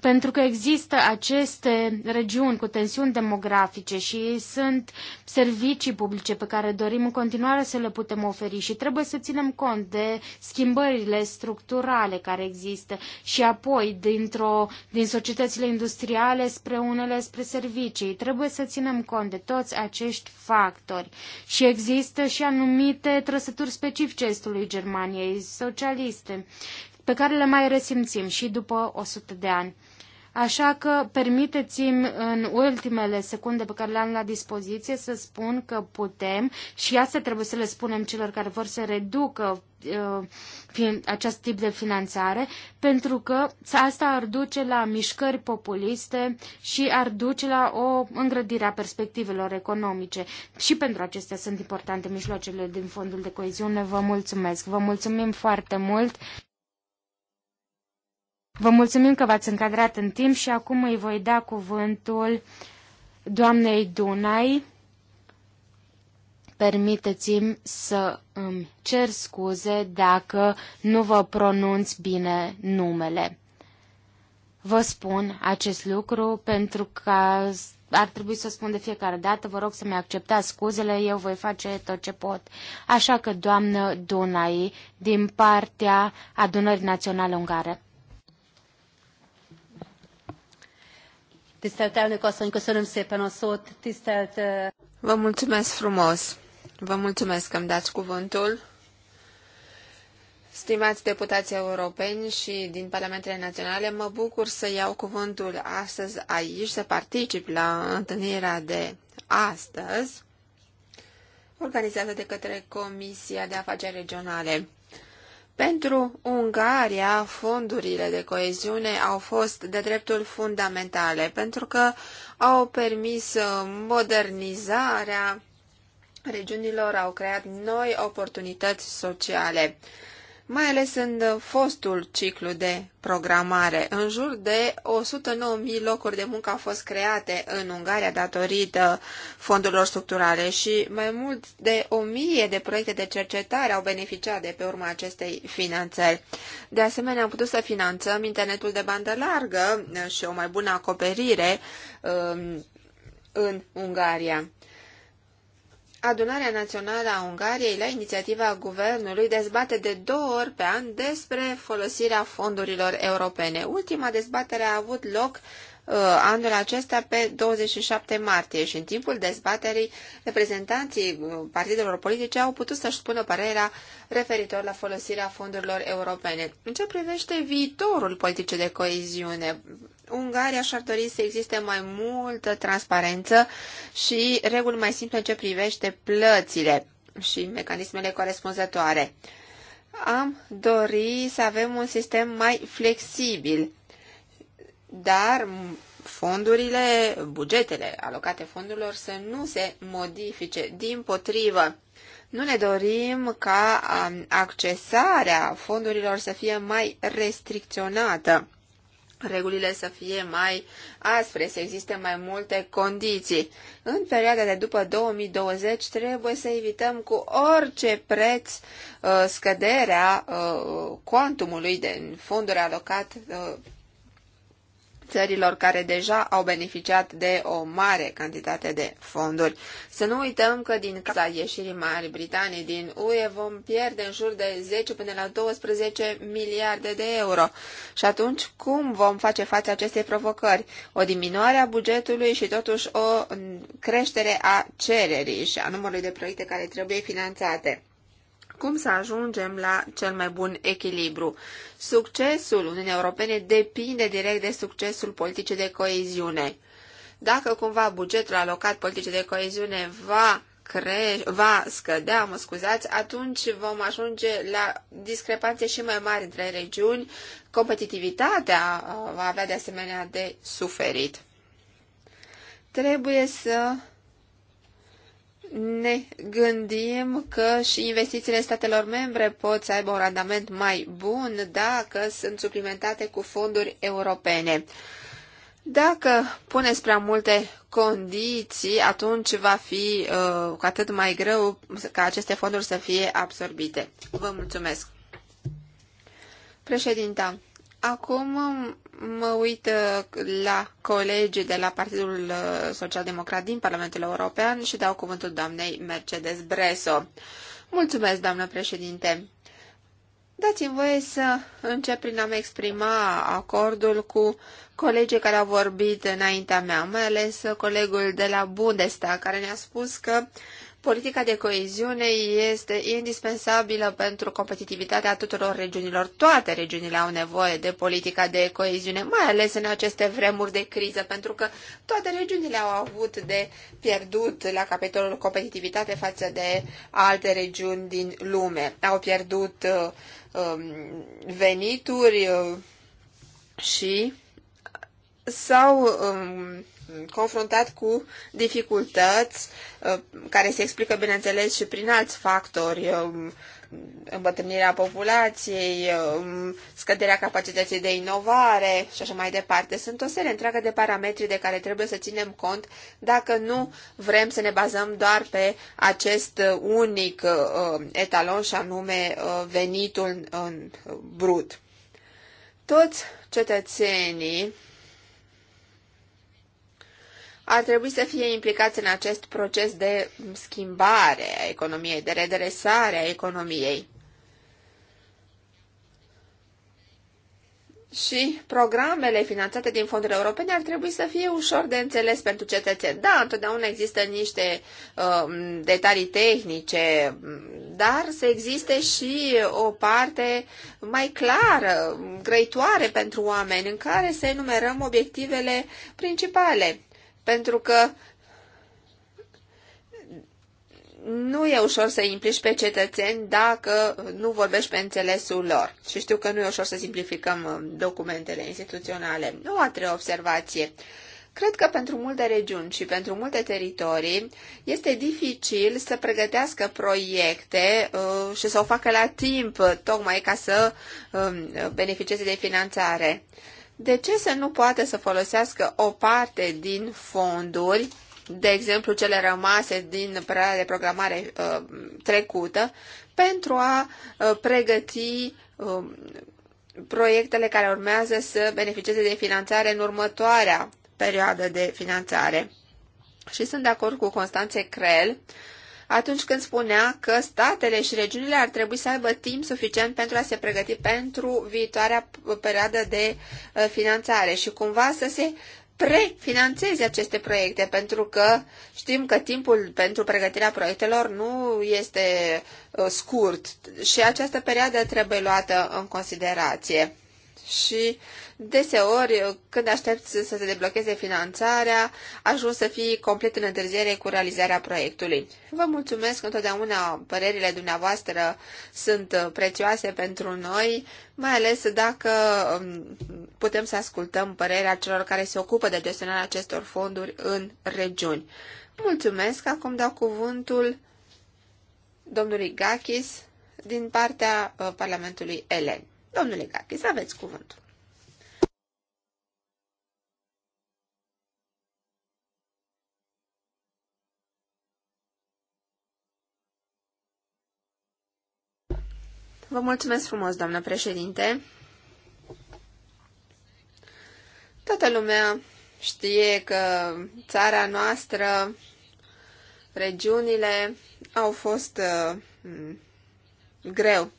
pentru că există aceste regiuni cu tensiuni demografice și sunt servicii publice pe care dorim în continuare să le putem oferi și trebuie să ținem cont de schimbările structurale care există și apoi dintr-o, din societățile industriale spre unele spre servicii. Trebuie să ținem cont de toți acești factori și există și anumite trăsături specifice estului Germaniei, socialiste, pe care le mai resimțim și după 100 de ani. Așa că permiteți-mi în ultimele secunde pe care le-am la dispoziție să spun că putem și asta trebuie să le spunem celor care vor să reducă uh, acest tip de finanțare, pentru că asta ar duce la mișcări populiste și ar duce la o îngrădire a perspectivelor economice. Și pentru acestea sunt importante mijloacele din fondul de coeziune. Vă mulțumesc! Vă mulțumim foarte mult! Vă mulțumim că v-ați încadrat în timp și acum îi voi da cuvântul doamnei Dunai. Permiteți-mi să îmi cer scuze dacă nu vă pronunț bine numele. Vă spun acest lucru pentru că ar trebui să spun de fiecare dată, vă rog să-mi acceptați scuzele, eu voi face tot ce pot. Așa că, doamnă Dunai, din partea Adunării Naționale Ungare. Tisztelt elnök asszony, köszönöm szépen a szót. Tisztelt... Vă mulțumesc frumos. Vă mulțumesc că îmi dați cuvântul. Stimați deputați europeni și din Parlamentele Naționale, mă bucur să iau cuvântul astăzi aici, să particip la întâlnirea de astăzi, organizată de către Comisia de Afaceri Regionale. Pentru Ungaria, fondurile de coeziune au fost de dreptul fundamentale, pentru că au permis uh, modernizarea regiunilor, au creat noi oportunități sociale mai ales în uh, fostul ciclu de programare. În jur de 109.000 locuri de muncă au fost create în Ungaria datorită fondurilor structurale și mai mult de 1.000 de proiecte de cercetare au beneficiat de pe urma acestei finanțări. De asemenea, am putut să finanțăm internetul de bandă largă uh, și o mai bună acoperire um, în Ungaria. Adunarea Națională a Ungariei, la inițiativa guvernului, dezbate de două ori pe an despre folosirea fondurilor europene. Ultima dezbatere a avut loc Uh, anul acesta pe 27 martie și în timpul dezbaterii reprezentanții uh, partidelor politice au putut să-și spună părerea referitor la folosirea fondurilor europene. În ce privește viitorul politice de coeziune, Ungaria și-ar dori să existe mai multă transparență și reguli mai simple în ce privește plățile și mecanismele corespunzătoare. Am dori să avem un sistem mai flexibil dar fondurile, bugetele alocate fondurilor să nu se modifice. Din potrivă, nu ne dorim ca um, accesarea fondurilor să fie mai restricționată, regulile să fie mai aspre, să existe mai multe condiții. În perioada de după 2020 trebuie să evităm cu orice preț uh, scăderea uh, uh, cuantumului de fonduri alocat țărilor care deja au beneficiat de o mare cantitate de fonduri. Să nu uităm că din cauza ieșirii Marii Britanii din UE vom pierde în jur de 10 până la 12 miliarde de euro. Și atunci cum vom face față acestei provocări? O diminuare a bugetului și totuși o creștere a cererii și a numărului de proiecte care trebuie finanțate cum să ajungem la cel mai bun echilibru. Succesul Uniunii Europene depinde direct de succesul politicii de coeziune. Dacă cumva bugetul alocat politicii de coeziune va cre- va scădea, mă scuzați, atunci vom ajunge la discrepanțe și mai mari între regiuni. Competitivitatea uh, va avea de asemenea de suferit. Trebuie să ne gândim că și investițiile statelor membre pot să aibă un randament mai bun dacă sunt suplimentate cu fonduri europene. Dacă puneți prea multe condiții, atunci va fi uh, cu atât mai greu ca aceste fonduri să fie absorbite. Vă mulțumesc. Președinta, acum mă uit uh, la colegii de la Partidul uh, Social-Democrat din Parlamentul European și dau cuvântul doamnei Mercedes Breso. Mulțumesc, doamnă președinte! Dați-mi voie să încep prin a-mi exprima acordul cu colegii care au vorbit înaintea mea, mai ales colegul de la Bundestag, care ne-a spus că uh, Politica de coeziune este indispensabilă pentru competitivitatea tuturor regiunilor. Toate regiunile au nevoie de politica de coeziune, mai ales în aceste vremuri de criză, pentru că toate regiunile au avut de pierdut la capitolul competitivitate față de alte regiuni din lume. Au pierdut uh, um, venituri uh, și sau um, confruntat cu dificultăți uh, care se explică, bineînțeles, și prin alți factori, uh, îmbătrânirea populației, uh, scăderea capacității de inovare și așa mai departe. Sunt o serie întreagă de parametri de care trebuie să ținem cont dacă nu vrem să ne bazăm doar pe acest unic etalon și anume venitul în brut. Toți cetățenii ar trebui să fie implicați în acest proces de schimbare a economiei, de redresare a economiei. Și programele finanțate din fondurile europene ar trebui să fie ușor de înțeles pentru cetățeni. Da, întotdeauna există niște uh, detalii tehnice, dar să existe și o parte mai clară, grăitoare pentru oameni, în care să enumerăm obiectivele principale pentru că nu e ușor să implici pe cetățeni dacă nu vorbești pe înțelesul lor. Și știu că nu e ușor să simplificăm um, documentele instituționale. Nu a treia observație. Cred că pentru multe regiuni și pentru multe teritorii este dificil să pregătească proiecte uh, și să o facă la timp, tocmai ca să uh, beneficieze de finanțare. Uh, de ce să nu poate să folosească o parte din fonduri, de exemplu cele rămase din perioada de programare uh, trecută, pentru a uh, pregăti uh, proiectele care urmează să beneficieze de finanțare în următoarea perioadă de finanțare. Și sunt de acord cu Constanțe Crel atunci când spunea că statele și regiunile ar trebui să aibă timp suficient pentru a se pregăti pentru viitoarea perioadă de uh, finanțare și cumva să se prefinanțeze aceste proiecte, pentru că știm că timpul pentru pregătirea proiectelor nu este uh, scurt și această perioadă trebuie luată în considerație. Și Deseori, când aștepți să se deblocheze finanțarea, ajung să fii complet în întârziere cu realizarea proiectului. Vă mulțumesc întotdeauna, părerile dumneavoastră sunt prețioase pentru noi, mai ales dacă um, putem să ascultăm părerea celor care se ocupă de gestionarea acestor fonduri în regiuni. Mulțumesc, acum dau cuvântul domnului Gachis din partea uh, Parlamentului Elen. Domnule Gachis, aveți cuvântul. Vă mulțumesc frumos, doamnă președinte. Toată lumea știe că țara noastră, regiunile au fost uh, greu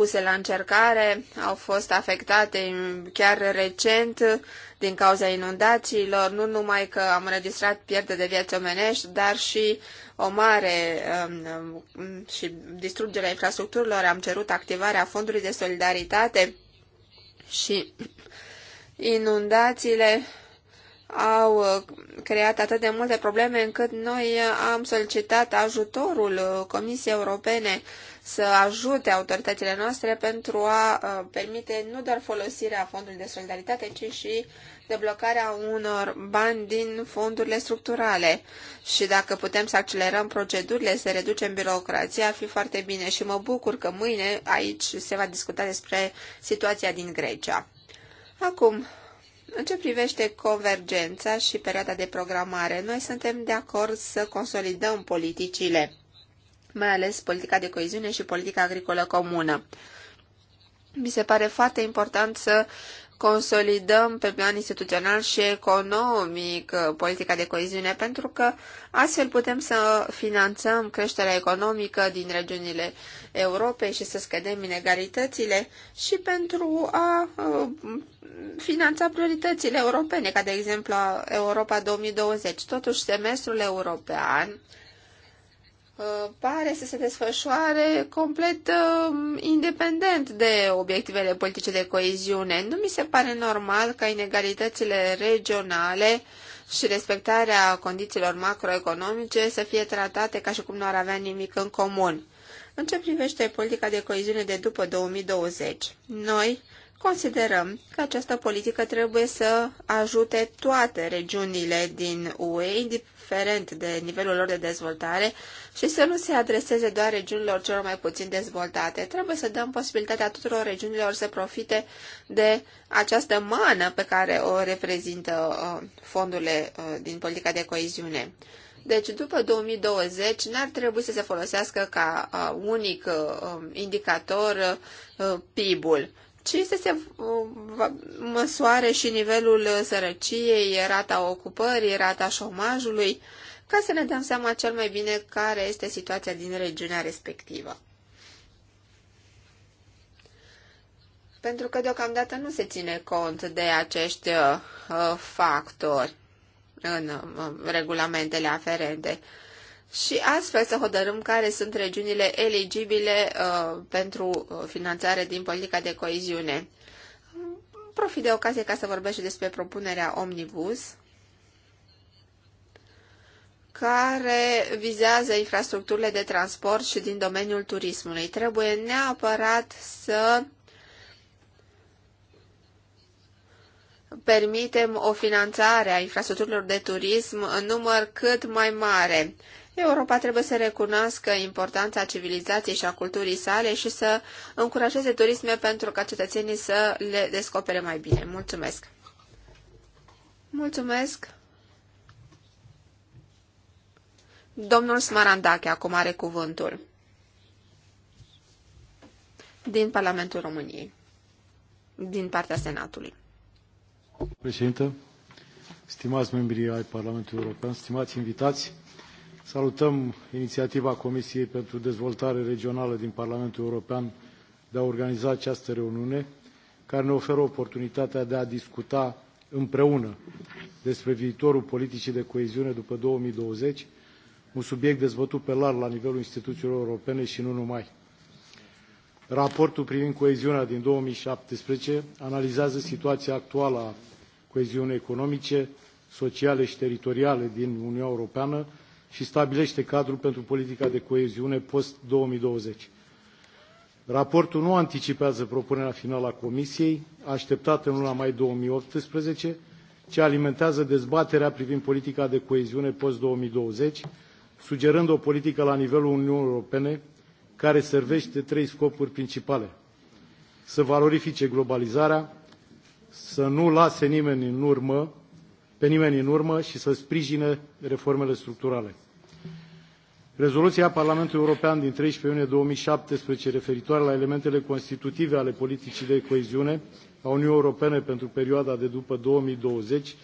puse la încercare au fost afectate chiar recent din cauza inundațiilor. Nu numai că am înregistrat pierde de vieți omenești, dar și o mare um, um și distrugerea infrastructurilor. Am cerut activarea Fondului de Solidaritate și inundațiile au creat atât de multe probleme încât noi am solicitat ajutorul Comisiei Europene să ajute autoritățile noastre pentru a uh, permite nu doar folosirea fondului de solidaritate, ci și deblocarea unor bani din fondurile structurale. Și dacă putem să accelerăm procedurile, să reducem birocrația, ar fi foarte bine. Și mă bucur că mâine aici se va discuta despre situația din Grecia. Acum, în ce privește convergența și perioada de programare, noi suntem de acord să consolidăm politicile mai ales politica de coeziune și politica agricolă comună. Mi se pare foarte important să consolidăm pe plan instituțional și economic uh, politica de coeziune, pentru că astfel putem să finanțăm creșterea economică din regiunile Europei și să scădem inegalitățile și pentru a uh, finanța prioritățile europene, ca de exemplu Europa 2020. Totuși, semestrul european Uh, pare să se desfășoare complet uh, independent de obiectivele politice de coeziune. Nu mi se pare normal ca inegalitățile regionale și respectarea condițiilor macroeconomice să fie tratate ca și cum nu ar avea nimic în comun. În ce privește politica de coeziune de după 2020, noi Considerăm că această politică trebuie să ajute toate regiunile din UE, indiferent de nivelul lor de dezvoltare, și să nu se adreseze doar regiunilor celor mai puțin dezvoltate. Trebuie să dăm posibilitatea tuturor regiunilor să profite de această mană pe care o reprezintă uh, fondurile uh, din politica de coeziune. Deci, după 2020, n-ar trebui să se folosească ca uh, unic indicator PIB-ul ce este se uh, măsoare și nivelul uh, sărăciei, rata ocupării, rata șomajului, ca să ne dăm seama cel mai bine care este situația din regiunea respectivă. Pentru că deocamdată nu se ține cont de acești uh, factori în regulamentele aferente și astfel să hotărâm care sunt regiunile eligibile uh, pentru uh, finanțare din politica de coeziune. Profit de ocazie ca să vorbesc și despre propunerea Omnibus, care vizează infrastructurile de transport și din domeniul turismului. Trebuie neapărat să permitem o finanțare a infrastructurilor de turism în număr cât mai mare Europa trebuie să recunoască importanța civilizației și a culturii sale și să încurajeze turisme pentru ca cetățenii să le descopere mai bine. Mulțumesc! Mulțumesc! Domnul Smarandache acum are cuvântul din Parlamentul României, din partea Senatului. Președinte, stimați membrii ai Parlamentului European, stimați invitați, Salutăm inițiativa Comisiei pentru Dezvoltare Regională din Parlamentul European de a organiza această reuniune, care ne oferă oportunitatea de a discuta împreună despre viitorul politicii de coeziune după 2020, un subiect dezbătut pe larg la nivelul instituțiilor europene și nu numai. Raportul privind coeziunea din 2017 analizează situația actuală a coeziunii economice, sociale și teritoriale din Uniunea Europeană și stabilește cadrul pentru politica de coeziune post-2020. Raportul nu anticipează propunerea finală a Comisiei, așteptată în luna mai 2018, ci alimentează dezbaterea privind politica de coeziune post-2020, sugerând o politică la nivelul Uniunii Europene care servește trei scopuri principale. Să valorifice globalizarea, să nu lase nimeni în urmă pe nimeni în urmă și să sprijine reformele structurale. Rezoluția Parlamentului European din 13 iunie 2017 referitoare la elementele constitutive ale politicii de coeziune a Uniunii Europene pentru perioada de după 2020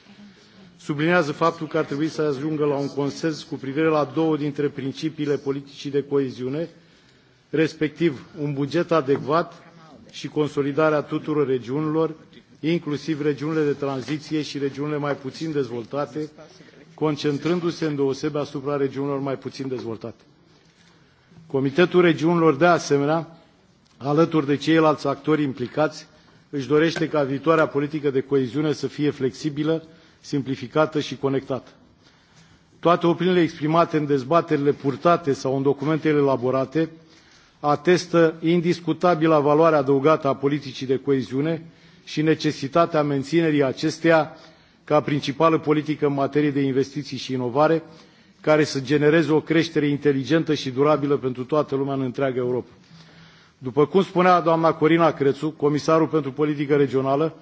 subliniază faptul că ar trebui să ajungă la un consens cu privire la două dintre principiile politicii de coeziune, respectiv un buget adecvat și consolidarea tuturor regiunilor, inclusiv regiunile de tranziție și regiunile mai puțin dezvoltate, concentrându-se în deosebe asupra regiunilor mai puțin dezvoltate. Comitetul regiunilor, de asemenea, alături de ceilalți actori implicați, își dorește ca viitoarea politică de coeziune să fie flexibilă, simplificată și conectată. Toate opiniile exprimate în dezbaterile purtate sau în documentele elaborate atestă indiscutabilă valoare adăugată a politicii de coeziune și necesitatea menținerii acesteia ca principală politică în materie de investiții și inovare, care să genereze o creștere inteligentă și durabilă pentru toată lumea în întreaga Europa. După cum spunea doamna Corina Crețu, comisarul pentru politică regională,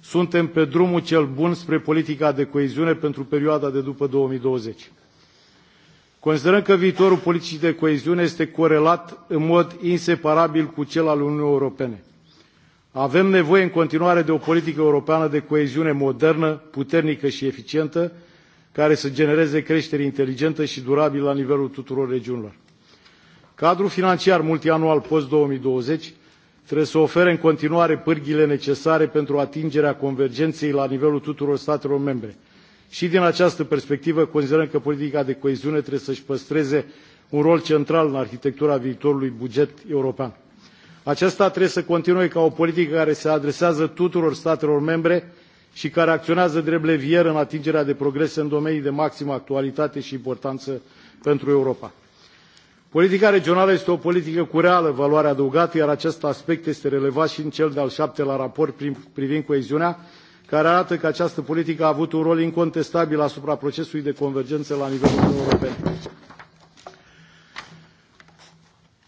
suntem pe drumul cel bun spre politica de coeziune pentru perioada de după 2020. Considerăm că viitorul politicii de coeziune este corelat în mod inseparabil cu cel al Uniunii Europene. Avem nevoie în continuare de o politică europeană de coeziune modernă, puternică și eficientă, care să genereze creștere inteligentă și durabilă la nivelul tuturor regiunilor. Cadrul financiar multianual post-2020 trebuie să ofere în continuare pârghile necesare pentru atingerea convergenței la nivelul tuturor statelor membre. Și din această perspectivă considerăm că politica de coeziune trebuie să-și păstreze un rol central în arhitectura viitorului buget european. Aceasta trebuie să continue ca o politică care se adresează tuturor statelor membre și care acționează drept levier în atingerea de progrese în domenii de maximă actualitate și importanță pentru Europa. Politica regională este o politică cu reală valoare adăugată, iar acest aspect este relevat și în cel de-al șaptelea raport privind coeziunea, care arată că această politică a avut un rol incontestabil asupra procesului de convergență la nivelul Uniunii Europene.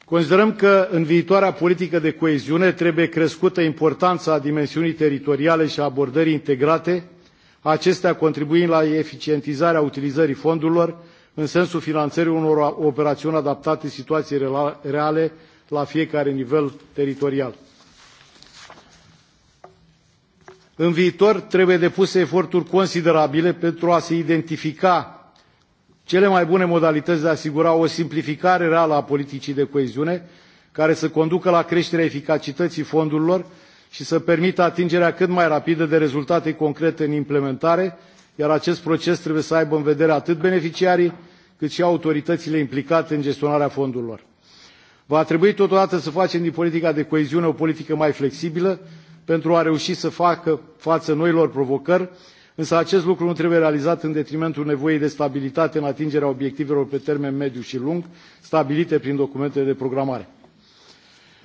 Considerăm că în viitoarea politică de coeziune trebuie crescută importanța dimensiunii teritoriale și a abordării integrate, acestea contribuind la eficientizarea utilizării fondurilor în sensul finanțării unor operațiuni adaptate situației reale la fiecare nivel teritorial. În viitor trebuie depuse eforturi considerabile pentru a se identifica cele mai bune modalități de a asigura o simplificare reală a politicii de coeziune, care să conducă la creșterea eficacității fondurilor și să permită atingerea cât mai rapidă de rezultate concrete în implementare, iar acest proces trebuie să aibă în vedere atât beneficiarii, cât și autoritățile implicate în gestionarea fondurilor. Va trebui totodată să facem din politica de coeziune o politică mai flexibilă pentru a reuși să facă față noilor provocări însă acest lucru nu trebuie realizat în detrimentul nevoii de stabilitate în atingerea obiectivelor pe termen mediu și lung stabilite prin documentele de programare.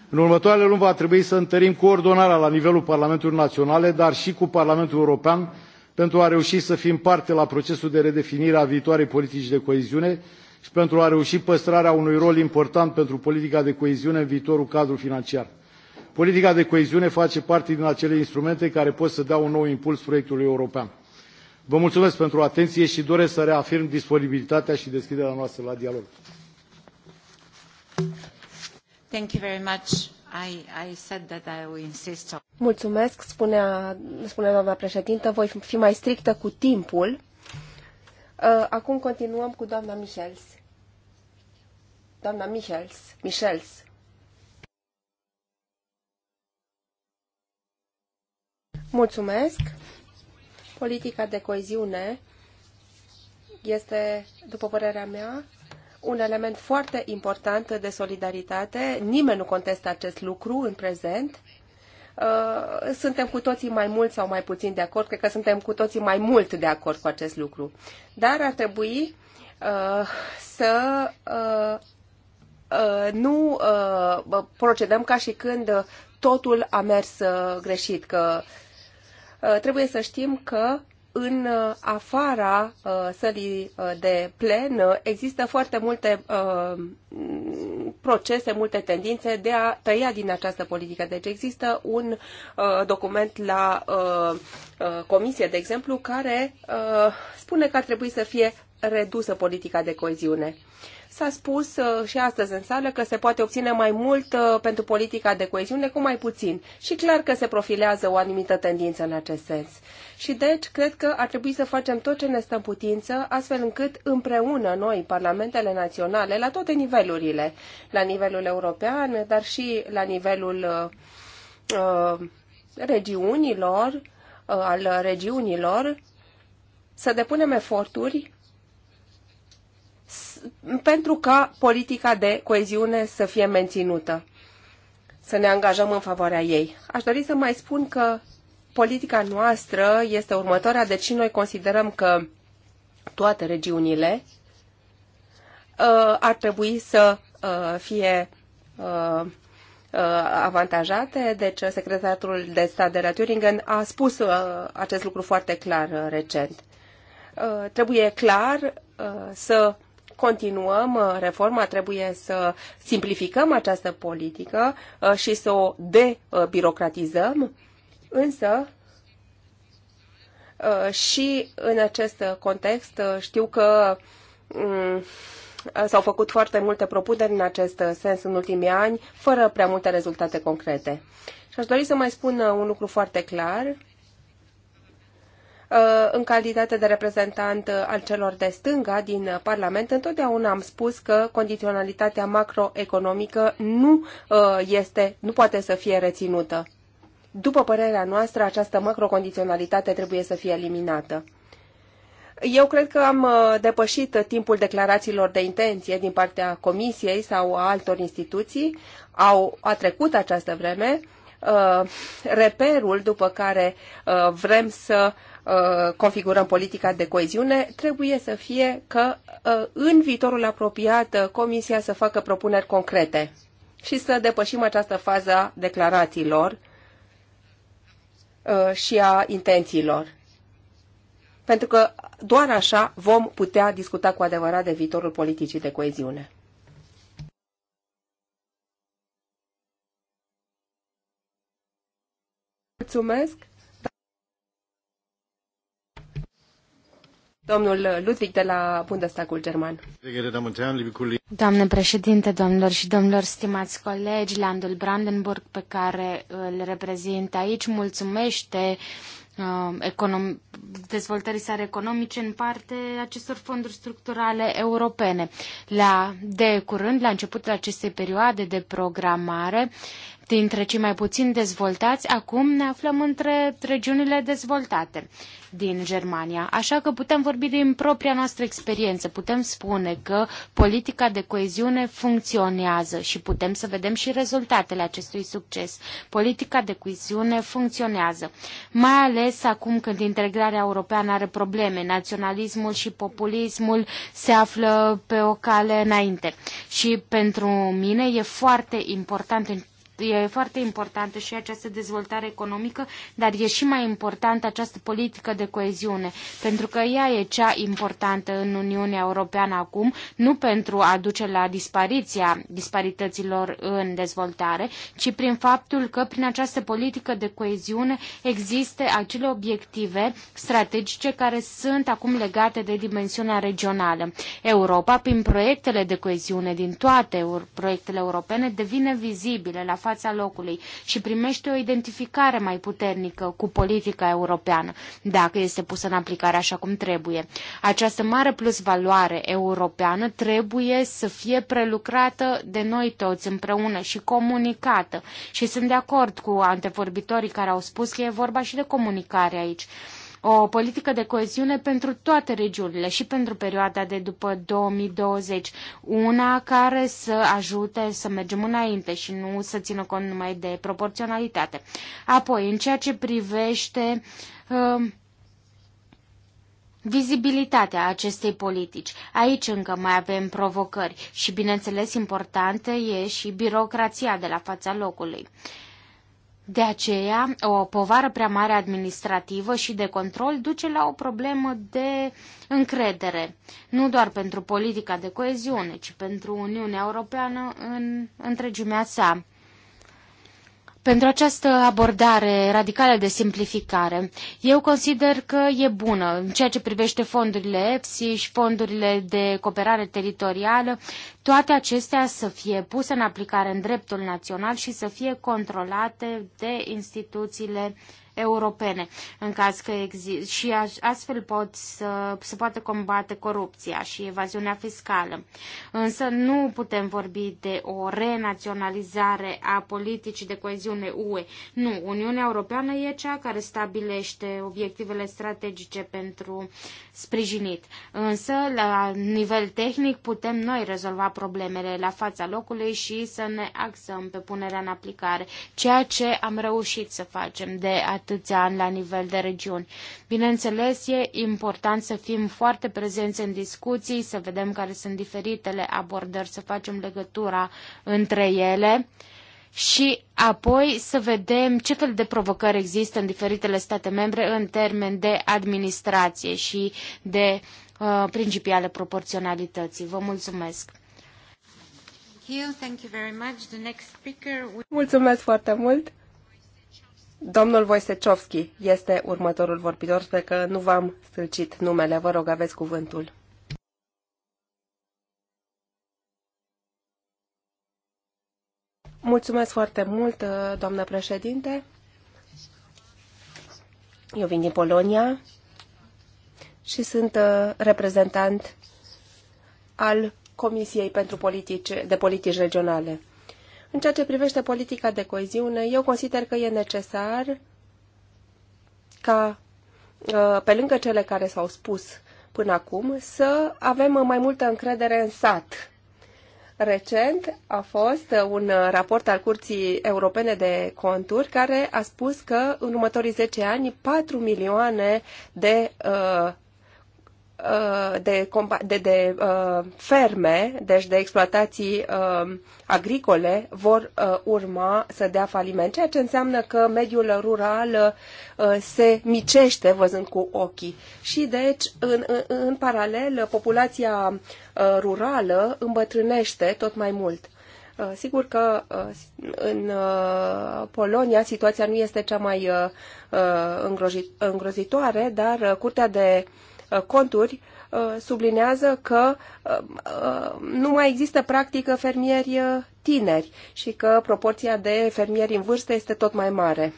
În următoarele luni va trebui să întărim coordonarea la nivelul Parlamentelor Naționale, dar și cu Parlamentul European, pentru a reuși să fim parte la procesul de redefinire a viitoarei politici de coeziune și pentru a reuși păstrarea unui rol important pentru politica de coeziune în viitorul cadru financiar. Politica de coeziune face parte din acele instrumente care pot să dea un nou impuls proiectului european. Vă mulțumesc pentru atenție și doresc să reafirm disponibilitatea și deschiderea noastră la dialog. Thank you very much. I, I said that I will insist on... Mulțumesc, spunea, spunea doamna președintă, voi fi mai strictă cu timpul. Uh, acum continuăm cu doamna Michels. Doamna Michels, Michels. Mulțumesc. Politica de coeziune este, după părerea mea, un element foarte important de solidaritate. Nimeni nu contestă acest lucru în prezent. Uh, suntem cu toții mai mult sau mai puțin de acord, cred că suntem cu toții mai mult de acord cu acest lucru. Dar ar trebui uh, să uh, nu procedăm ca și când totul a mers greșit, că Uh, trebuie să știm că în uh, afara uh, sălii de plen există foarte multe procese, multe tendințe de a tăia din această politică. Deci există un document la comisie, de exemplu, care spune că ar trebui să fie redusă politica de coeziune. Uh, S-a spus uh, și astăzi în sală că se poate obține mai mult uh, pentru politica de coeziune cu mai puțin și clar că se profilează o anumită tendință în acest sens. Și deci, cred că ar trebui să facem tot ce ne stă în putință, astfel încât împreună noi, parlamentele naționale, la toate nivelurile, la nivelul european, dar și la nivelul uh, uh regiunilor, uh, al regiunilor, să depunem eforturi pentru ca politica de coeziune să fie menținută, să ne angajăm în favoarea ei. Aș dori să mai spun că politica noastră este următoarea, deci noi considerăm că toate regiunile uh, ar trebui să uh, fie uh, avantajate. Deci secretarul de stat de la Thüringen a spus acest lucru foarte clar recent. Trebuie clar să continuăm uh, reforma, trebuie să simplificăm această politică uh, și să o debirocratizăm, însă uh, și în acest context știu că mm, s-au făcut foarte multe propuneri în acest sens în ultimii ani, fără prea multe rezultate concrete. Și aș dori să mai spun un lucru foarte clar Uh, în calitate de reprezentant uh, al celor de stânga din uh, Parlament, întotdeauna am spus că condiționalitatea macroeconomică nu este, nu poate să fie reținută. După părerea noastră, această macrocondiționalitate trebuie să fie eliminată. Eu cred că am depășit timpul declarațiilor de intenție din partea Comisiei sau a altor instituții. Au, a trecut această vreme. Uh, reperul după care uh, vrem să Uh, configurăm politica de coeziune, trebuie să fie că uh, în viitorul apropiat uh, Comisia să facă propuneri concrete și să depășim această fază a declarațiilor și a intențiilor. Pentru că doar așa vom putea discuta cu adevărat de viitorul politicii de coeziune. Mulțumesc! domnul Ludwig de la Bundestagul German. Doamne președinte, domnilor și domnilor, stimați colegi, landul Brandenburg pe care îl reprezint aici mulțumește uh, econom- dezvoltării sale economice în parte acestor fonduri structurale europene. La, de curând, la începutul acestei perioade de programare, Dintre cei mai puțin dezvoltați, acum ne aflăm între regiunile dezvoltate din Germania. Așa că putem vorbi din propria noastră experiență. Putem spune că politica de coeziune funcționează și putem să vedem și rezultatele acestui succes. Politica de coeziune funcționează. Mai ales acum când integrarea europeană are probleme, naționalismul și populismul se află pe o cale înainte. Și pentru mine e foarte important e foarte importantă și această dezvoltare economică, dar e și mai importantă această politică de coeziune, pentru că ea e cea importantă în Uniunea Europeană acum, nu pentru a duce la dispariția disparităților în dezvoltare, ci prin faptul că prin această politică de coeziune există acele obiective strategice care sunt acum legate de dimensiunea regională. Europa, prin proiectele de coeziune din toate proiectele europene, devine vizibile la fața fața locului și primește o identificare mai puternică cu politica europeană, dacă este pusă în aplicare așa cum trebuie. Această mare plus valoare europeană trebuie să fie prelucrată de noi toți împreună și comunicată. Și sunt de acord cu antevorbitorii care au spus că e vorba și de comunicare aici o politică de coeziune pentru toate regiunile și pentru perioada de după 2020. Una care să ajute să mergem înainte și nu să țină cont numai de proporționalitate. Apoi, în ceea ce privește uh, Vizibilitatea acestei politici. Aici încă mai avem provocări și, bineînțeles, importantă e și birocrația de la fața locului. Uh, de aceea, o povară prea mare administrativă și de control duce la o problemă de încredere, nu doar pentru politica de coeziune, ci pentru Uniunea Europeană în întregimea sa pentru această abordare radicală de simplificare. Eu consider că e bună în ceea ce privește fondurile EPSI și fondurile de cooperare teritorială, toate acestea să fie puse în aplicare în dreptul național și să fie controlate de instituțiile europene, în caz că există și astfel pot să se poată combate corupția și evaziunea fiscală. Însă nu putem vorbi de o renaționalizare a politicii de coeziune UE. Nu, Uniunea Europeană e cea care stabilește obiectivele strategice pentru sprijinit. Însă, la nivel tehnic, putem noi rezolva problemele la fața locului și să ne axăm pe punerea în aplicare, ceea ce am reușit să facem de a atâția ani la nivel de regiuni. Bineînțeles, e important să fim foarte prezenți în discuții, să vedem care sunt diferitele abordări, să facem legătura între ele și apoi să vedem ce fel de provocări există în diferitele state membre în termen de administrație și de uh, principii ale proporționalității. Vă mulțumesc! Mulțumesc foarte mult! Domnul Voisechovski este următorul vorbitor, sper că nu v-am stâlcit numele. Vă rog, aveți cuvântul. Mulțumesc foarte mult, doamnă președinte. Eu vin din Polonia și sunt uh, reprezentant al Comisiei pentru politici, de Politici Regionale. În ceea ce privește politica de coeziune, eu consider că e necesar ca, uh, pe lângă cele care s-au spus până acum, să avem mai multă încredere în sat. Recent a fost un raport al Curții Europene de Conturi care a spus că în următorii 10 ani 4 milioane de uh, Uh, de, de, de uh, ferme, deci de exploatații uh, agricole, vor uh, urma să dea faliment, ceea ce înseamnă că mediul rural uh, se micește văzând cu ochii. Și deci, în, în, în paralel, populația uh, rurală îmbătrânește tot mai mult. Uh, sigur că uh, în Polonia situația nu este cea mai îngrozitoare, dar Curtea de Uh, conturi uh, sublinează că uh, nu mai există practică fermieri tineri și că proporția de fermieri în vârstă este tot mai mare.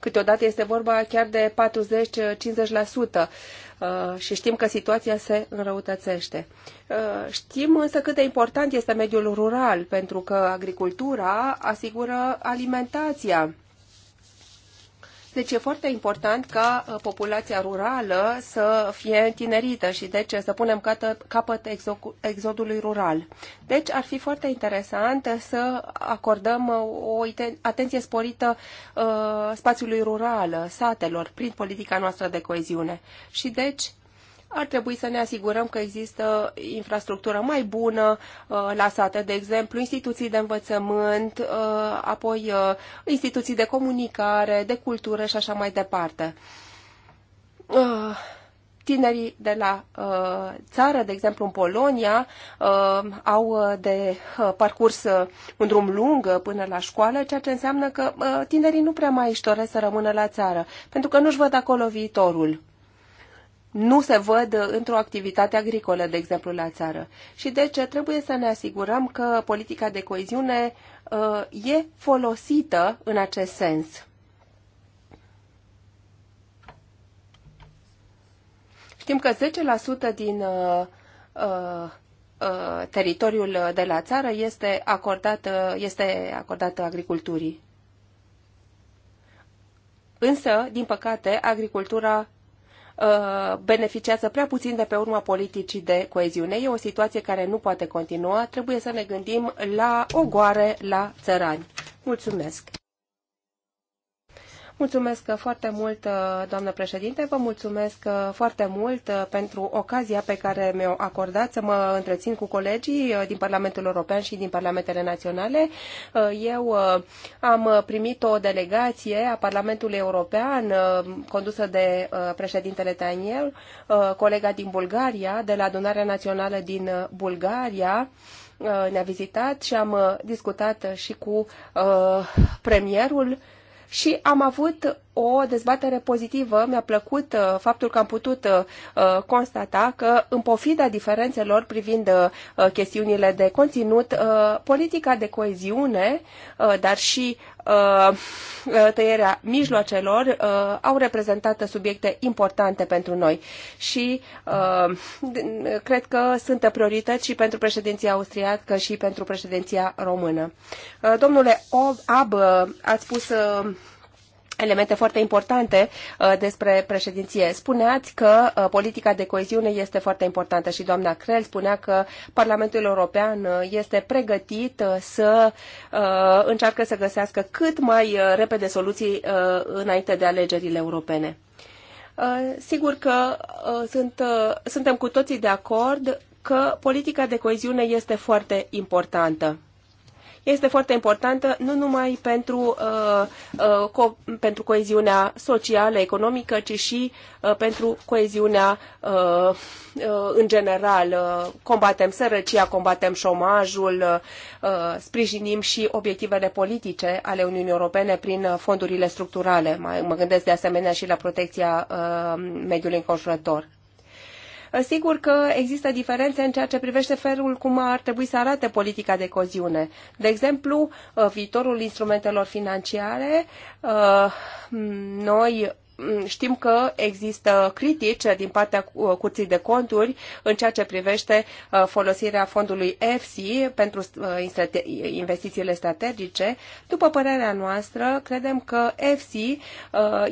Câteodată este vorba chiar de 40-50% și știm că situația se înrăutățește. Știm însă cât de important este mediul rural, pentru că agricultura asigură alimentația deci e foarte important ca uh, populația rurală să fie întinerită și deci să punem capăt exodului rural. Deci ar fi foarte interesant să acordăm uh, o atenție sporită uh, spațiului rural, satelor, prin politica noastră de coeziune. Și deci ar trebui să ne asigurăm că există infrastructură mai bună uh, la sate, de exemplu, instituții de învățământ, uh, apoi uh, instituții de comunicare, de cultură și așa mai departe. Tinerii de la țară, de exemplu în Polonia, au de parcurs un drum lung până la școală, ceea ce înseamnă că tinerii nu prea mai își doresc să rămână la țară, pentru că nu-și văd acolo viitorul nu se văd uh, într-o activitate agricolă, de exemplu, la țară. Și deci trebuie să ne asigurăm că politica de coeziune uh, e folosită în acest sens. Știm că 10% din uh, uh, uh, teritoriul de la țară este acordat, uh, este acordat agriculturii. Însă, din păcate, agricultura Uh, beneficiază prea puțin de pe urma politicii de coeziune. E o situație care nu poate continua. Trebuie să ne gândim la ogoare, la țărani. Mulțumesc! Mulțumesc foarte mult, doamnă președinte, vă mulțumesc foarte mult uh, pentru ocazia pe care mi-o acordați să mă întrețin cu colegii uh, din Parlamentul European și din Parlamentele Naționale. Uh, eu am primit o delegație a Parlamentului European condusă de președintele Daniel, colega din Bulgaria, de la Adunarea Națională din Bulgaria, ne-a vizitat și am discutat și cu premierul și am avut o dezbatere pozitivă. Mi-a plăcut uh, faptul că am putut uh, uh, constata că, în pofida diferențelor privind chestiunile de conținut, politica de coeziune, dar și tăierea mijloacelor au reprezentat subiecte importante pentru noi și cred că sunt priorități și pentru președinția austriacă și pentru președinția română. Domnule Ab, ați spus elemente foarte importante uh, despre președinție. Spuneați că uh, politica de coeziune este foarte importantă și doamna Crel spunea că Parlamentul European uh, este pregătit să încearcă să găsească cât mai repede soluții înainte de alegerile europene. Sigur că sunt, suntem cu toții de acord că politica de coeziune este foarte importantă este foarte importantă nu numai pentru, uh, uh, co- pentru coeziunea socială, economică, ci și uh, pentru coeziunea uh, uh, în general. Uh, combatem sărăcia, combatem șomajul, uh, sprijinim și obiectivele politice ale Uniunii Europene prin uh, fondurile structurale. Mă gândesc de asemenea și la protecția uh, mediului înconjurător. Sigur că există diferențe în ceea ce privește felul cum ar trebui să arate politica de coziune. De exemplu, uh, viitorul instrumentelor financiare, uh, noi Mm, știm că există critici din partea uh, Curții de Conturi în ceea ce privește uh, folosirea fondului EFSI pentru uh, investițiile strategice. După părerea noastră, credem că EFSI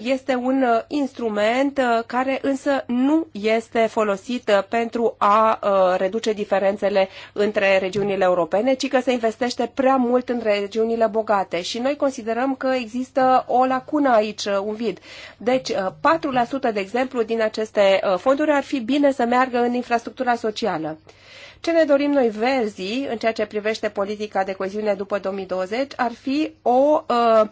este un instrument care însă nu este folosit pentru a reduce diferențele între regiunile europene, ci că se investește prea mult în regiunile bogate. Și noi considerăm că există o lacună aici, un vid. Deci, deci, 4%, uh, de exemplu, din aceste uh, fonduri ar fi bine să meargă în infrastructura socială. Ce ne dorim noi verzii în ceea ce privește politica de coeziune după 2020 ar fi o uh, uh,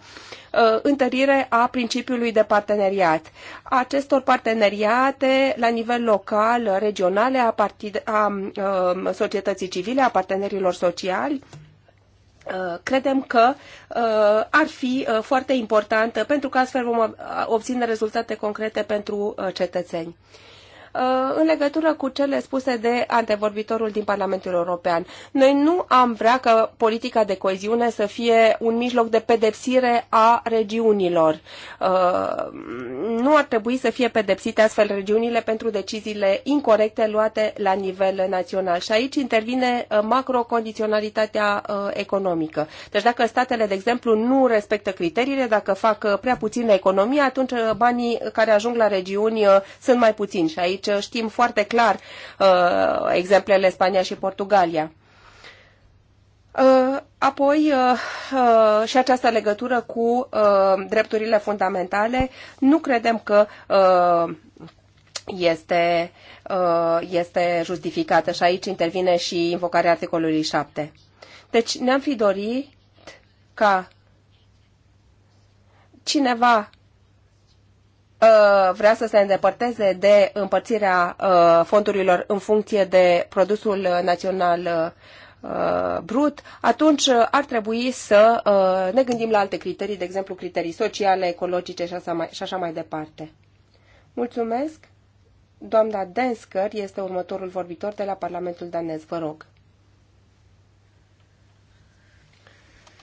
întărire a principiului de parteneriat. Acestor parteneriate la nivel local, regionale, a, partid, a uh, societății civile, a partenerilor sociali, Uh, credem că uh, ar fi uh, foarte important pentru că astfel vom obține rezultate concrete pentru cetățeni. Uh, în legătură cu cele spuse de antevorbitorul din Parlamentul European. Noi nu am vrea că politica de coeziune să fie un mijloc de pedepsire a regiunilor. Uh, nu ar trebui să fie pedepsite astfel regiunile pentru deciziile incorrecte luate la nivel național. Și aici intervine uh, macrocondiționalitatea economică. Deci dacă statele, de exemplu, nu respectă criteriile, dacă fac prea puțină economie, atunci banii care ajung la regiuni sunt mai puțini și aici Aici știm foarte clar uh, exemplele Spania și Portugalia. Uh, apoi, uh, uh, și această legătură cu drepturile fundamentale, nu credem că este, este justificată și aici intervine și invocarea articolului 7. Deci ne-am fi dorit ca cineva Uh, vrea să se îndepărteze de împărțirea uh, fondurilor în funcție de produsul național uh, brut, atunci ar trebui să ne gândim la alte criterii, de exemplu criterii sociale, ecologice și așa mai, și așa mai departe. Mulțumesc! Doamna Densker este următorul vorbitor de la Parlamentul danez. Vă rog!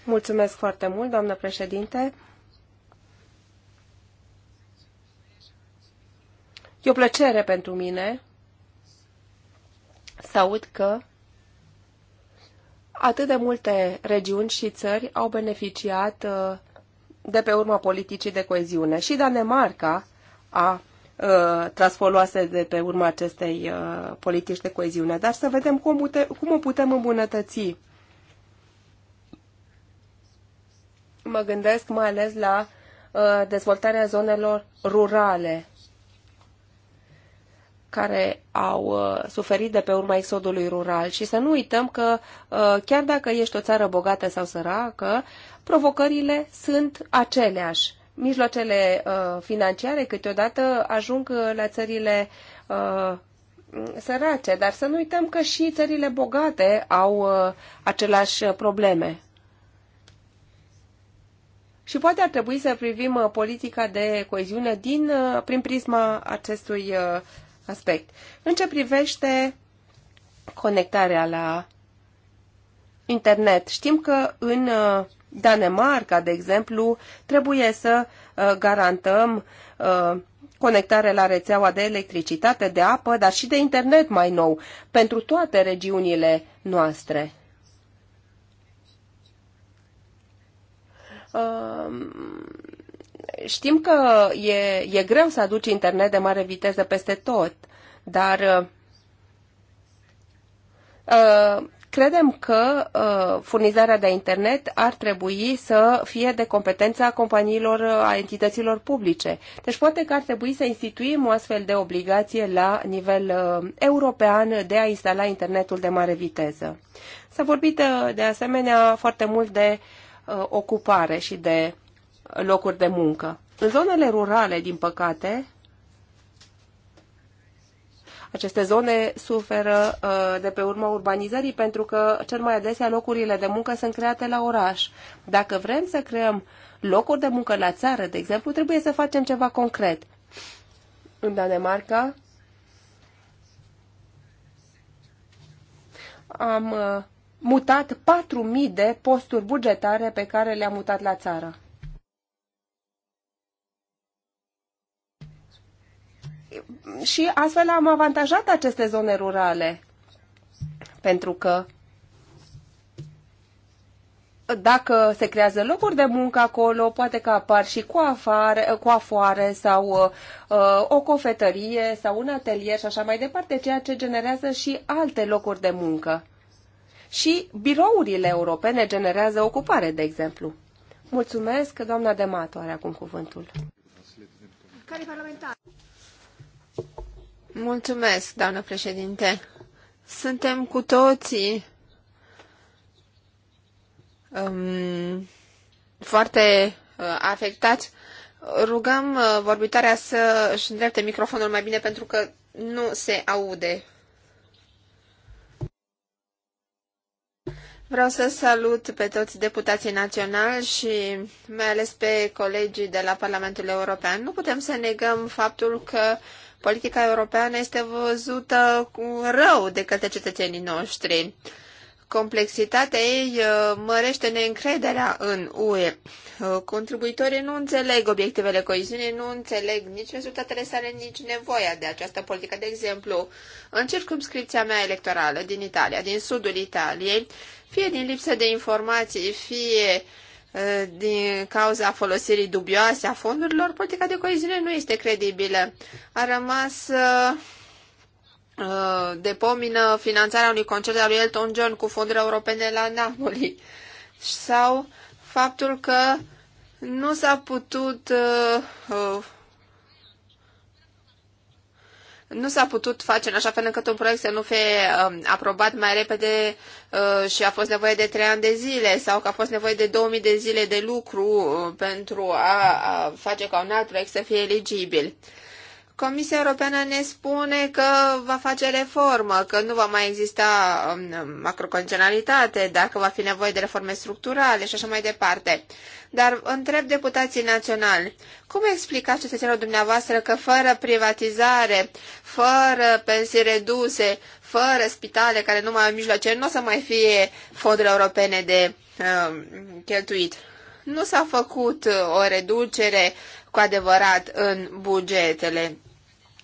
Mulțumesc foarte mult, doamnă președinte! E o plăcere pentru mine să aud că atât de multe regiuni și țări au beneficiat uh, de pe urma politicii de coeziune. Și Danemarca a uh, tras de pe urma acestei uh, politici de coeziune. Dar să vedem cum, pute, cum o putem îmbunătăți. Mă gândesc mai ales la dezvoltarea zonelor rurale care au uh, suferit de pe urma exodului rural și să nu uităm că uh, chiar dacă ești o țară bogată sau săracă, provocările sunt aceleași. Mijloacele uh, financiare câteodată ajung la țările sărace, dar să nu uităm că și țările bogate au aceleași probleme. Și poate ar trebui să privim politica de coeziune din, prin prisma acestui aspect. În ce privește conectarea la internet, știm că în uh, Danemarca, de exemplu, trebuie să uh, garantăm uh, conectare la rețeaua de electricitate, de apă, dar și de internet mai nou, pentru toate regiunile noastre. Știm că e, e greu să aduci internet de mare viteză peste tot, dar uh, uh credem că uh, furnizarea de internet ar trebui să fie de competența companiilor, uh, a entităților publice. Deci poate că ar trebui să instituim o astfel de obligație la nivel uh, european de a instala internetul de mare viteză. S-a vorbit uh, de asemenea foarte mult de uh, ocupare și de locuri de muncă. În zonele rurale, din păcate, aceste zone suferă uh, de pe urma urbanizării pentru că cel mai adesea locurile de muncă sunt create la oraș. Dacă vrem să creăm locuri de muncă la țară, de exemplu, trebuie să facem ceva concret. În Danemarca am uh, mutat 4.000 de posturi bugetare pe care le-am mutat la țară. și astfel am avantajat aceste zone rurale. Pentru că dacă se creează locuri de muncă acolo, poate că apar și coafare, coafoare sau uh, o cofetărie sau un atelier și așa mai departe, ceea ce generează și alte locuri de muncă. Și birourile europene generează ocupare, de exemplu. Mulțumesc, doamna Demato are acum cuvântul. Care parlamentar? Mulțumesc, doamnă președinte. Suntem cu toții um, foarte uh, afectați. Rugăm uh, vorbitarea să își îndrepte microfonul mai bine pentru că nu se aude. Vreau să salut pe toți deputații naționali și mai ales pe colegii de la Parlamentul European. Nu putem să negăm faptul că uh, Politica europeană este văzută cu rău de către cetățenii noștri. Complexitatea ei uh, mărește neîncrederea în UE. Uh, contribuitorii nu înțeleg obiectivele coeziunii, nu înțeleg nici rezultatele sale, nici nevoia de această politică. De exemplu, în circumscripția mea electorală din Italia, din sudul Italiei, fie din lipsă de informații, fie uh, din cauza folosirii dubioase a fondurilor, politica de coeziune nu este credibilă. A rămas uh, uh, de pomină finanțarea unui concert al lui Elton John cu fonduri europene la Napoli sau faptul că nu s-a putut uh, uh nu s-a putut face în așa fel încât un proiect să nu fie um, aprobat mai repede uh, și a fost nevoie de trei ani de zile sau că a fost nevoie de 2000 de zile de lucru uh, pentru a, a face ca un alt proiect să fie eligibil. Uh, Comisia Europeană ne spune că va face reformă, că nu va mai exista um, macrocondiționalitate, dacă va fi nevoie de reforme structurale și așa mai departe. Dar întreb deputații naționali, cum explicați cetățenilor dumneavoastră că fără privatizare, fără pensii reduse, fără spitale care nu mai au mijloace, nu o să mai fie fonduri europene de uh, cheltuit? Nu s-a făcut uh, o reducere cu adevărat în bugetele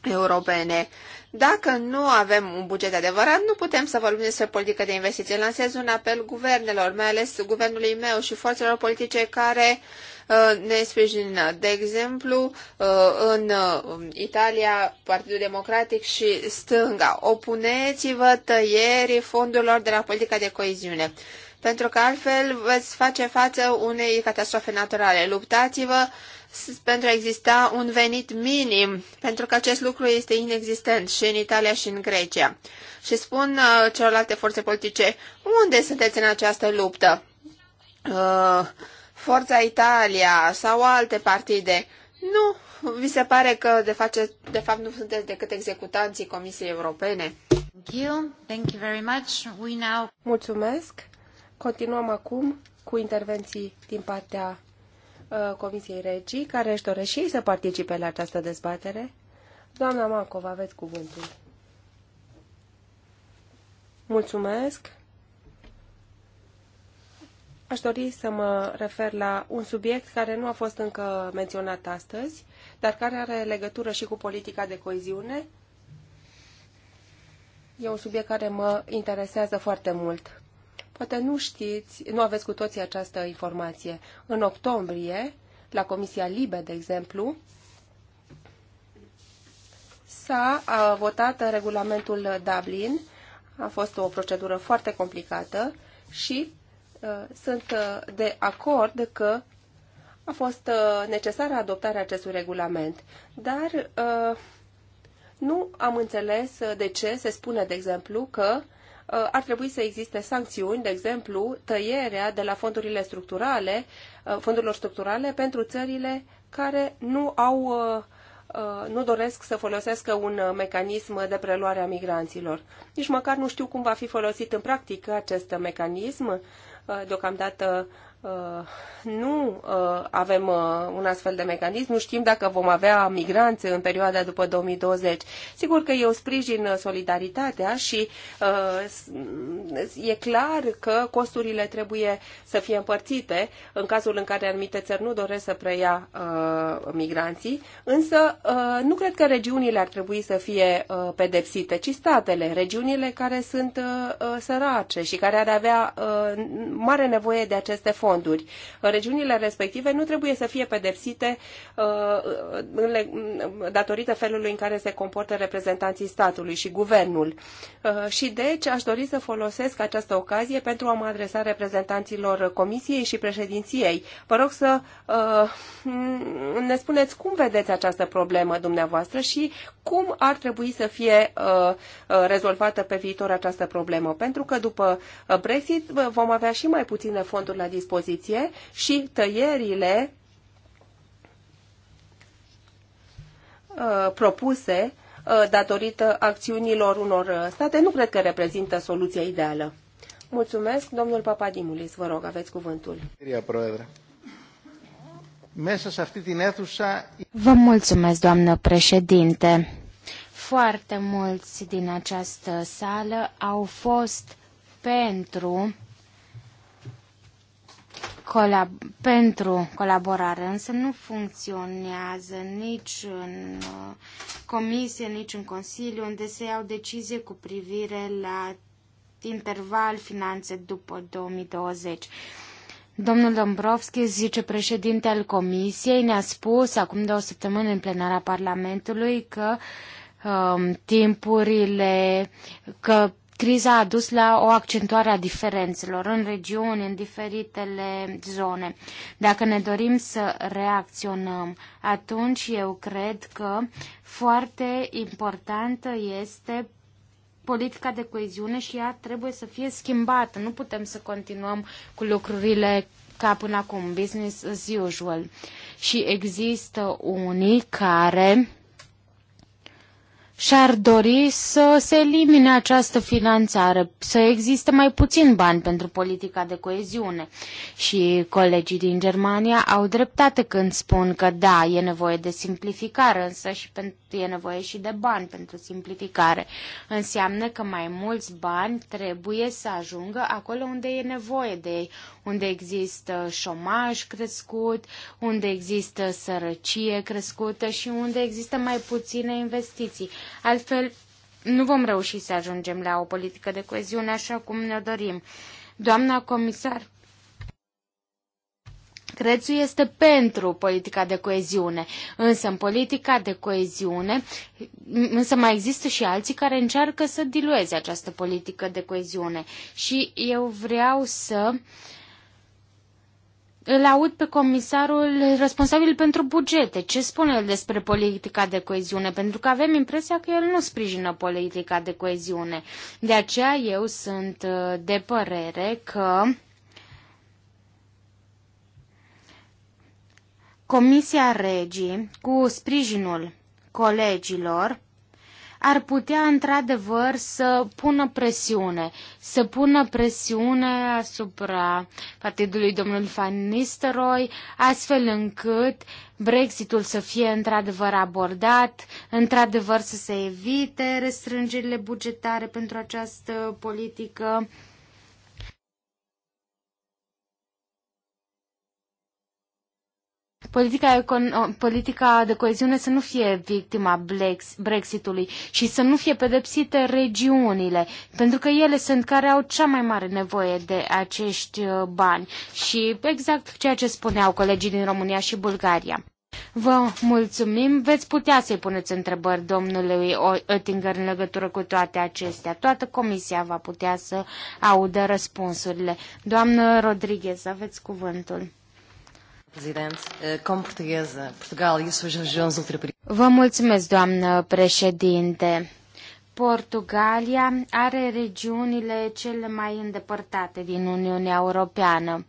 europene. Dacă nu avem un buget adevărat, nu putem să vorbim despre politică de investiții. Lansez un apel guvernelor, mai ales guvernului meu și forțelor politice care uh, ne sprijină. De exemplu, uh, în uh, Italia, Partidul Democratic și stânga. Opuneți-vă tăierii fondurilor de la politica de coeziune pentru că altfel veți face față unei catastrofe naturale. Luptați-vă pentru a exista un venit minim, pentru că acest lucru este inexistent și în Italia și în Grecia. Și spun uh, celorlalte forțe politice, unde sunteți în această luptă? Uh, Forța Italia sau alte partide. Nu, vi se pare că de, face, de fapt nu sunteți decât executanții Comisiei Europene? Thank you. Thank you very much. We now... Mulțumesc. Continuăm acum cu intervenții din partea Uh, Comisiei Regii, care își doresc și ei să participe la această dezbatere. Doamna Macov, aveți cuvântul. Mulțumesc. Aș dori să mă refer la un subiect care nu a fost încă menționat astăzi, dar care are legătură și cu politica de coeziune. E un subiect care mă interesează foarte mult. Poate nu știți, nu aveți cu toții această informație. În octombrie, la Comisia Libe, de exemplu, s-a votat regulamentul Dublin. A fost o procedură foarte complicată și uh, sunt uh, de acord că a fost uh, necesară adoptarea acestui regulament. Dar uh, nu am înțeles uh, de ce se spune, de exemplu, că uh, Uh, ar trebui să existe sancțiuni, de exemplu, tăierea de la fondurile structurale, uh, fondurilor structurale pentru țările care nu au uh, nu doresc să folosească un mecanism de preluare a migranților. Nici măcar nu știu cum va fi folosit în practică acest mecanism. Deocamdată Uh, nu uh, avem uh, un astfel de mecanism, nu știm dacă vom avea migranți în perioada după 2020. Sigur că eu sprijin solidaritatea și e clar că costurile trebuie să fie împărțite în cazul în care anumite țări nu doresc să preia migranții, însă nu cred că regiunile ar trebui să fie pedepsite, ci statele, regiunile care sunt sărace și care ar avea mare nevoie de aceste fonduri fonduri. Regiunile respective nu trebuie să fie pedepsite uh, datorită felului în care se comportă reprezentanții statului și guvernul. Uh, și deci aș dori să folosesc această ocazie pentru a mă adresa reprezentanților Comisiei și președinției. Vă rog să uh, ne spuneți cum vedeți această problemă dumneavoastră și cum ar trebui să fie rezolvată pe viitor această problemă. Pentru că după Brexit vom avea și mai puține fonduri la dispoziție poziție și tăierile uh, propuse uh, datorită acțiunilor unor uh, state nu cred că reprezintă soluția ideală. Mulțumesc, domnul Papadimulis, vă rog, aveți cuvântul. Vă mulțumesc, doamnă președinte. Foarte mulți din această sală au fost pentru colab- pentru colaborare, însă nu funcționează nici în uh, comisie, nici în Consiliu, unde se iau decizie cu privire la interval finanțe după 2020. Domnul Dombrovski, vicepreședinte al Comisiei, ne-a spus acum două săptămâni în plenara Parlamentului că um, timpurile, că Criza a dus la o accentuare a diferențelor în regiuni, în diferitele zone. Dacă ne dorim să reacționăm, atunci eu cred că foarte importantă este politica de coeziune și ea trebuie să fie schimbată. Nu putem să continuăm cu lucrurile ca până acum, business as usual. Și există unii care și-ar dori să se elimine această finanțare, să existe mai puțin bani pentru politica de coeziune. Și colegii din Germania au dreptate când spun că da, e nevoie de simplificare, însă și e nevoie și de bani pentru simplificare. Înseamnă că mai mulți bani trebuie să ajungă acolo unde e nevoie de ei, unde există șomaj crescut, unde există sărăcie crescută și unde există mai puține investiții. Altfel, nu vom reuși să ajungem la o politică de coeziune așa cum ne dorim. Doamna comisar, Crețu este pentru politica de coeziune, însă în politica de coeziune, însă mai există și alții care încearcă să dilueze această politică de coeziune. Și eu vreau să uh, îl aud pe comisarul responsabil pentru bugete. Ce spune el despre politica de coeziune? Pentru că avem impresia că el nu sprijină politica de coeziune. De aceea eu sunt uh, de părere că Comisia Regii, cu sprijinul colegilor, ar putea într-adevăr să pună presiune, să pună presiune asupra partidului domnul Van Nistelrooy, astfel încât Brexitul să fie într-adevăr abordat, într-adevăr să se evite restrângerile bugetare pentru această politică. politica, econ- politica de coeziune să nu fie victima Brexitului și să nu fie pedepsite regiunile, pentru că ele sunt care au cea mai mare nevoie de acești uh, bani și exact ceea ce spuneau colegii din România și Bulgaria. Vă mulțumim. Veți putea să-i puneți întrebări domnului Oettinger în legătură cu toate acestea. Toată comisia va putea să audă răspunsurile. Doamnă Rodriguez, aveți cuvântul. Eh, Vă mulțumesc, doamnă președinte. Portugalia are regiunile cele mai îndepărtate din Uniunea Europeană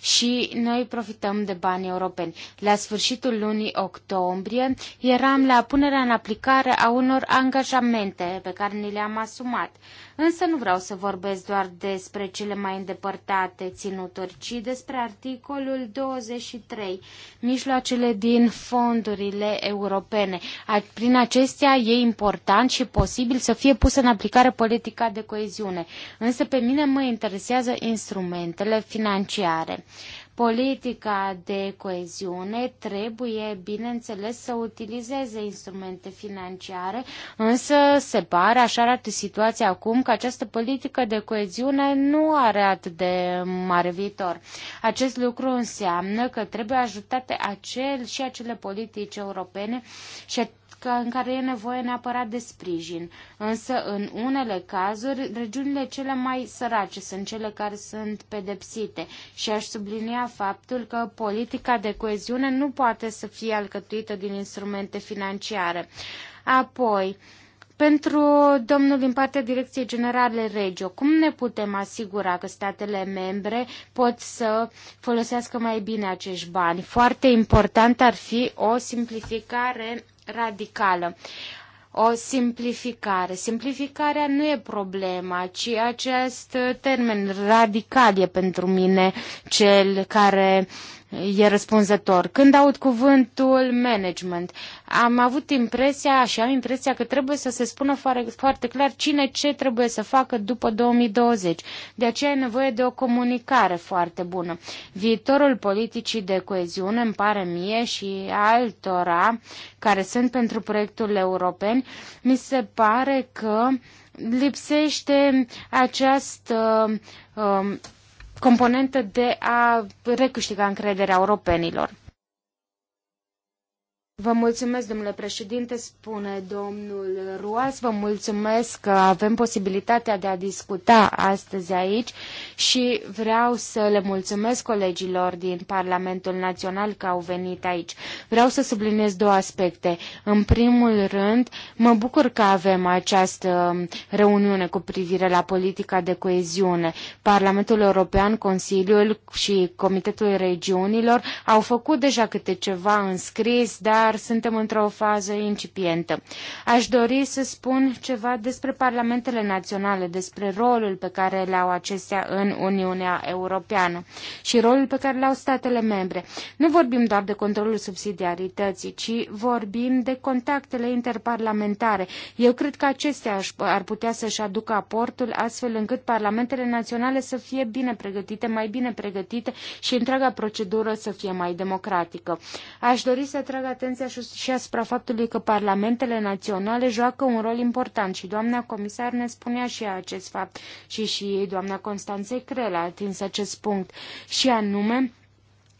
și noi profităm de bani europeni. La sfârșitul lunii octombrie eram la punerea în aplicare a unor angajamente pe care ni le-am asumat. Însă nu vreau să vorbesc doar despre cele mai îndepărtate ținuturi, ci despre articolul 23, mijloacele din fondurile europene. Prin acestea e important și posibil să fie pusă în aplicare politica de coeziune. Însă pe mine mă interesează instrumentele financiare. Politica de coeziune trebuie, bineînțeles, să utilizeze instrumente financiare, însă se pare, așa arată situația acum, că această politică de coeziune nu are atât de mare viitor. Acest lucru înseamnă că trebuie ajutate acel și acele politici europene și că, în care e nevoie neapărat de sprijin. Însă, în unele cazuri, regiunile cele mai sărace sunt cele care sunt pedepsite și aș sublinia faptul că politica de coeziune nu poate să fie alcătuită din instrumente financiare. Apoi, pentru domnul din partea Direcției Generale Regio, cum ne putem asigura că statele membre pot să folosească mai bine acești bani? Foarte important ar fi o simplificare radicală. O simplificare. Simplificarea nu e problema, ci acest termen radical e pentru mine cel care uh, e răspunzător. Când aud cuvântul management, am avut impresia și am impresia că trebuie să se spună foarte clar cine ce trebuie să facă după 2020. De aceea e nevoie de o comunicare foarte bună. Viitorul politicii de coeziune, îmi pare mie și altora care sunt pentru proiectul european mi se pare că lipsește această uh, componentă de a recâștiga încrederea europenilor. Vă mulțumesc, domnule președinte, spune domnul Ruas. Vă mulțumesc că avem posibilitatea de a discuta astăzi aici și vreau să le mulțumesc colegilor din Parlamentul Național că au venit aici. Vreau să subliniez două aspecte. În primul rând, mă bucur că avem această reuniune cu privire la politica de coeziune. Parlamentul European, Consiliul și Comitetul Regiunilor au făcut deja câte ceva înscris, dar dar suntem într-o fază incipientă. Aș dori să spun ceva despre parlamentele naționale, despre rolul pe care le au acestea în Uniunea Europeană și rolul pe care le au statele membre. Nu vorbim doar de controlul subsidiarității, ci vorbim de contactele interparlamentare. Eu cred că acestea ar putea să-și aducă aportul astfel încât parlamentele naționale să fie bine pregătite, mai bine pregătite și întreaga procedură să fie mai democratică. Aș dori să atrag atenția atenția și asupra faptului că parlamentele naționale joacă un rol important și doamna comisar ne spunea și acest fapt și și ei, doamna Constanței Crel, a atins acest punct și anume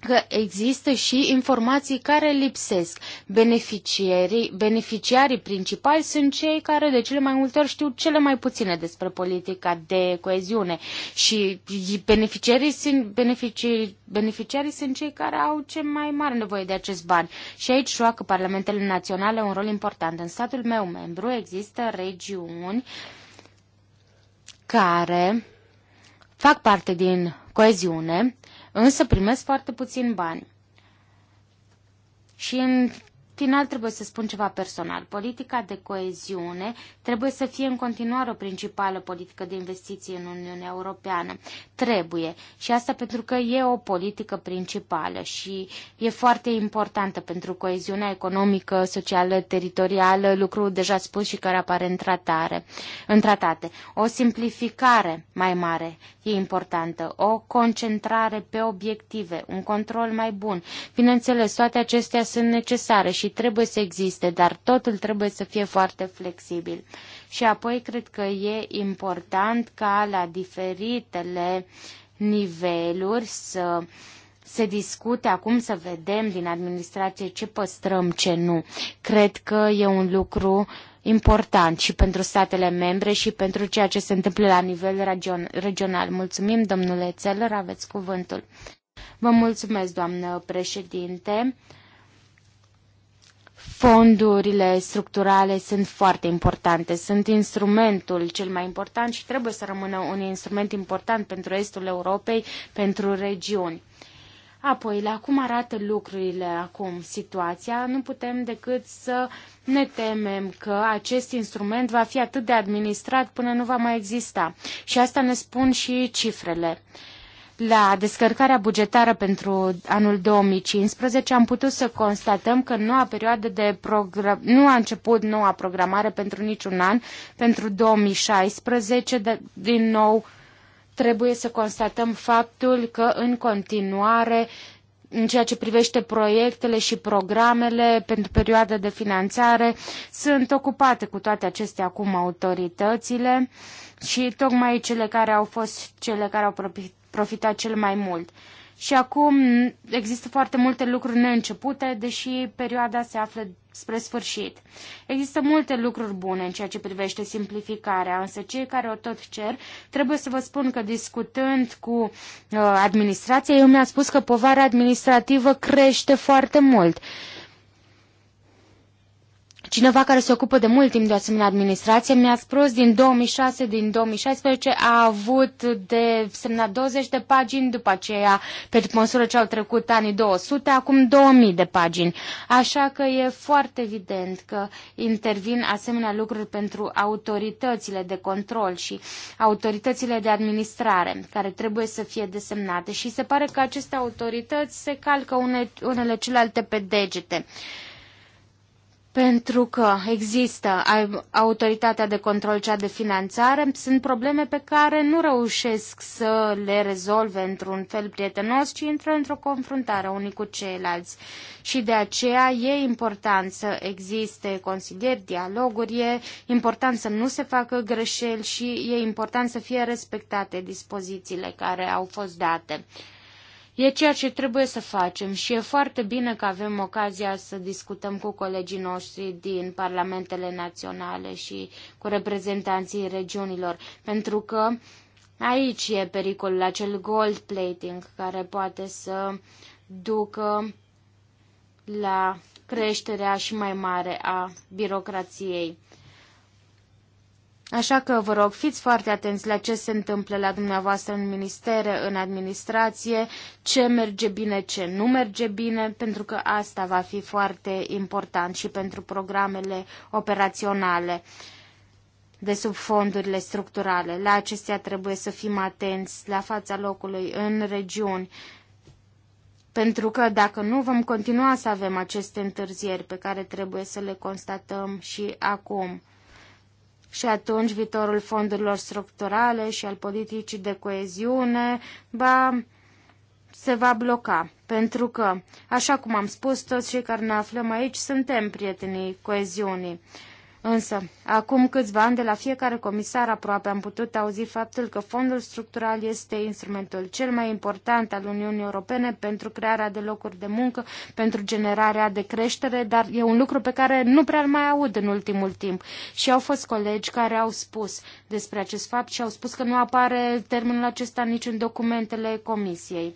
că există și informații care lipsesc. Beneficiarii, beneficiarii principali sunt cei care de cele mai multe ori știu cele mai puține despre politica de coeziune și beneficiarii sunt, beneficiarii, beneficiarii sunt cei care au ce mai mare nevoie de acest bani. Și aici joacă parlamentele naționale un rol important. În statul meu membru există regiuni care fac parte din coeziune, însă primesc foarte puțin bani. Și în final trebuie să spun ceva personal. Politica de coeziune trebuie să fie în continuare o principală politică de investiții în Uniunea Europeană. Trebuie. Și asta pentru că e o politică principală și e foarte importantă pentru coeziunea economică, socială, teritorială, lucru deja spus și care apare în, tratare, în tratate. O simplificare mai mare e importantă, o concentrare pe obiective, un control mai bun. Bineînțeles, toate acestea sunt necesare și trebuie să existe, dar totul trebuie să fie foarte flexibil. Și apoi cred că e important ca la diferitele niveluri să se discute acum să vedem din administrație ce păstrăm, ce nu. Cred că e un lucru important și pentru statele membre și pentru ceea ce se întâmplă la nivel regional. Mulțumim, domnule Țelăr, aveți cuvântul. Vă mulțumesc, doamnă președinte. Fondurile structurale sunt foarte importante, sunt instrumentul cel mai important și trebuie să rămână un instrument important pentru estul Europei, pentru regiuni. Apoi, la cum arată lucrurile acum, situația, nu putem decât să ne temem că acest instrument va fi atât de administrat până nu va mai exista. Și asta ne spun și cifrele. Uh, la descărcarea bugetară pentru anul 2015 am putut să constatăm că noua perioadă de program, nu a început noua programare pentru niciun an, pentru 2016, de, din nou trebuie să constatăm faptul că în continuare în ceea ce privește proiectele și programele pentru perioada de finanțare, sunt ocupate cu toate acestea acum autoritățile și tocmai cele care au fost cele care au profitat profita cel mai mult. Și acum există foarte multe lucruri neîncepute, deși perioada se află spre sfârșit. Există multe lucruri bune în ceea ce privește simplificarea, însă cei care o tot cer, trebuie să vă spun că discutând cu uh, administrația, eu mi-a spus că povara administrativă crește foarte mult. Uh, Cineva care se ocupă de mult timp de o asemenea administrație mi-a spus din 2006, din 2016 a avut de semnat 20 de pagini, după aceea, pe măsură ce au trecut anii 200, acum 2000 de pagini. Așa că e foarte evident că intervin asemenea lucruri pentru autoritățile de control și autoritățile de administrare care trebuie să fie desemnate și se pare că aceste autorități se calcă une, unele celelalte pe degete. Uh, pentru că există autoritatea de control, cea de finanțare, sunt probleme pe care nu reușesc să le rezolve într-un fel prietenos, ci intră într-o confruntare unii cu ceilalți. Și de aceea e important să existe consilieri, dialoguri, e important să nu se facă greșeli și e important să fie respectate dispozițiile care au fost date E ceea ce trebuie să facem și e foarte bine că avem ocazia să discutăm cu colegii noștri din parlamentele naționale și cu reprezentanții regiunilor, pentru că aici e pericolul, acel gold plating care poate să ducă la creșterea și mai mare a birocrației. Așa că vă rog, fiți foarte atenți la ce se întâmplă la dumneavoastră în ministere, în administrație, ce merge bine, ce nu merge bine, pentru că asta va fi foarte important și pentru programele operaționale de sub fondurile structurale. La acestea trebuie să fim atenți la fața locului, în regiuni, pentru că dacă nu vom continua să avem aceste întârzieri pe care trebuie să le constatăm și acum și atunci viitorul fondurilor structurale și al politicii de coeziune va, se va bloca. Pentru că, așa cum am spus, toți cei care ne aflăm aici suntem prietenii coeziunii. Însă, acum câțiva ani de la fiecare comisar aproape am putut auzi faptul că fondul structural este instrumentul cel mai important al Uniunii Europene pentru crearea de locuri de muncă, pentru generarea de creștere, dar e un lucru pe care nu prea mai aud în ultimul timp. Și au fost colegi care au spus despre acest fapt și au spus că nu apare termenul acesta nici în documentele comisiei.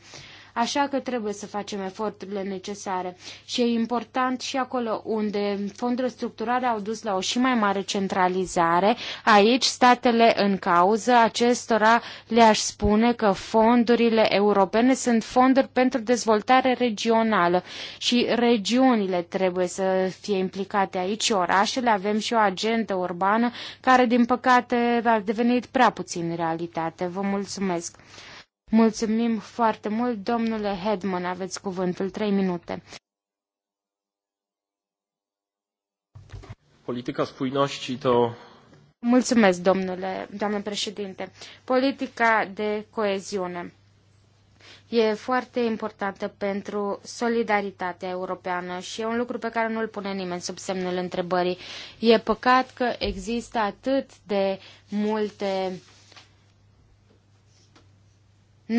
Așa că trebuie să facem eforturile necesare. Și e important și acolo unde fondurile structurale au dus la o și mai mare centralizare. Aici statele în cauză acestora le-aș spune că fondurile europene sunt fonduri pentru dezvoltare regională și regiunile trebuie să fie implicate aici și orașele. Avem și o agendă urbană care, din păcate, a devenit prea puțin realitate. Vă mulțumesc! Mulțumim foarte mult, domnule Hedman, aveți cuvântul, trei minute. Politica spójności to Mulțumesc, domnule, doamnă președinte. Politica de coeziune e foarte importantă pentru solidaritatea europeană și e un lucru pe care nu îl pune nimeni sub semnul întrebării. E păcat că există atât de multe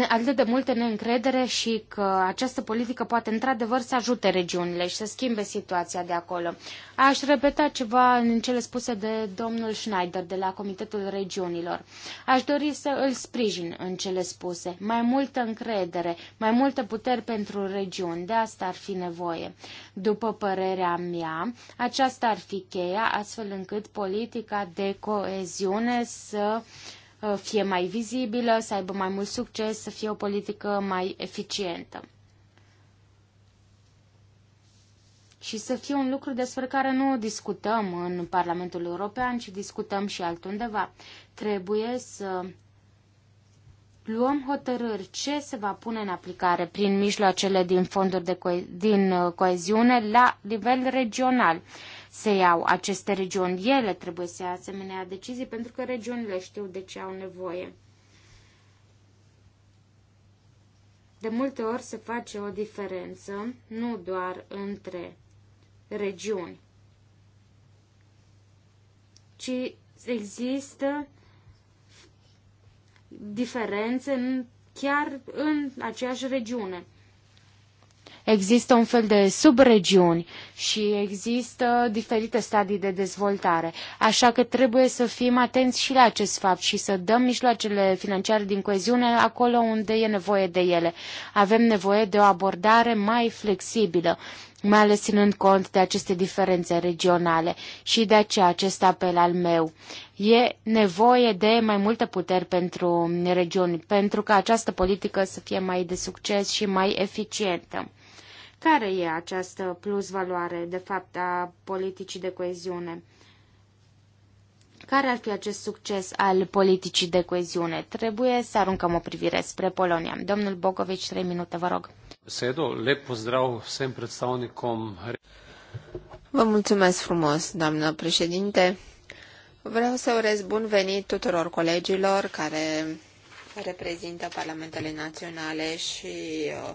atât de multă neîncredere și că această politică poate într-adevăr să ajute regiunile și să schimbe situația de acolo. Aș repeta ceva în cele spuse de domnul Schneider de la Comitetul Regiunilor. Aș dori să îl sprijin în cele spuse. Mai multă încredere, mai multă putere pentru regiuni, de asta ar fi nevoie. După părerea mea, aceasta ar fi cheia astfel încât politica de coeziune să uh, Uh, fie mai vizibilă, să aibă mai mult succes, să fie o politică mai eficientă. Și să fie un lucru despre care nu discutăm în Parlamentul European, ci discutăm și altundeva. Trebuie să luăm hotărâri ce se va pune în aplicare prin mijloacele din fonduri de co- din uh, coeziune la nivel regional. Uh, se iau aceste regiuni. Ele trebuie să ia asemenea decizii pentru că regiunile știu de ce au nevoie. De multe ori se face o diferență, nu doar între regiuni, ci există diferențe chiar în aceeași regiune. Există un fel de subregiuni și există diferite stadii de dezvoltare. Așa că trebuie să fim atenți și la acest fapt și să dăm mijloacele financiare din coeziune acolo unde e nevoie de ele. Avem nevoie de o abordare mai flexibilă mai ales ținând cont de aceste diferențe regionale și de aceea acest apel al meu. E nevoie de mai multă putere pentru regiuni, pentru ca această politică să fie mai de succes și mai eficientă. Care e această plusvaloare, de fapt, a politicii de coeziune? Care ar fi acest succes al politicii de coeziune? Trebuie să aruncăm o privire spre Polonia. Domnul Bogovici, trei minute, vă rog. Sedo, le pozdrav sem predstavnikom. Vă mulțumesc frumos, doamnă președinte. Vreau să urez bun venit tuturor colegilor care reprezintă parlamentele naționale și uh,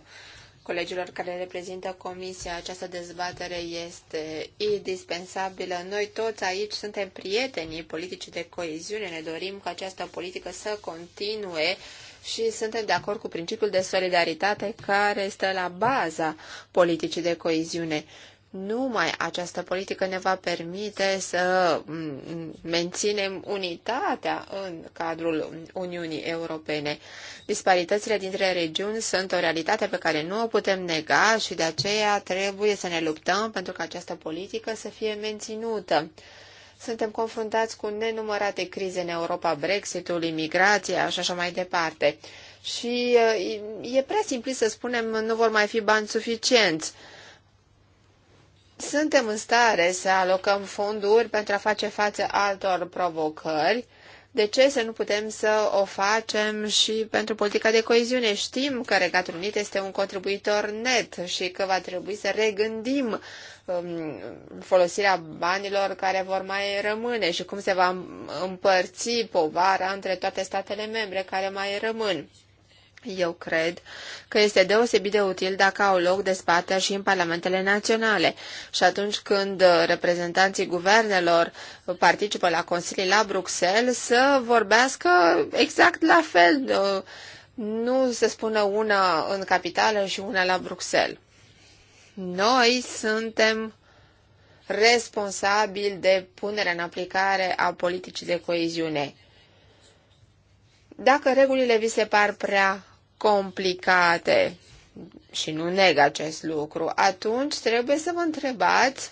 colegilor care reprezintă comisia. Această dezbatere este indispensabilă. Noi toți aici suntem prietenii politicii de coeziune. Ne dorim ca această politică să continue și suntem de acord cu principiul de solidaritate care stă la baza politicii de coeziune. Numai această politică ne va permite să mm, menținem unitatea în cadrul Uniunii Europene. Disparitățile dintre regiuni sunt o realitate pe care nu o putem nega și de aceea trebuie să ne luptăm pentru ca această politică să fie menținută. Suntem confruntați cu nenumărate crize în Europa, Brexitul, imigrația și așa mai departe. Și e prea simplu să spunem nu vor mai fi bani suficienți suntem în stare să alocăm fonduri pentru a face față altor provocări. De ce să nu putem să o facem și pentru politica de coeziune? Știm că Regatul Unit este un contribuitor net și că va trebui să regândim um, folosirea banilor care vor mai rămâne și cum se va împărți povara între toate statele membre care mai rămân. Eu cred că este deosebit de util dacă au loc dezbateri și în parlamentele naționale și atunci când uh, reprezentanții guvernelor participă la consilii la Bruxelles să vorbească exact la fel, uh, nu se spună una în capitală și una la Bruxelles. Noi suntem responsabili de punerea în aplicare a politicii de coeziune. Dacă regulile vi se par prea complicate și nu neg acest lucru, atunci trebuie să vă întrebați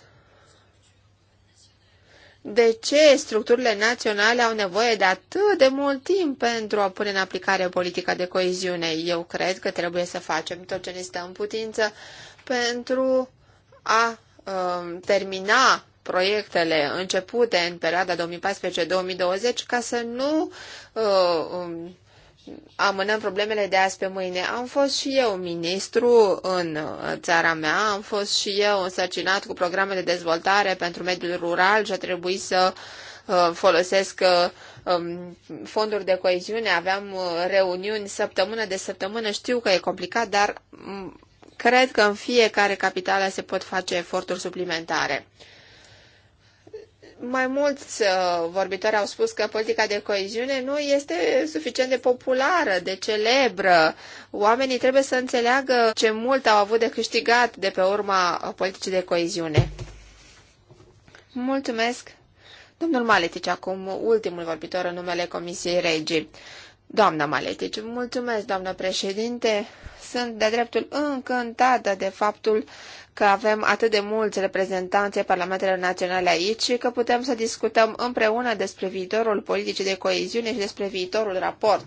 de ce structurile naționale au nevoie de atât de mult timp pentru a pune în aplicare politica de coeziune? Eu cred că trebuie să facem tot ce ne stă în putință pentru a um, termina proiectele începute în perioada 2014-2020 ca să nu uh, um, amânăm problemele de azi pe mâine. Am fost și eu ministru în uh, țara mea, am fost și eu însărcinat cu programe de dezvoltare pentru mediul rural și a trebuit să uh, folosesc uh, um, fonduri de coeziune, aveam reuniuni săptămână de săptămână, știu că e complicat, dar mm, cred că în fiecare capitală se pot face eforturi suplimentare mai mulți uh, vorbitori au spus că politica de coeziune nu este suficient de populară, de celebră. Oamenii trebuie să înțeleagă ce mult au avut de câștigat de pe urma politicii de coeziune. Mulțumesc. Domnul Maletici, acum ultimul vorbitor în numele Comisiei Regii. Doamna Maletici, mulțumesc, doamnă președinte. Sunt de dreptul încântată de faptul că avem atât de mulți reprezentanți ai Parlamentelor Naționale aici și că putem să discutăm împreună despre viitorul politicii de coeziune și despre viitorul raport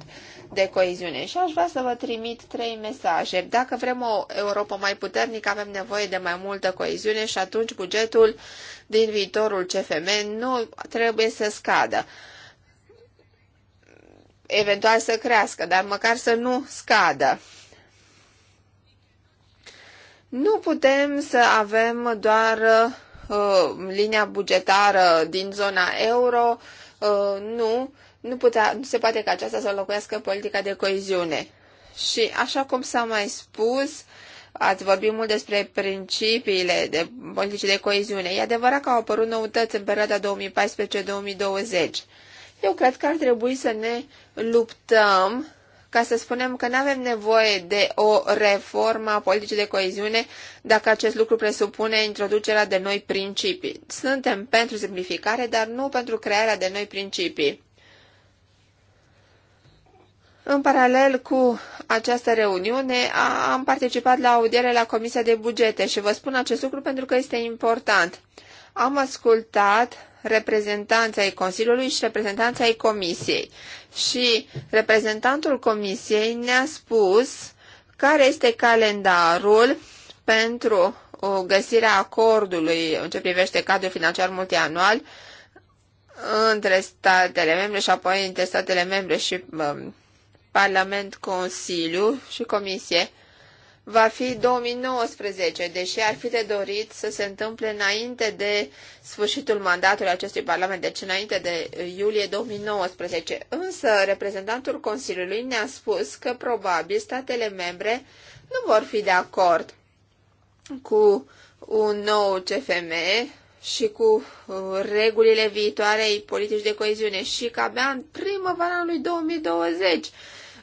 de coeziune. Și aș vrea să vă trimit trei mesaje. Dacă vrem o Europa mai puternică, avem nevoie de mai multă coeziune și atunci bugetul din viitorul CFM nu trebuie să scadă eventual să crească, dar măcar să nu scadă. Nu putem să avem doar uh, linia bugetară din zona euro, uh, nu, nu, putea, nu se poate ca aceasta să locuiască politica de coeziune. Și așa cum s-a mai spus, ați vorbit mult despre principiile de politici de coeziune. E adevărat că au apărut noutăți în perioada 2014-2020. Eu cred că ar trebui să ne luptăm ca să spunem că nu avem nevoie de o reformă a politicii de coeziune dacă acest lucru presupune introducerea de noi principii. Suntem pentru simplificare, dar nu pentru crearea de noi principii. În paralel cu această reuniune, am participat la audiere la Comisia de Bugete și vă spun acest lucru pentru că este important. Am ascultat reprezentanța ai Consiliului și reprezentanța ai Comisiei. Și reprezentantul Comisiei ne-a spus care este calendarul pentru uh, găsirea acordului în ce privește cadrul financiar multianual între statele membre și apoi între statele membre și um, Parlament, Consiliu și Comisie va fi 2019, deși ar fi de dorit să se întâmple înainte de sfârșitul mandatului acestui Parlament, deci înainte de iulie 2019. Însă, reprezentantul Consiliului ne-a spus că probabil statele membre nu vor fi de acord cu un nou CFM și cu uh, regulile viitoarei politici de coeziune și că abia în primăvara lui 2020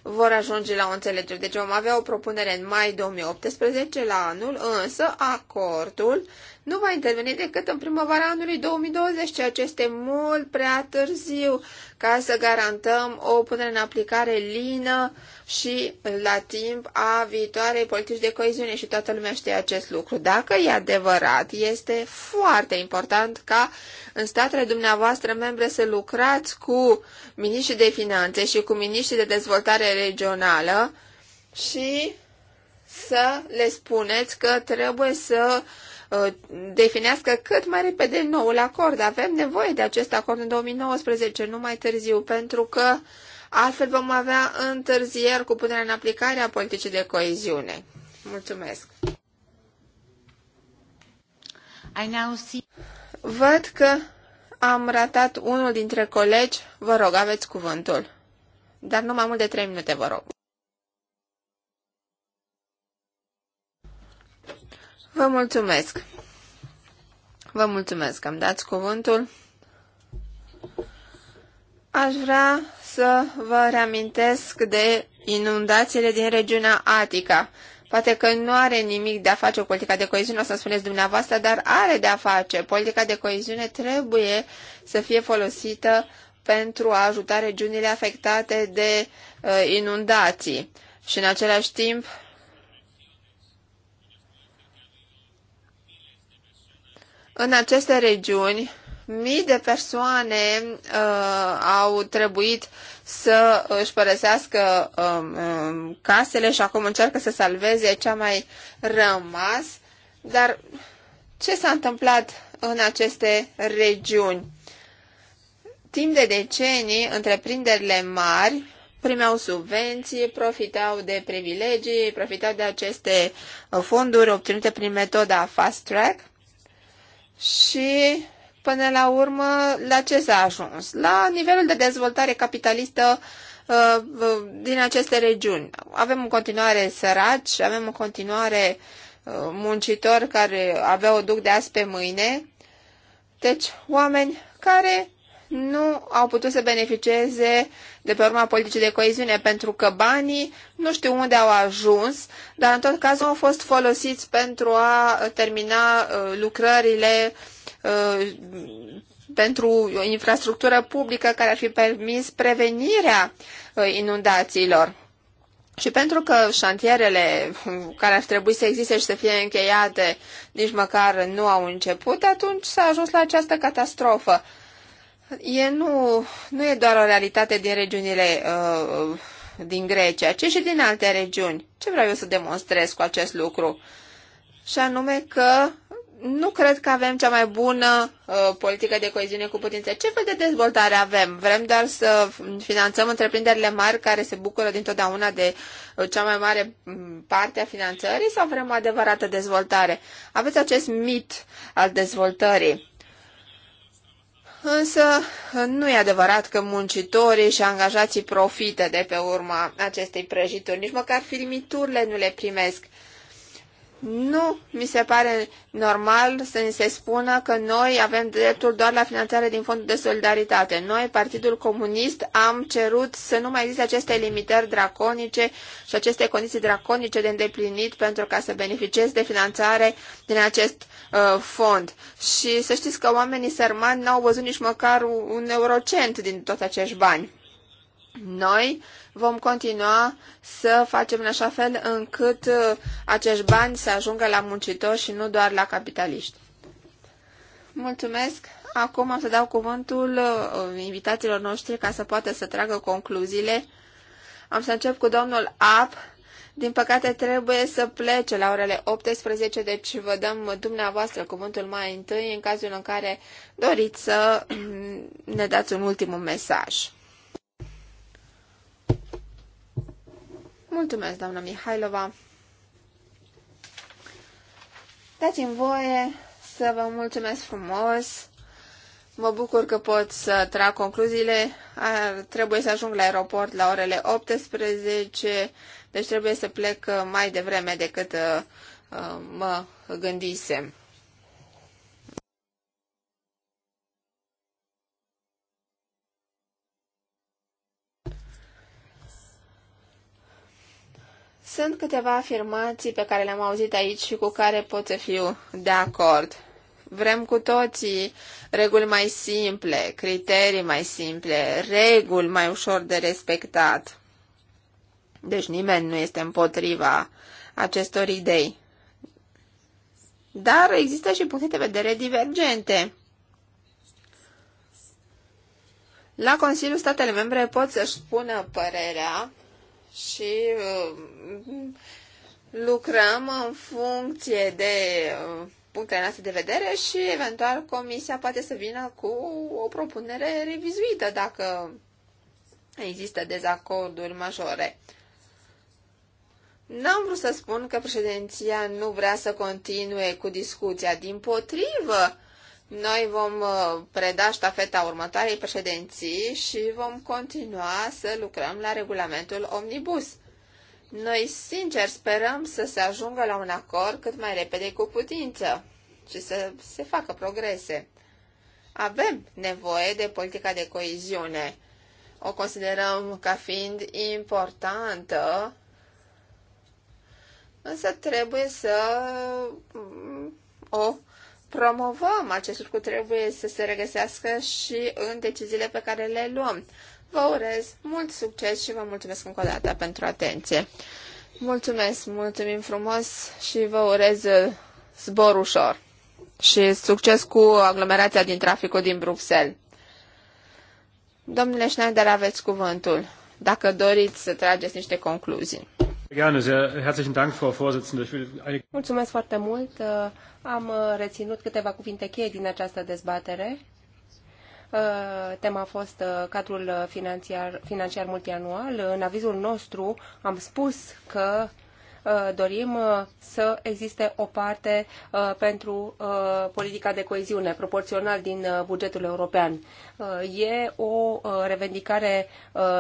vor ajunge la o înțelegere. Deci vom avea o propunere în mai 2018 la anul, însă acordul nu va interveni decât în primăvara anului 2020, ceea ce este mult prea târziu ca să garantăm o punere în aplicare lină și la timp a viitoarei politici de coeziune și toată lumea știe acest lucru. Dacă e adevărat, este foarte important ca în statele dumneavoastră membre să lucrați cu miniștrii de finanțe și cu miniștrii de dezvoltare regională și să le spuneți că trebuie să uh, Uh, definească cât mai repede noul acord. Avem nevoie de acest acord în 2019, nu mai târziu, pentru că altfel vom avea întârzieri cu punerea în aplicare a politicii de coeziune. Mulțumesc! I now see... Văd că am ratat unul dintre colegi. Vă rog, aveți cuvântul. Dar nu mai mult de trei minute, vă rog. Vă mulțumesc. Vă mulțumesc că îmi dați cuvântul. Aș vrea să vă reamintesc de inundațiile din regiunea Atica. Poate că nu are nimic de a face cu politica de coeziune, o să spuneți dumneavoastră, dar are de a face. Politica de coeziune trebuie să fie folosită pentru a ajuta regiunile afectate de uh, inundații. Și în același timp, În aceste regiuni, mii de persoane uh, au trebuit să își părăsească uh, casele și acum încearcă să salveze cea mai rămas. Dar ce s-a întâmplat în aceste regiuni? Timp de decenii, întreprinderile mari primeau subvenții, profitau de privilegii, profitau de aceste uh, fonduri obținute prin metoda fast track și până la urmă la ce s-a ajuns? La nivelul de dezvoltare capitalistă uh, uh, din aceste regiuni. Avem în continuare săraci, avem în continuare uh, muncitori care aveau o duc de azi pe mâine, deci oameni care nu au putut să beneficieze de pe urma politicii de coeziune, pentru că banii nu știu unde au ajuns, dar în tot cazul au fost folosiți pentru a termina uh, lucrările uh, pentru o infrastructură publică care ar fi permis prevenirea uh, inundațiilor. Și pentru că șantierele care ar trebui să existe și să fie încheiate nici măcar nu au început, atunci s-a ajuns la această catastrofă e nu, nu e doar o realitate din regiunile uh, din Grecia, ci și din alte regiuni. Ce vreau eu să demonstrez cu acest lucru? Și anume că nu cred că avem cea mai bună uh, politică de coeziune cu putință. Ce fel de dezvoltare avem? Vrem doar să finanțăm întreprinderile mari care se bucură dintotdeauna de uh, cea mai mare mm, parte a finanțării sau vrem o adevărată dezvoltare? Aveți acest mit al dezvoltării Însă nu e adevărat că muncitorii și angajații profită de pe urma acestei prăjituri, nici măcar firmiturile nu le primesc. Nu mi se pare normal să ni se spună că noi avem dreptul doar la finanțare din Fondul de Solidaritate. Noi, Partidul Comunist, am cerut să nu mai existe aceste limitări draconice și aceste condiții draconice de îndeplinit pentru ca să beneficiez de finanțare din acest Uh, fond. Și să știți că oamenii sărmani n-au văzut nici măcar un eurocent din toți acești bani. Noi vom continua să facem în așa fel încât uh, acești bani să ajungă la muncitori și nu doar la capitaliști. Mulțumesc! Acum am să dau cuvântul uh, invitațiilor noștri ca să poată să tragă concluziile. Am să încep cu domnul Ap din păcate trebuie să plece la orele 18, deci vă dăm dumneavoastră cuvântul mai întâi în cazul în care doriți să <clears throat> ne dați un ultim mesaj. Mulțumesc, doamna Mihailova. Dați-mi voie să vă mulțumesc frumos. Mă bucur că pot să trag concluziile. Ar, trebuie să ajung la aeroport la orele 18 deci trebuie să plec uh, mai devreme decât uh, uh, mă gândisem. Sunt câteva afirmații pe care le-am auzit aici și cu care pot să fiu de acord. Vrem cu toții reguli mai simple, criterii mai simple, reguli mai ușor de respectat. Deci nimeni nu este împotriva acestor idei. Dar există și puncte de vedere divergente. La Consiliul statele membre pot să-și spună părerea și uh, lucrăm în funcție de uh, punctele noastre de vedere și eventual comisia poate să vină cu o propunere revizuită dacă există dezacorduri majore. N-am vrut să spun că președinția nu vrea să continue cu discuția. Din potrivă, noi vom uh, preda ștafeta următoarei președinții și vom continua să lucrăm la regulamentul omnibus. Noi, sincer, sperăm să se ajungă la un acord cât mai repede cu putință și să se facă progrese. Avem nevoie de politica de coeziune. O considerăm ca fiind importantă Însă trebuie să mm, o promovăm. Acest lucru trebuie să se regăsească și în deciziile pe care le luăm. Vă urez mult succes și vă mulțumesc încă o dată pentru atenție. Mulțumesc, mulțumim frumos și vă urez zbor ușor și succes cu aglomerația din traficul din Bruxelles. Domnule Schneider, aveți cuvântul, dacă doriți să trageți niște concluzii. Mulțumesc foarte mult. Uh, am uh, reținut câteva cuvinte cheie din această dezbatere. Uh, tema a fost cadrul financiar, financiar multianual. În avizul nostru am spus că Uh, dorim uh, să existe o parte uh, pentru politica de coeziune, proporțional din bugetul european. E o revendicare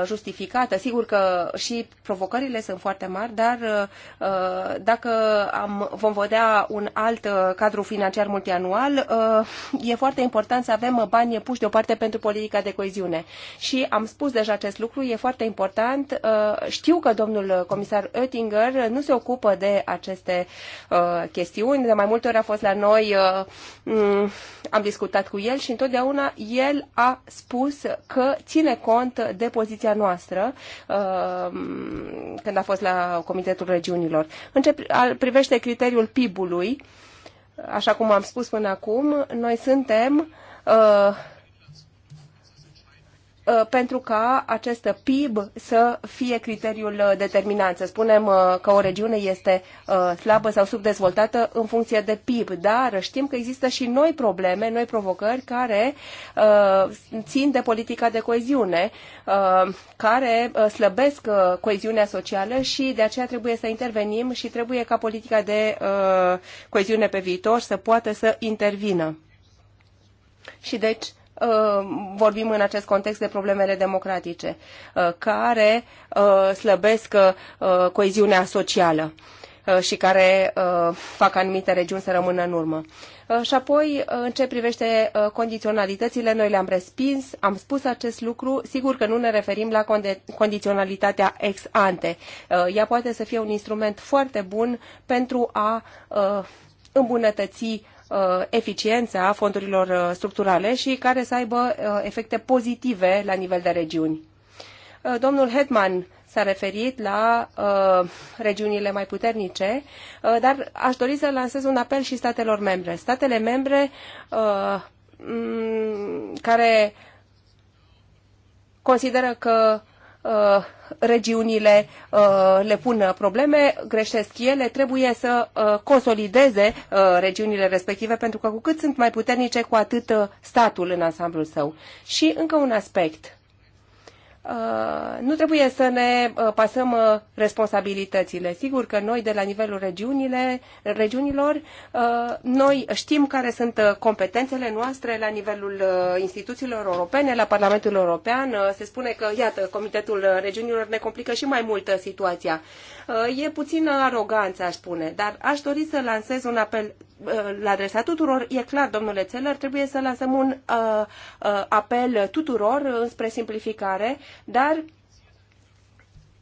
justificată. Sigur că și provocările sunt foarte mari, dar dacă am, vom vedea un alt cadru financiar multianual, e foarte important să avem bani puși deoparte pentru politica de coeziune. Și am spus deja acest lucru, e foarte important. Știu că domnul comisar Oettinger nu se se ocupă de aceste uh, chestiuni. De mai multe ori a fost la noi, uh, am discutat cu el și întotdeauna el a spus că ține cont de poziția noastră uh, când a fost la Comitetul Regiunilor. În ce privește criteriul PIB-ului, așa cum am spus până acum, noi suntem uh, Uh, pentru ca acest PIB să fie criteriul uh, determinant. Să spunem uh, că o regiune este slabă sau subdezvoltată în funcție de PIB, dar știm că există și noi probleme, noi provocări care țin de politica de coeziune, care slăbesc coeziunea socială și de aceea trebuie să intervenim și trebuie ca politica de coeziune pe viitor să poată să intervină. Și deci Uh, vorbim în acest context de problemele democratice, uh, care uh, slăbesc coeziunea socială și care fac anumite regiuni să rămână în urmă. Și apoi, în ce privește condiționalitățile, noi le-am respins, am spus acest lucru, sigur că nu ne referim la condiționalitatea ex ante. Ea poate să fie un instrument foarte bun pentru a îmbunătăți Uh, eficiența fondurilor uh, structurale și care să aibă uh, efecte pozitive la nivel de regiuni. Domnul Hetman s-a referit la regiunile mai puternice, dar aș dori să lansez un apel și statelor membre. Statele membre care consideră că Uh, regiunile uh, le pun probleme, greșesc ele, trebuie să uh, consolideze regiunile respective, pentru că cu cât sunt mai puternice, cu atât statul în ansamblul său. Și încă un aspect Uh, nu trebuie să ne uh, pasăm uh, responsabilitățile. Sigur că noi, de la nivelul regiunile, regiunilor, noi știm care sunt competențele noastre la nivelul instituțiilor europene, la Parlamentul European. Se spune că, iată, Comitetul Regiunilor ne complică și mai mult situația. E puțină aroganță, aș spune, dar aș dori să lansez un apel la adresa tuturor. E clar, domnule Țelăr, trebuie să lansăm un apel tuturor înspre simplificare dar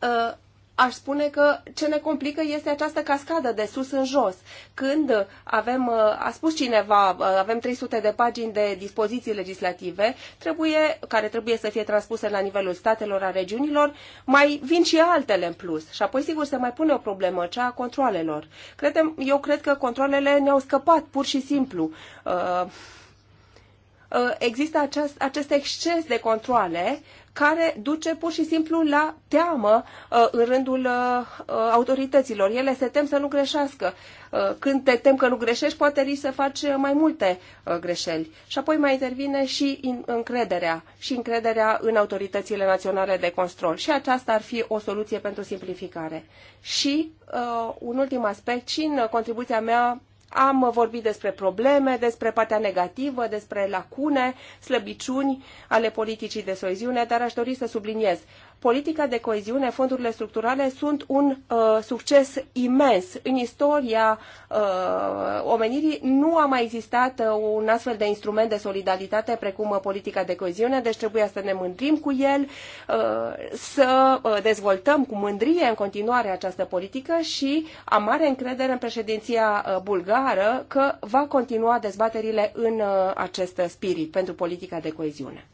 ă, aș spune că ce ne complică este această cascadă de sus în jos. Când avem, ă, a spus cineva, ă, avem 300 de pagini de dispoziții legislative, trebuie, care trebuie să fie transpuse la nivelul statelor, a regiunilor, mai vin și altele în plus. Și apoi, sigur, se mai pune o problemă, cea a controlelor. Credem, eu cred că controlele ne-au scăpat, pur și simplu. Uh, există acest, acest exces de controle care duce pur și simplu la teamă uh, în rândul uh, uh, autorităților. Ele se tem să nu greșească. Când te tem că nu greșești, poate risc să faci mai multe greșeli. Și apoi mai intervine și încrederea, și încrederea în autoritățile naționale de control. Și aceasta ar fi o soluție pentru simplificare. Și un ultim aspect, și în contribuția mea am vorbit despre probleme, despre partea negativă, despre lacune, slăbiciuni ale politicii de soiziune, dar aș dori să subliniez politica de coeziune, fondurile structurale sunt un uh, succes imens. În istoria uh, omenirii nu a mai existat uh, un astfel de instrument de solidaritate precum uh, politica de coeziune, deci trebuie să ne mândrim cu el, uh, să uh, dezvoltăm cu mândrie în continuare această politică și am mare încredere în președinția bulgară că va continua dezbaterile în acest spirit pentru politica de coeziune.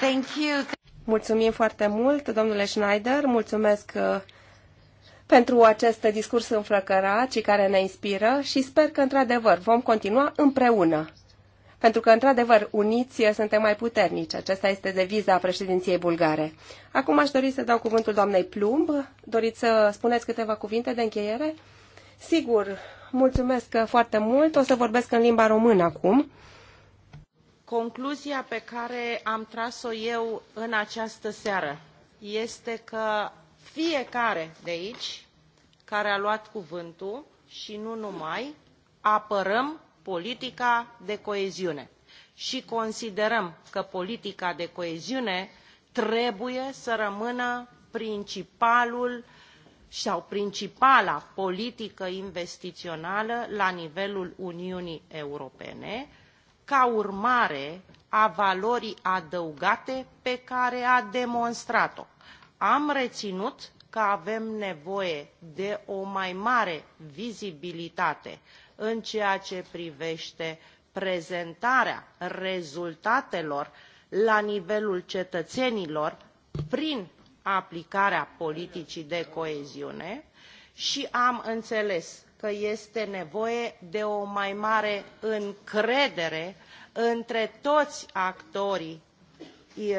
Thank you. Mulțumim foarte mult, domnule Schneider. Mulțumesc uh, pentru acest discurs înflăcărat și care ne inspiră și sper că, într-adevăr, vom continua împreună. Pentru că, într-adevăr, uniți uh, suntem mai puternici. Aceasta este deviza președinției bulgare. Acum aș dori să dau cuvântul doamnei Plumb. Doriți să spuneți câteva cuvinte de încheiere? Sigur, mulțumesc uh, foarte mult. O să vorbesc în limba română acum concluzia pe care am tras o eu în această seară este că fiecare de aici care a luat cuvântul și nu numai apărăm politica de coeziune și considerăm că politica de coeziune trebuie să rămână principalul sau principala politică investițională la nivelul Uniunii Europene ca urmare a valorii adăugate pe care a demonstrat-o. Am reținut că avem nevoie de o mai mare vizibilitate în ceea ce privește prezentarea rezultatelor la nivelul cetățenilor prin aplicarea politicii de coeziune și am înțeles că este nevoie de o mai mare încredere între toți actorii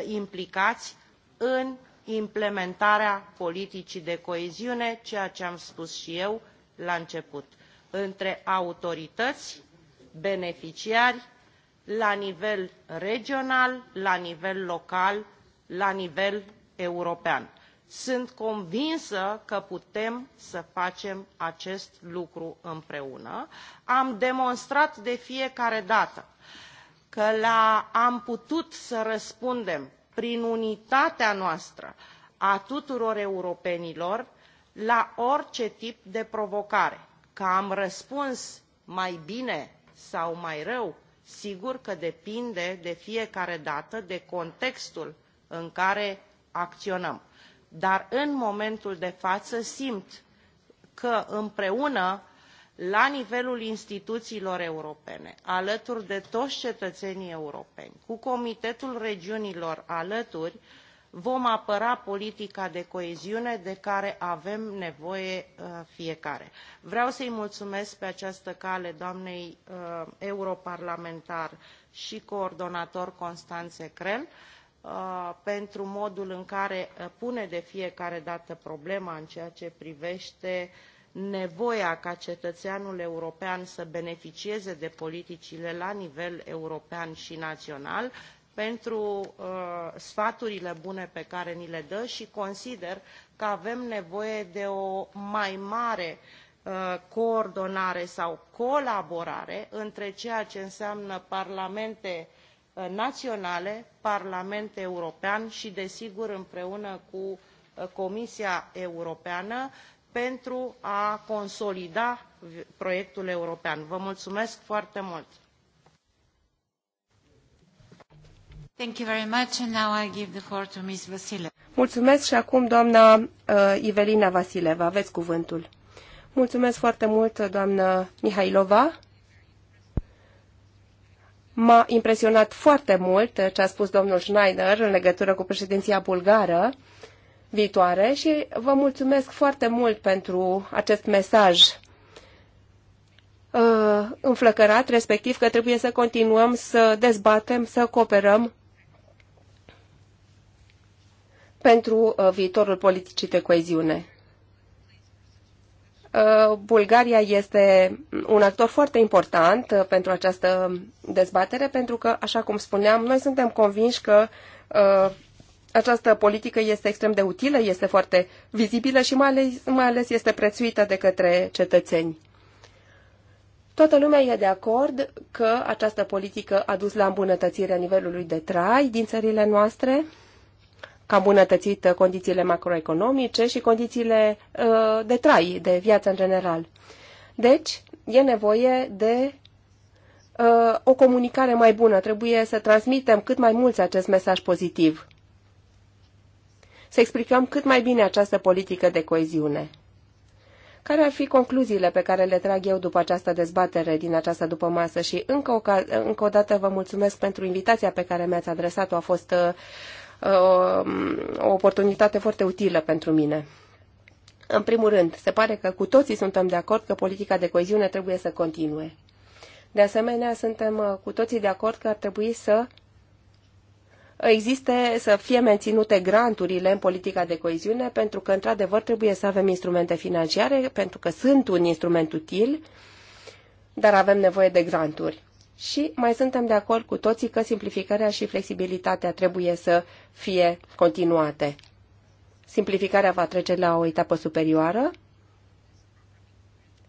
implicați în implementarea politicii de coeziune, ceea ce am spus și eu la început, între autorități, beneficiari, la nivel regional, la nivel local, la nivel european. Sunt convinsă că putem să facem acest lucru împreună. Am demonstrat de fiecare dată că la, am putut să răspundem prin unitatea noastră a tuturor europenilor la orice tip de provocare. Că am răspuns mai bine sau mai rău, sigur că depinde de fiecare dată de contextul în care acționăm dar în momentul de față simt că împreună la nivelul instituțiilor europene alături de toți cetățenii europeni cu comitetul regiunilor alături vom apăra politica de coeziune de care avem nevoie uh, fiecare. Vreau să-i mulțumesc pe această cale doamnei uh, europarlamentar și coordonator Constanțe Crel, uh, Uh, pentru modul în care uh, pune de fiecare dată problema în ceea ce privește nevoia ca cetățeanul european să beneficieze de politicile la nivel european și național pentru uh, sfaturile bune pe care ni le dă și consider că avem nevoie de o mai mare uh, coordonare sau colaborare între ceea ce înseamnă parlamente uh, Uh, naționale, Parlament European și, desigur, împreună cu uh, Comisia Europeană pentru a consolida proiectul european. Vă mulțumesc foarte mult! Mulțumesc și acum doamna uh, Ivelina Vasileva. Aveți cuvântul. Mulțumesc foarte mult, doamnă Mihailova. M-a impresionat foarte mult ce a spus domnul Schneider în legătură cu președinția bulgară viitoare și vă mulțumesc foarte mult pentru acest mesaj uh, înflăcărat, respectiv că trebuie să continuăm să dezbatem, să cooperăm pentru uh, viitorul politicii de coeziune. Uh, Bulgaria este un actor foarte important uh, pentru această dezbatere, pentru că, așa cum spuneam, noi suntem convinși că uh, această politică este extrem de utilă, este foarte vizibilă și mai ales, mai ales este prețuită de către cetățeni. Toată lumea e de acord că această politică a dus la îmbunătățirea nivelului de trai din țările noastre, ca a îmbunătățit uh, condițiile macroeconomice și condițiile uh, de trai, de viață în general. Deci, e nevoie de uh, o comunicare mai bună. Trebuie să transmitem cât mai mulți acest mesaj pozitiv. Să explicăm cât mai bine această politică de coeziune. Care ar fi concluziile pe care le trag eu după această dezbatere din această după masă și încă o, încă o dată vă mulțumesc pentru invitația pe care mi-ați adresat-o. A fost uh, Uh, o oportunitate foarte utilă pentru mine. În primul rând, se pare că cu toții suntem de acord că politica de coeziune trebuie să continue. De asemenea, suntem uh, cu toții de acord că ar trebui să existe, să fie menținute granturile în politica de coeziune, pentru că, într-adevăr, trebuie să avem instrumente financiare, pentru că sunt un instrument util, dar avem nevoie de granturi și mai suntem de acord cu toții că simplificarea și flexibilitatea trebuie să fie continuate. Simplificarea va trece la o etapă superioară,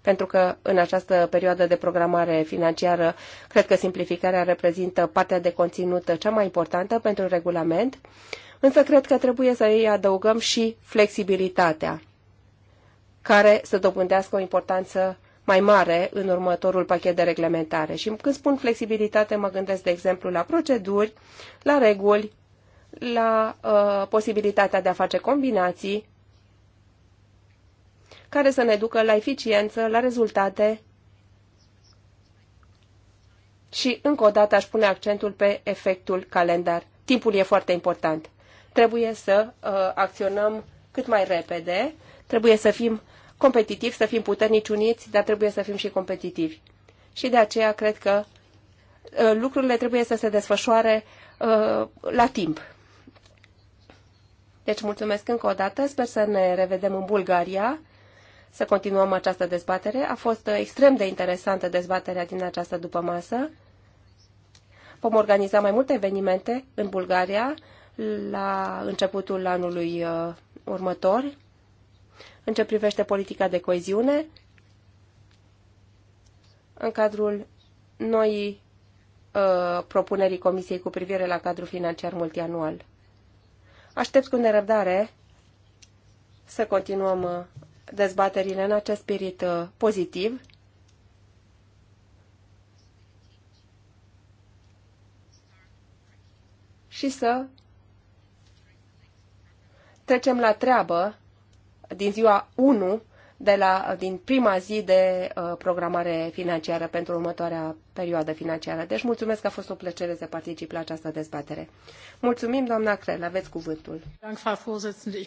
pentru că în această perioadă de programare financiară, cred că simplificarea reprezintă partea de conținut cea mai importantă pentru regulament, însă cred că trebuie să îi adăugăm și flexibilitatea, care să dobândească o importanță mai mare în următorul pachet de reglementare. Și când spun flexibilitate, mă gândesc, de exemplu, la proceduri, la reguli, la uh, posibilitatea de a face combinații care să ne ducă la eficiență, la rezultate și, încă o dată, aș pune accentul pe efectul calendar. Timpul e foarte important. Trebuie să uh, acționăm cât mai repede, trebuie să fim competitivi, să fim puternici uniți, dar trebuie să fim și competitivi. Și de aceea cred că uh, lucrurile trebuie să se desfășoare uh, la timp. Deci mulțumesc încă o dată, sper să ne revedem în Bulgaria, să continuăm această dezbatere. A fost uh, extrem de interesantă dezbaterea din această dupămasă. Vom organiza mai multe evenimente în Bulgaria la începutul anului următor în ce privește politica de coeziune, în cadrul noii uh, propunerii Comisiei cu privire la cadrul financiar multianual. Aștept cu nerăbdare să continuăm uh, dezbaterile în acest spirit uh, pozitiv. și să trecem la treabă din ziua 1, de la, din prima zi de uh, programare financiară pentru următoarea perioadă financiară. Deci mulțumesc că a fost o plăcere să particip la această dezbatere. Mulțumim, doamna Crel, aveți cuvântul. Äh,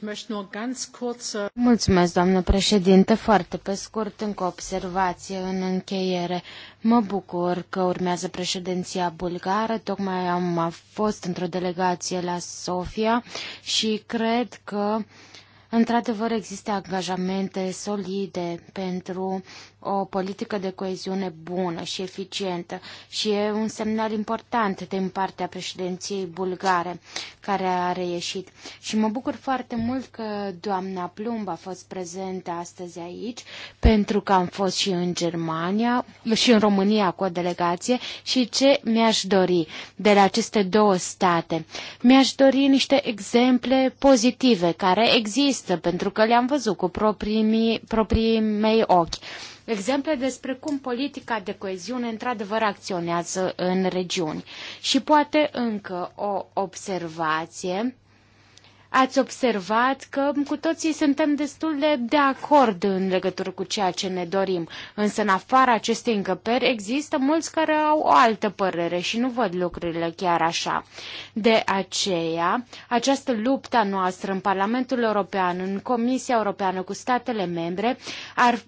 mulțumesc, doamnă președinte, foarte pe scurt, încă o observație în încheiere. Mă bucur că urmează președinția bulgară, tocmai am fost într-o delegație la Sofia și cred că uh, Într-adevăr, există angajamente solide pentru o politică de coeziune bună și eficientă și e un semnal important din partea președinției bulgare care a reieșit. Și mă bucur foarte mult că doamna Plumb a fost prezentă astăzi aici pentru că am fost și în Germania și în România cu o delegație și ce mi-aș dori de la aceste două state. Mi-aș dori niște exemple pozitive care există pentru că le-am văzut cu proprii proprii mei ochi exemple despre cum politica de coeziune într-adevăr acționează în regiuni. Și poate încă o observație. Ați observat că cu toții suntem destul de de acord în legătură cu ceea ce ne dorim, însă în afara acestei încăperi există mulți care au o altă părere și nu văd lucrurile chiar așa. De aceea, această luptă noastră în Parlamentul European, în Comisia Europeană cu statele membre, ar,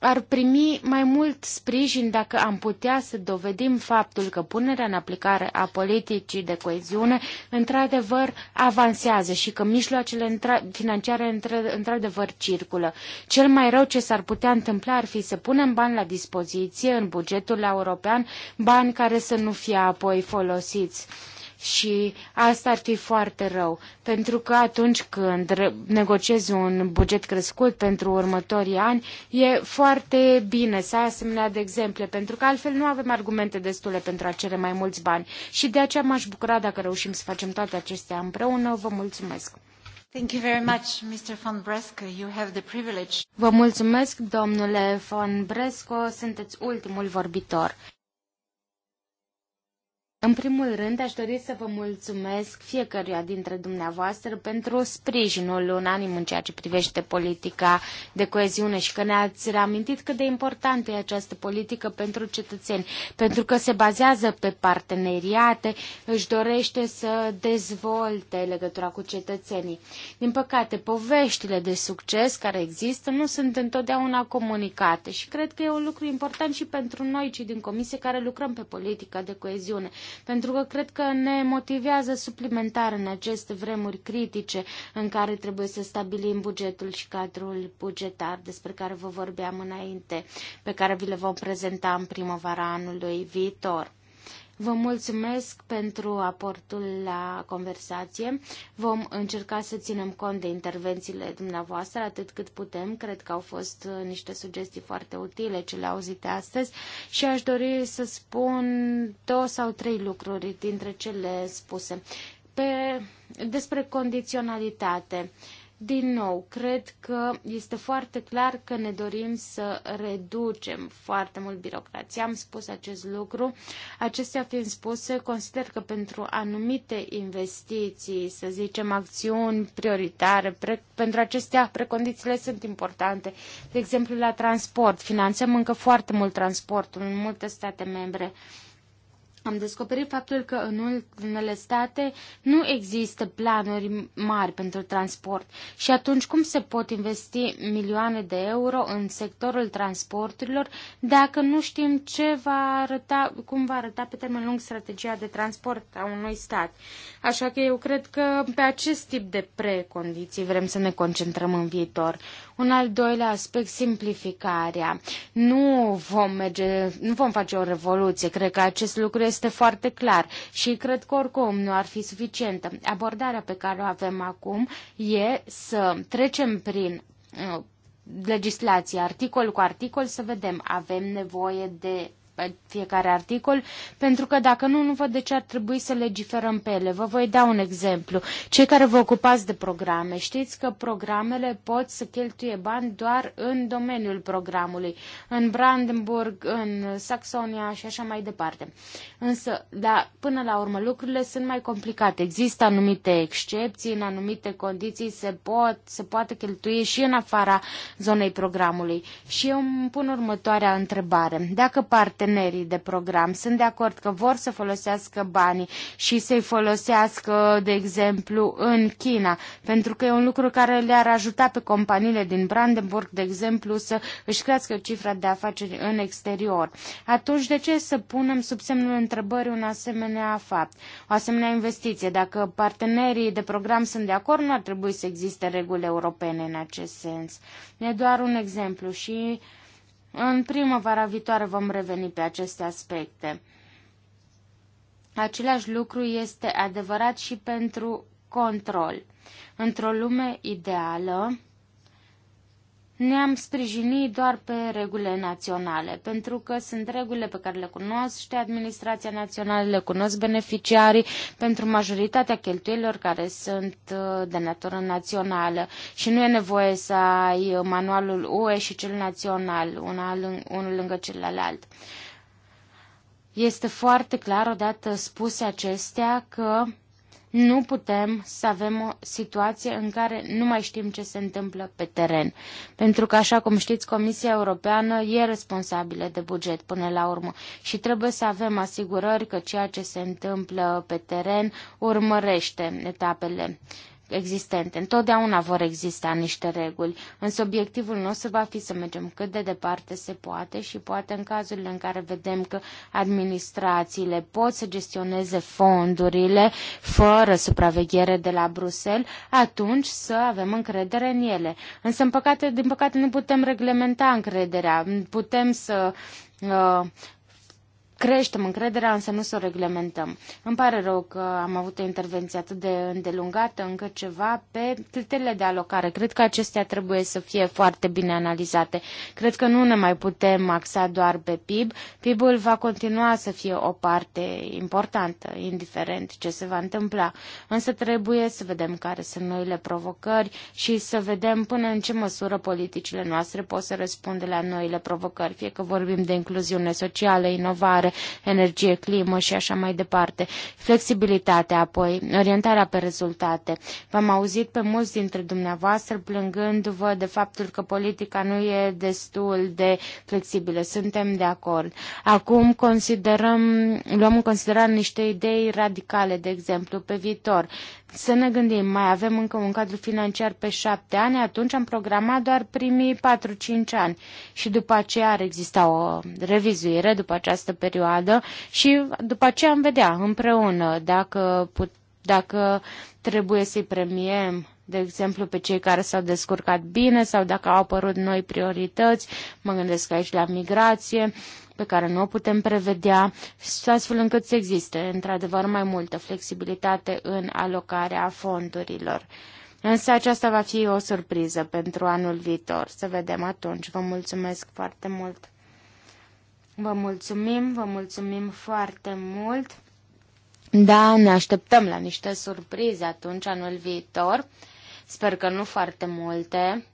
ar primi mai mult sprijin dacă am putea să dovedim faptul că punerea în aplicare a politicii de coeziune într-adevăr avansează și că mijloacele financiare într-adevăr circulă. Cel mai rău ce s-ar putea întâmpla ar fi să punem bani la dispoziție în bugetul european, bani care să nu fie apoi folosiți și asta ar fi foarte rău, pentru că atunci când negociezi un buget crescut pentru următorii ani, e foarte bine să ai asemenea de exemple, pentru că altfel nu avem argumente destule pentru a cere mai mulți bani. Și de aceea m-aș bucura dacă reușim să facem toate acestea împreună. Vă mulțumesc! Thank you very much, Mr. Von Bresco. You have the privilege. Vă mulțumesc, domnule Von Bresco. Sunteți ultimul vorbitor. În primul rând, aș dori să vă mulțumesc fiecăruia dintre dumneavoastră pentru sprijinul unanim în ceea ce privește politica de coeziune și că ne-ați reamintit cât de importantă e această politică pentru cetățeni, pentru că se bazează pe parteneriate, își dorește să dezvolte legătura cu cetățenii. Din păcate, poveștile de succes care există nu sunt întotdeauna comunicate și cred că e un lucru important și pentru noi, cei din comisie care lucrăm pe politica de coeziune pentru că cred că ne motivează suplimentar în aceste vremuri critice în care trebuie să stabilim bugetul și cadrul bugetar despre care vă vorbeam înainte, pe care vi le vom prezenta în primăvara anului viitor. Vă mulțumesc pentru aportul la conversație. Vom încerca să ținem cont de intervențiile dumneavoastră atât cât putem. Cred că au fost uh, niște sugestii foarte utile cele auzite astăzi și aș dori să spun două sau trei lucruri dintre cele spuse. Pe, despre condiționalitate. Uh, din nou, cred că este foarte clar că ne dorim să reducem foarte mult birocrația. Am spus acest lucru. Acestea fiind spuse, consider că pentru anumite investiții, să zicem acțiuni prioritare, pre- pentru acestea precondițiile sunt importante. De exemplu, la transport. Finanțăm încă foarte mult transportul în multe state membre. Uh, am descoperit faptul că în unele state nu există planuri mari pentru transport și atunci cum se pot investi milioane de euro în sectorul transporturilor dacă nu știm ce va arăta, cum va arăta pe termen lung strategia de transport a unui stat. Așa că eu cred că pe acest tip de precondiții vrem să ne concentrăm în viitor. Un al doilea aspect, simplificarea. Nu vom, merge, nu vom face o revoluție, cred că acest lucru este foarte clar și cred că oricum nu ar fi suficientă. Abordarea pe care o avem acum e să trecem prin uh, legislație, articol cu articol, să vedem avem nevoie de pe fiecare articol, pentru că dacă nu, nu văd de ce ar trebui să legiferăm pe ele. Vă voi da un exemplu. Cei care vă ocupați de programe, știți că programele pot să cheltuie bani doar în domeniul programului, în Brandenburg, în Saxonia și așa mai departe. Însă, da, până la urmă, lucrurile sunt mai complicate. Există anumite excepții, în anumite condiții se, pot, se poate cheltuie și în afara zonei programului. Și eu îmi pun următoarea întrebare. Dacă parte partenerii de program. Sunt de acord că vor să folosească banii și să-i folosească, de exemplu, în China, pentru că e un lucru care le-ar ajuta pe companiile din Brandenburg, de exemplu, să își crească cifra de afaceri în exterior. Atunci, de ce să punem sub semnul întrebării un asemenea fapt, o asemenea investiție? Dacă partenerii de program sunt de acord, nu ar trebui să existe reguli europene în acest sens. E doar un exemplu și în primăvara viitoare vom reveni pe aceste aspecte. Același lucru este adevărat și pentru control. Într-o lume ideală, ne-am sprijinit doar pe regulile naționale, pentru că sunt regulile pe care le cunoaște administrația națională, le cunosc beneficiarii pentru majoritatea cheltuielor care sunt uh, de natură națională și nu e nevoie să ai manualul UE și cel național, unul lângă celălalt. Este foarte clar odată spuse acestea că nu putem să avem o situație în care nu mai știm ce se întâmplă pe teren. Pentru că, așa cum știți, Comisia Europeană e responsabilă de buget până la urmă și trebuie să avem asigurări că ceea ce se întâmplă pe teren urmărește etapele existente. Întotdeauna vor exista niște reguli, însă obiectivul nostru va fi să mergem cât de departe se poate și poate în cazurile în care vedem că administrațiile pot să gestioneze fondurile fără supraveghere de la Bruxelles, atunci să avem încredere în ele. Însă, în păcate, din păcate, nu putem reglementa încrederea. Putem să uh, creștem încrederea, însă nu să o reglementăm. Îmi pare rău că am avut o intervenție atât de îndelungată, încă ceva, pe criteriile de alocare. Cred că acestea trebuie să fie foarte bine analizate. Cred că nu ne mai putem axa doar pe PIB. PIB-ul va continua să fie o parte importantă, indiferent ce se va întâmpla. Însă trebuie să vedem care sunt noile provocări și să vedem până în ce măsură politicile noastre pot să răspundă la noile provocări, fie că vorbim de incluziune socială, inovare, dezvoltare, energie, climă și așa mai departe. Flexibilitatea, apoi, orientarea pe rezultate. V-am auzit pe mulți dintre dumneavoastră plângându-vă de faptul că politica nu e destul de flexibilă. Suntem de acord. Acum considerăm, luăm în considerare niște idei radicale, de exemplu, pe viitor. Să ne gândim, mai avem încă un cadru financiar pe șapte ani, atunci am programat doar primii patru-cinci ani și după aceea ar exista o revizuire după această perioadă și după aceea am vedea împreună dacă, put, dacă trebuie să-i premiem de exemplu, pe cei care s-au descurcat bine sau dacă au apărut noi priorități, mă gândesc aici la migrație, pe care nu o putem prevedea, astfel încât să existe, într-adevăr, mai multă flexibilitate în alocarea fondurilor. Însă aceasta va fi o surpriză pentru anul viitor. Să vedem atunci. Vă mulțumesc foarte mult. Vă mulțumim, vă mulțumim foarte mult. Da, ne așteptăm la niște surprize atunci anul viitor. Sper că nu foarte multe.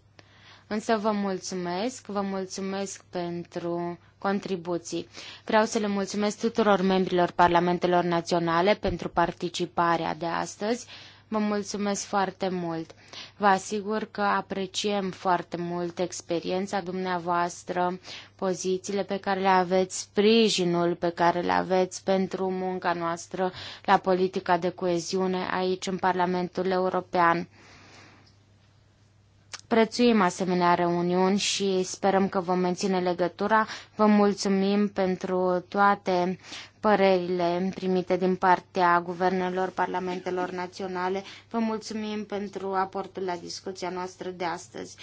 Însă vă mulțumesc, vă mulțumesc pentru contribuții. Vreau să le mulțumesc tuturor membrilor Parlamentelor Naționale pentru participarea de astăzi. Vă mulțumesc foarte mult. Vă asigur că apreciem foarte mult experiența dumneavoastră, pozițiile pe care le aveți, sprijinul pe care le aveți pentru munca noastră la politica de coeziune aici în Parlamentul European. Prețuim asemenea reuniuni și sperăm că vom menține legătura. Vă mulțumim pentru toate părerile primite din partea guvernelor, parlamentelor naționale. Vă mulțumim pentru aportul la discuția noastră de astăzi.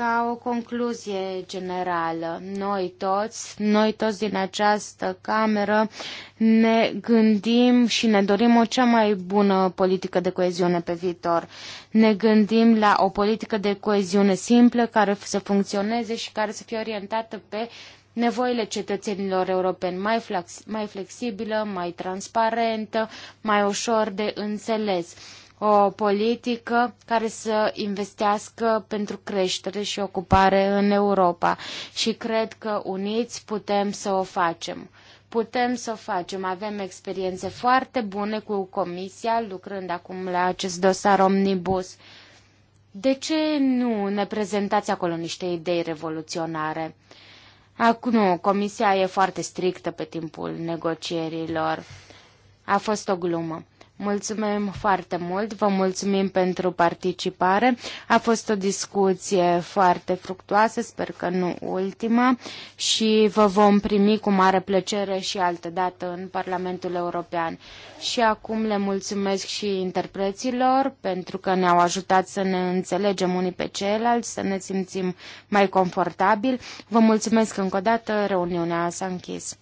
Ca o concluzie generală, noi toți, noi toți din această cameră ne gândim și ne dorim o cea mai bună politică de coeziune pe viitor. Ne gândim la o politică de coeziune simplă care să funcționeze și care să fie orientată pe nevoile cetățenilor europeni mai, flex, mai flexibilă, mai transparentă, mai ușor de înțeles o politică care să investească pentru creștere și ocupare în Europa și cred că uniți putem să o facem. Putem să o facem. Avem experiențe foarte bune cu Comisia, lucrând acum la acest dosar omnibus. De ce nu ne prezentați acolo niște idei revoluționare? Acum, nu, Comisia e foarte strictă pe timpul negocierilor. A fost o glumă. Mulțumim foarte mult, vă mulțumim pentru participare. A fost o discuție foarte fructuoasă, sper că nu ultima, și vă vom primi cu mare plăcere și altă dată în Parlamentul European. Și acum le mulțumesc și interpreților pentru că ne-au ajutat să ne înțelegem unii pe ceilalți, să ne simțim mai confortabil. Vă mulțumesc încă o dată, reuniunea s-a închis.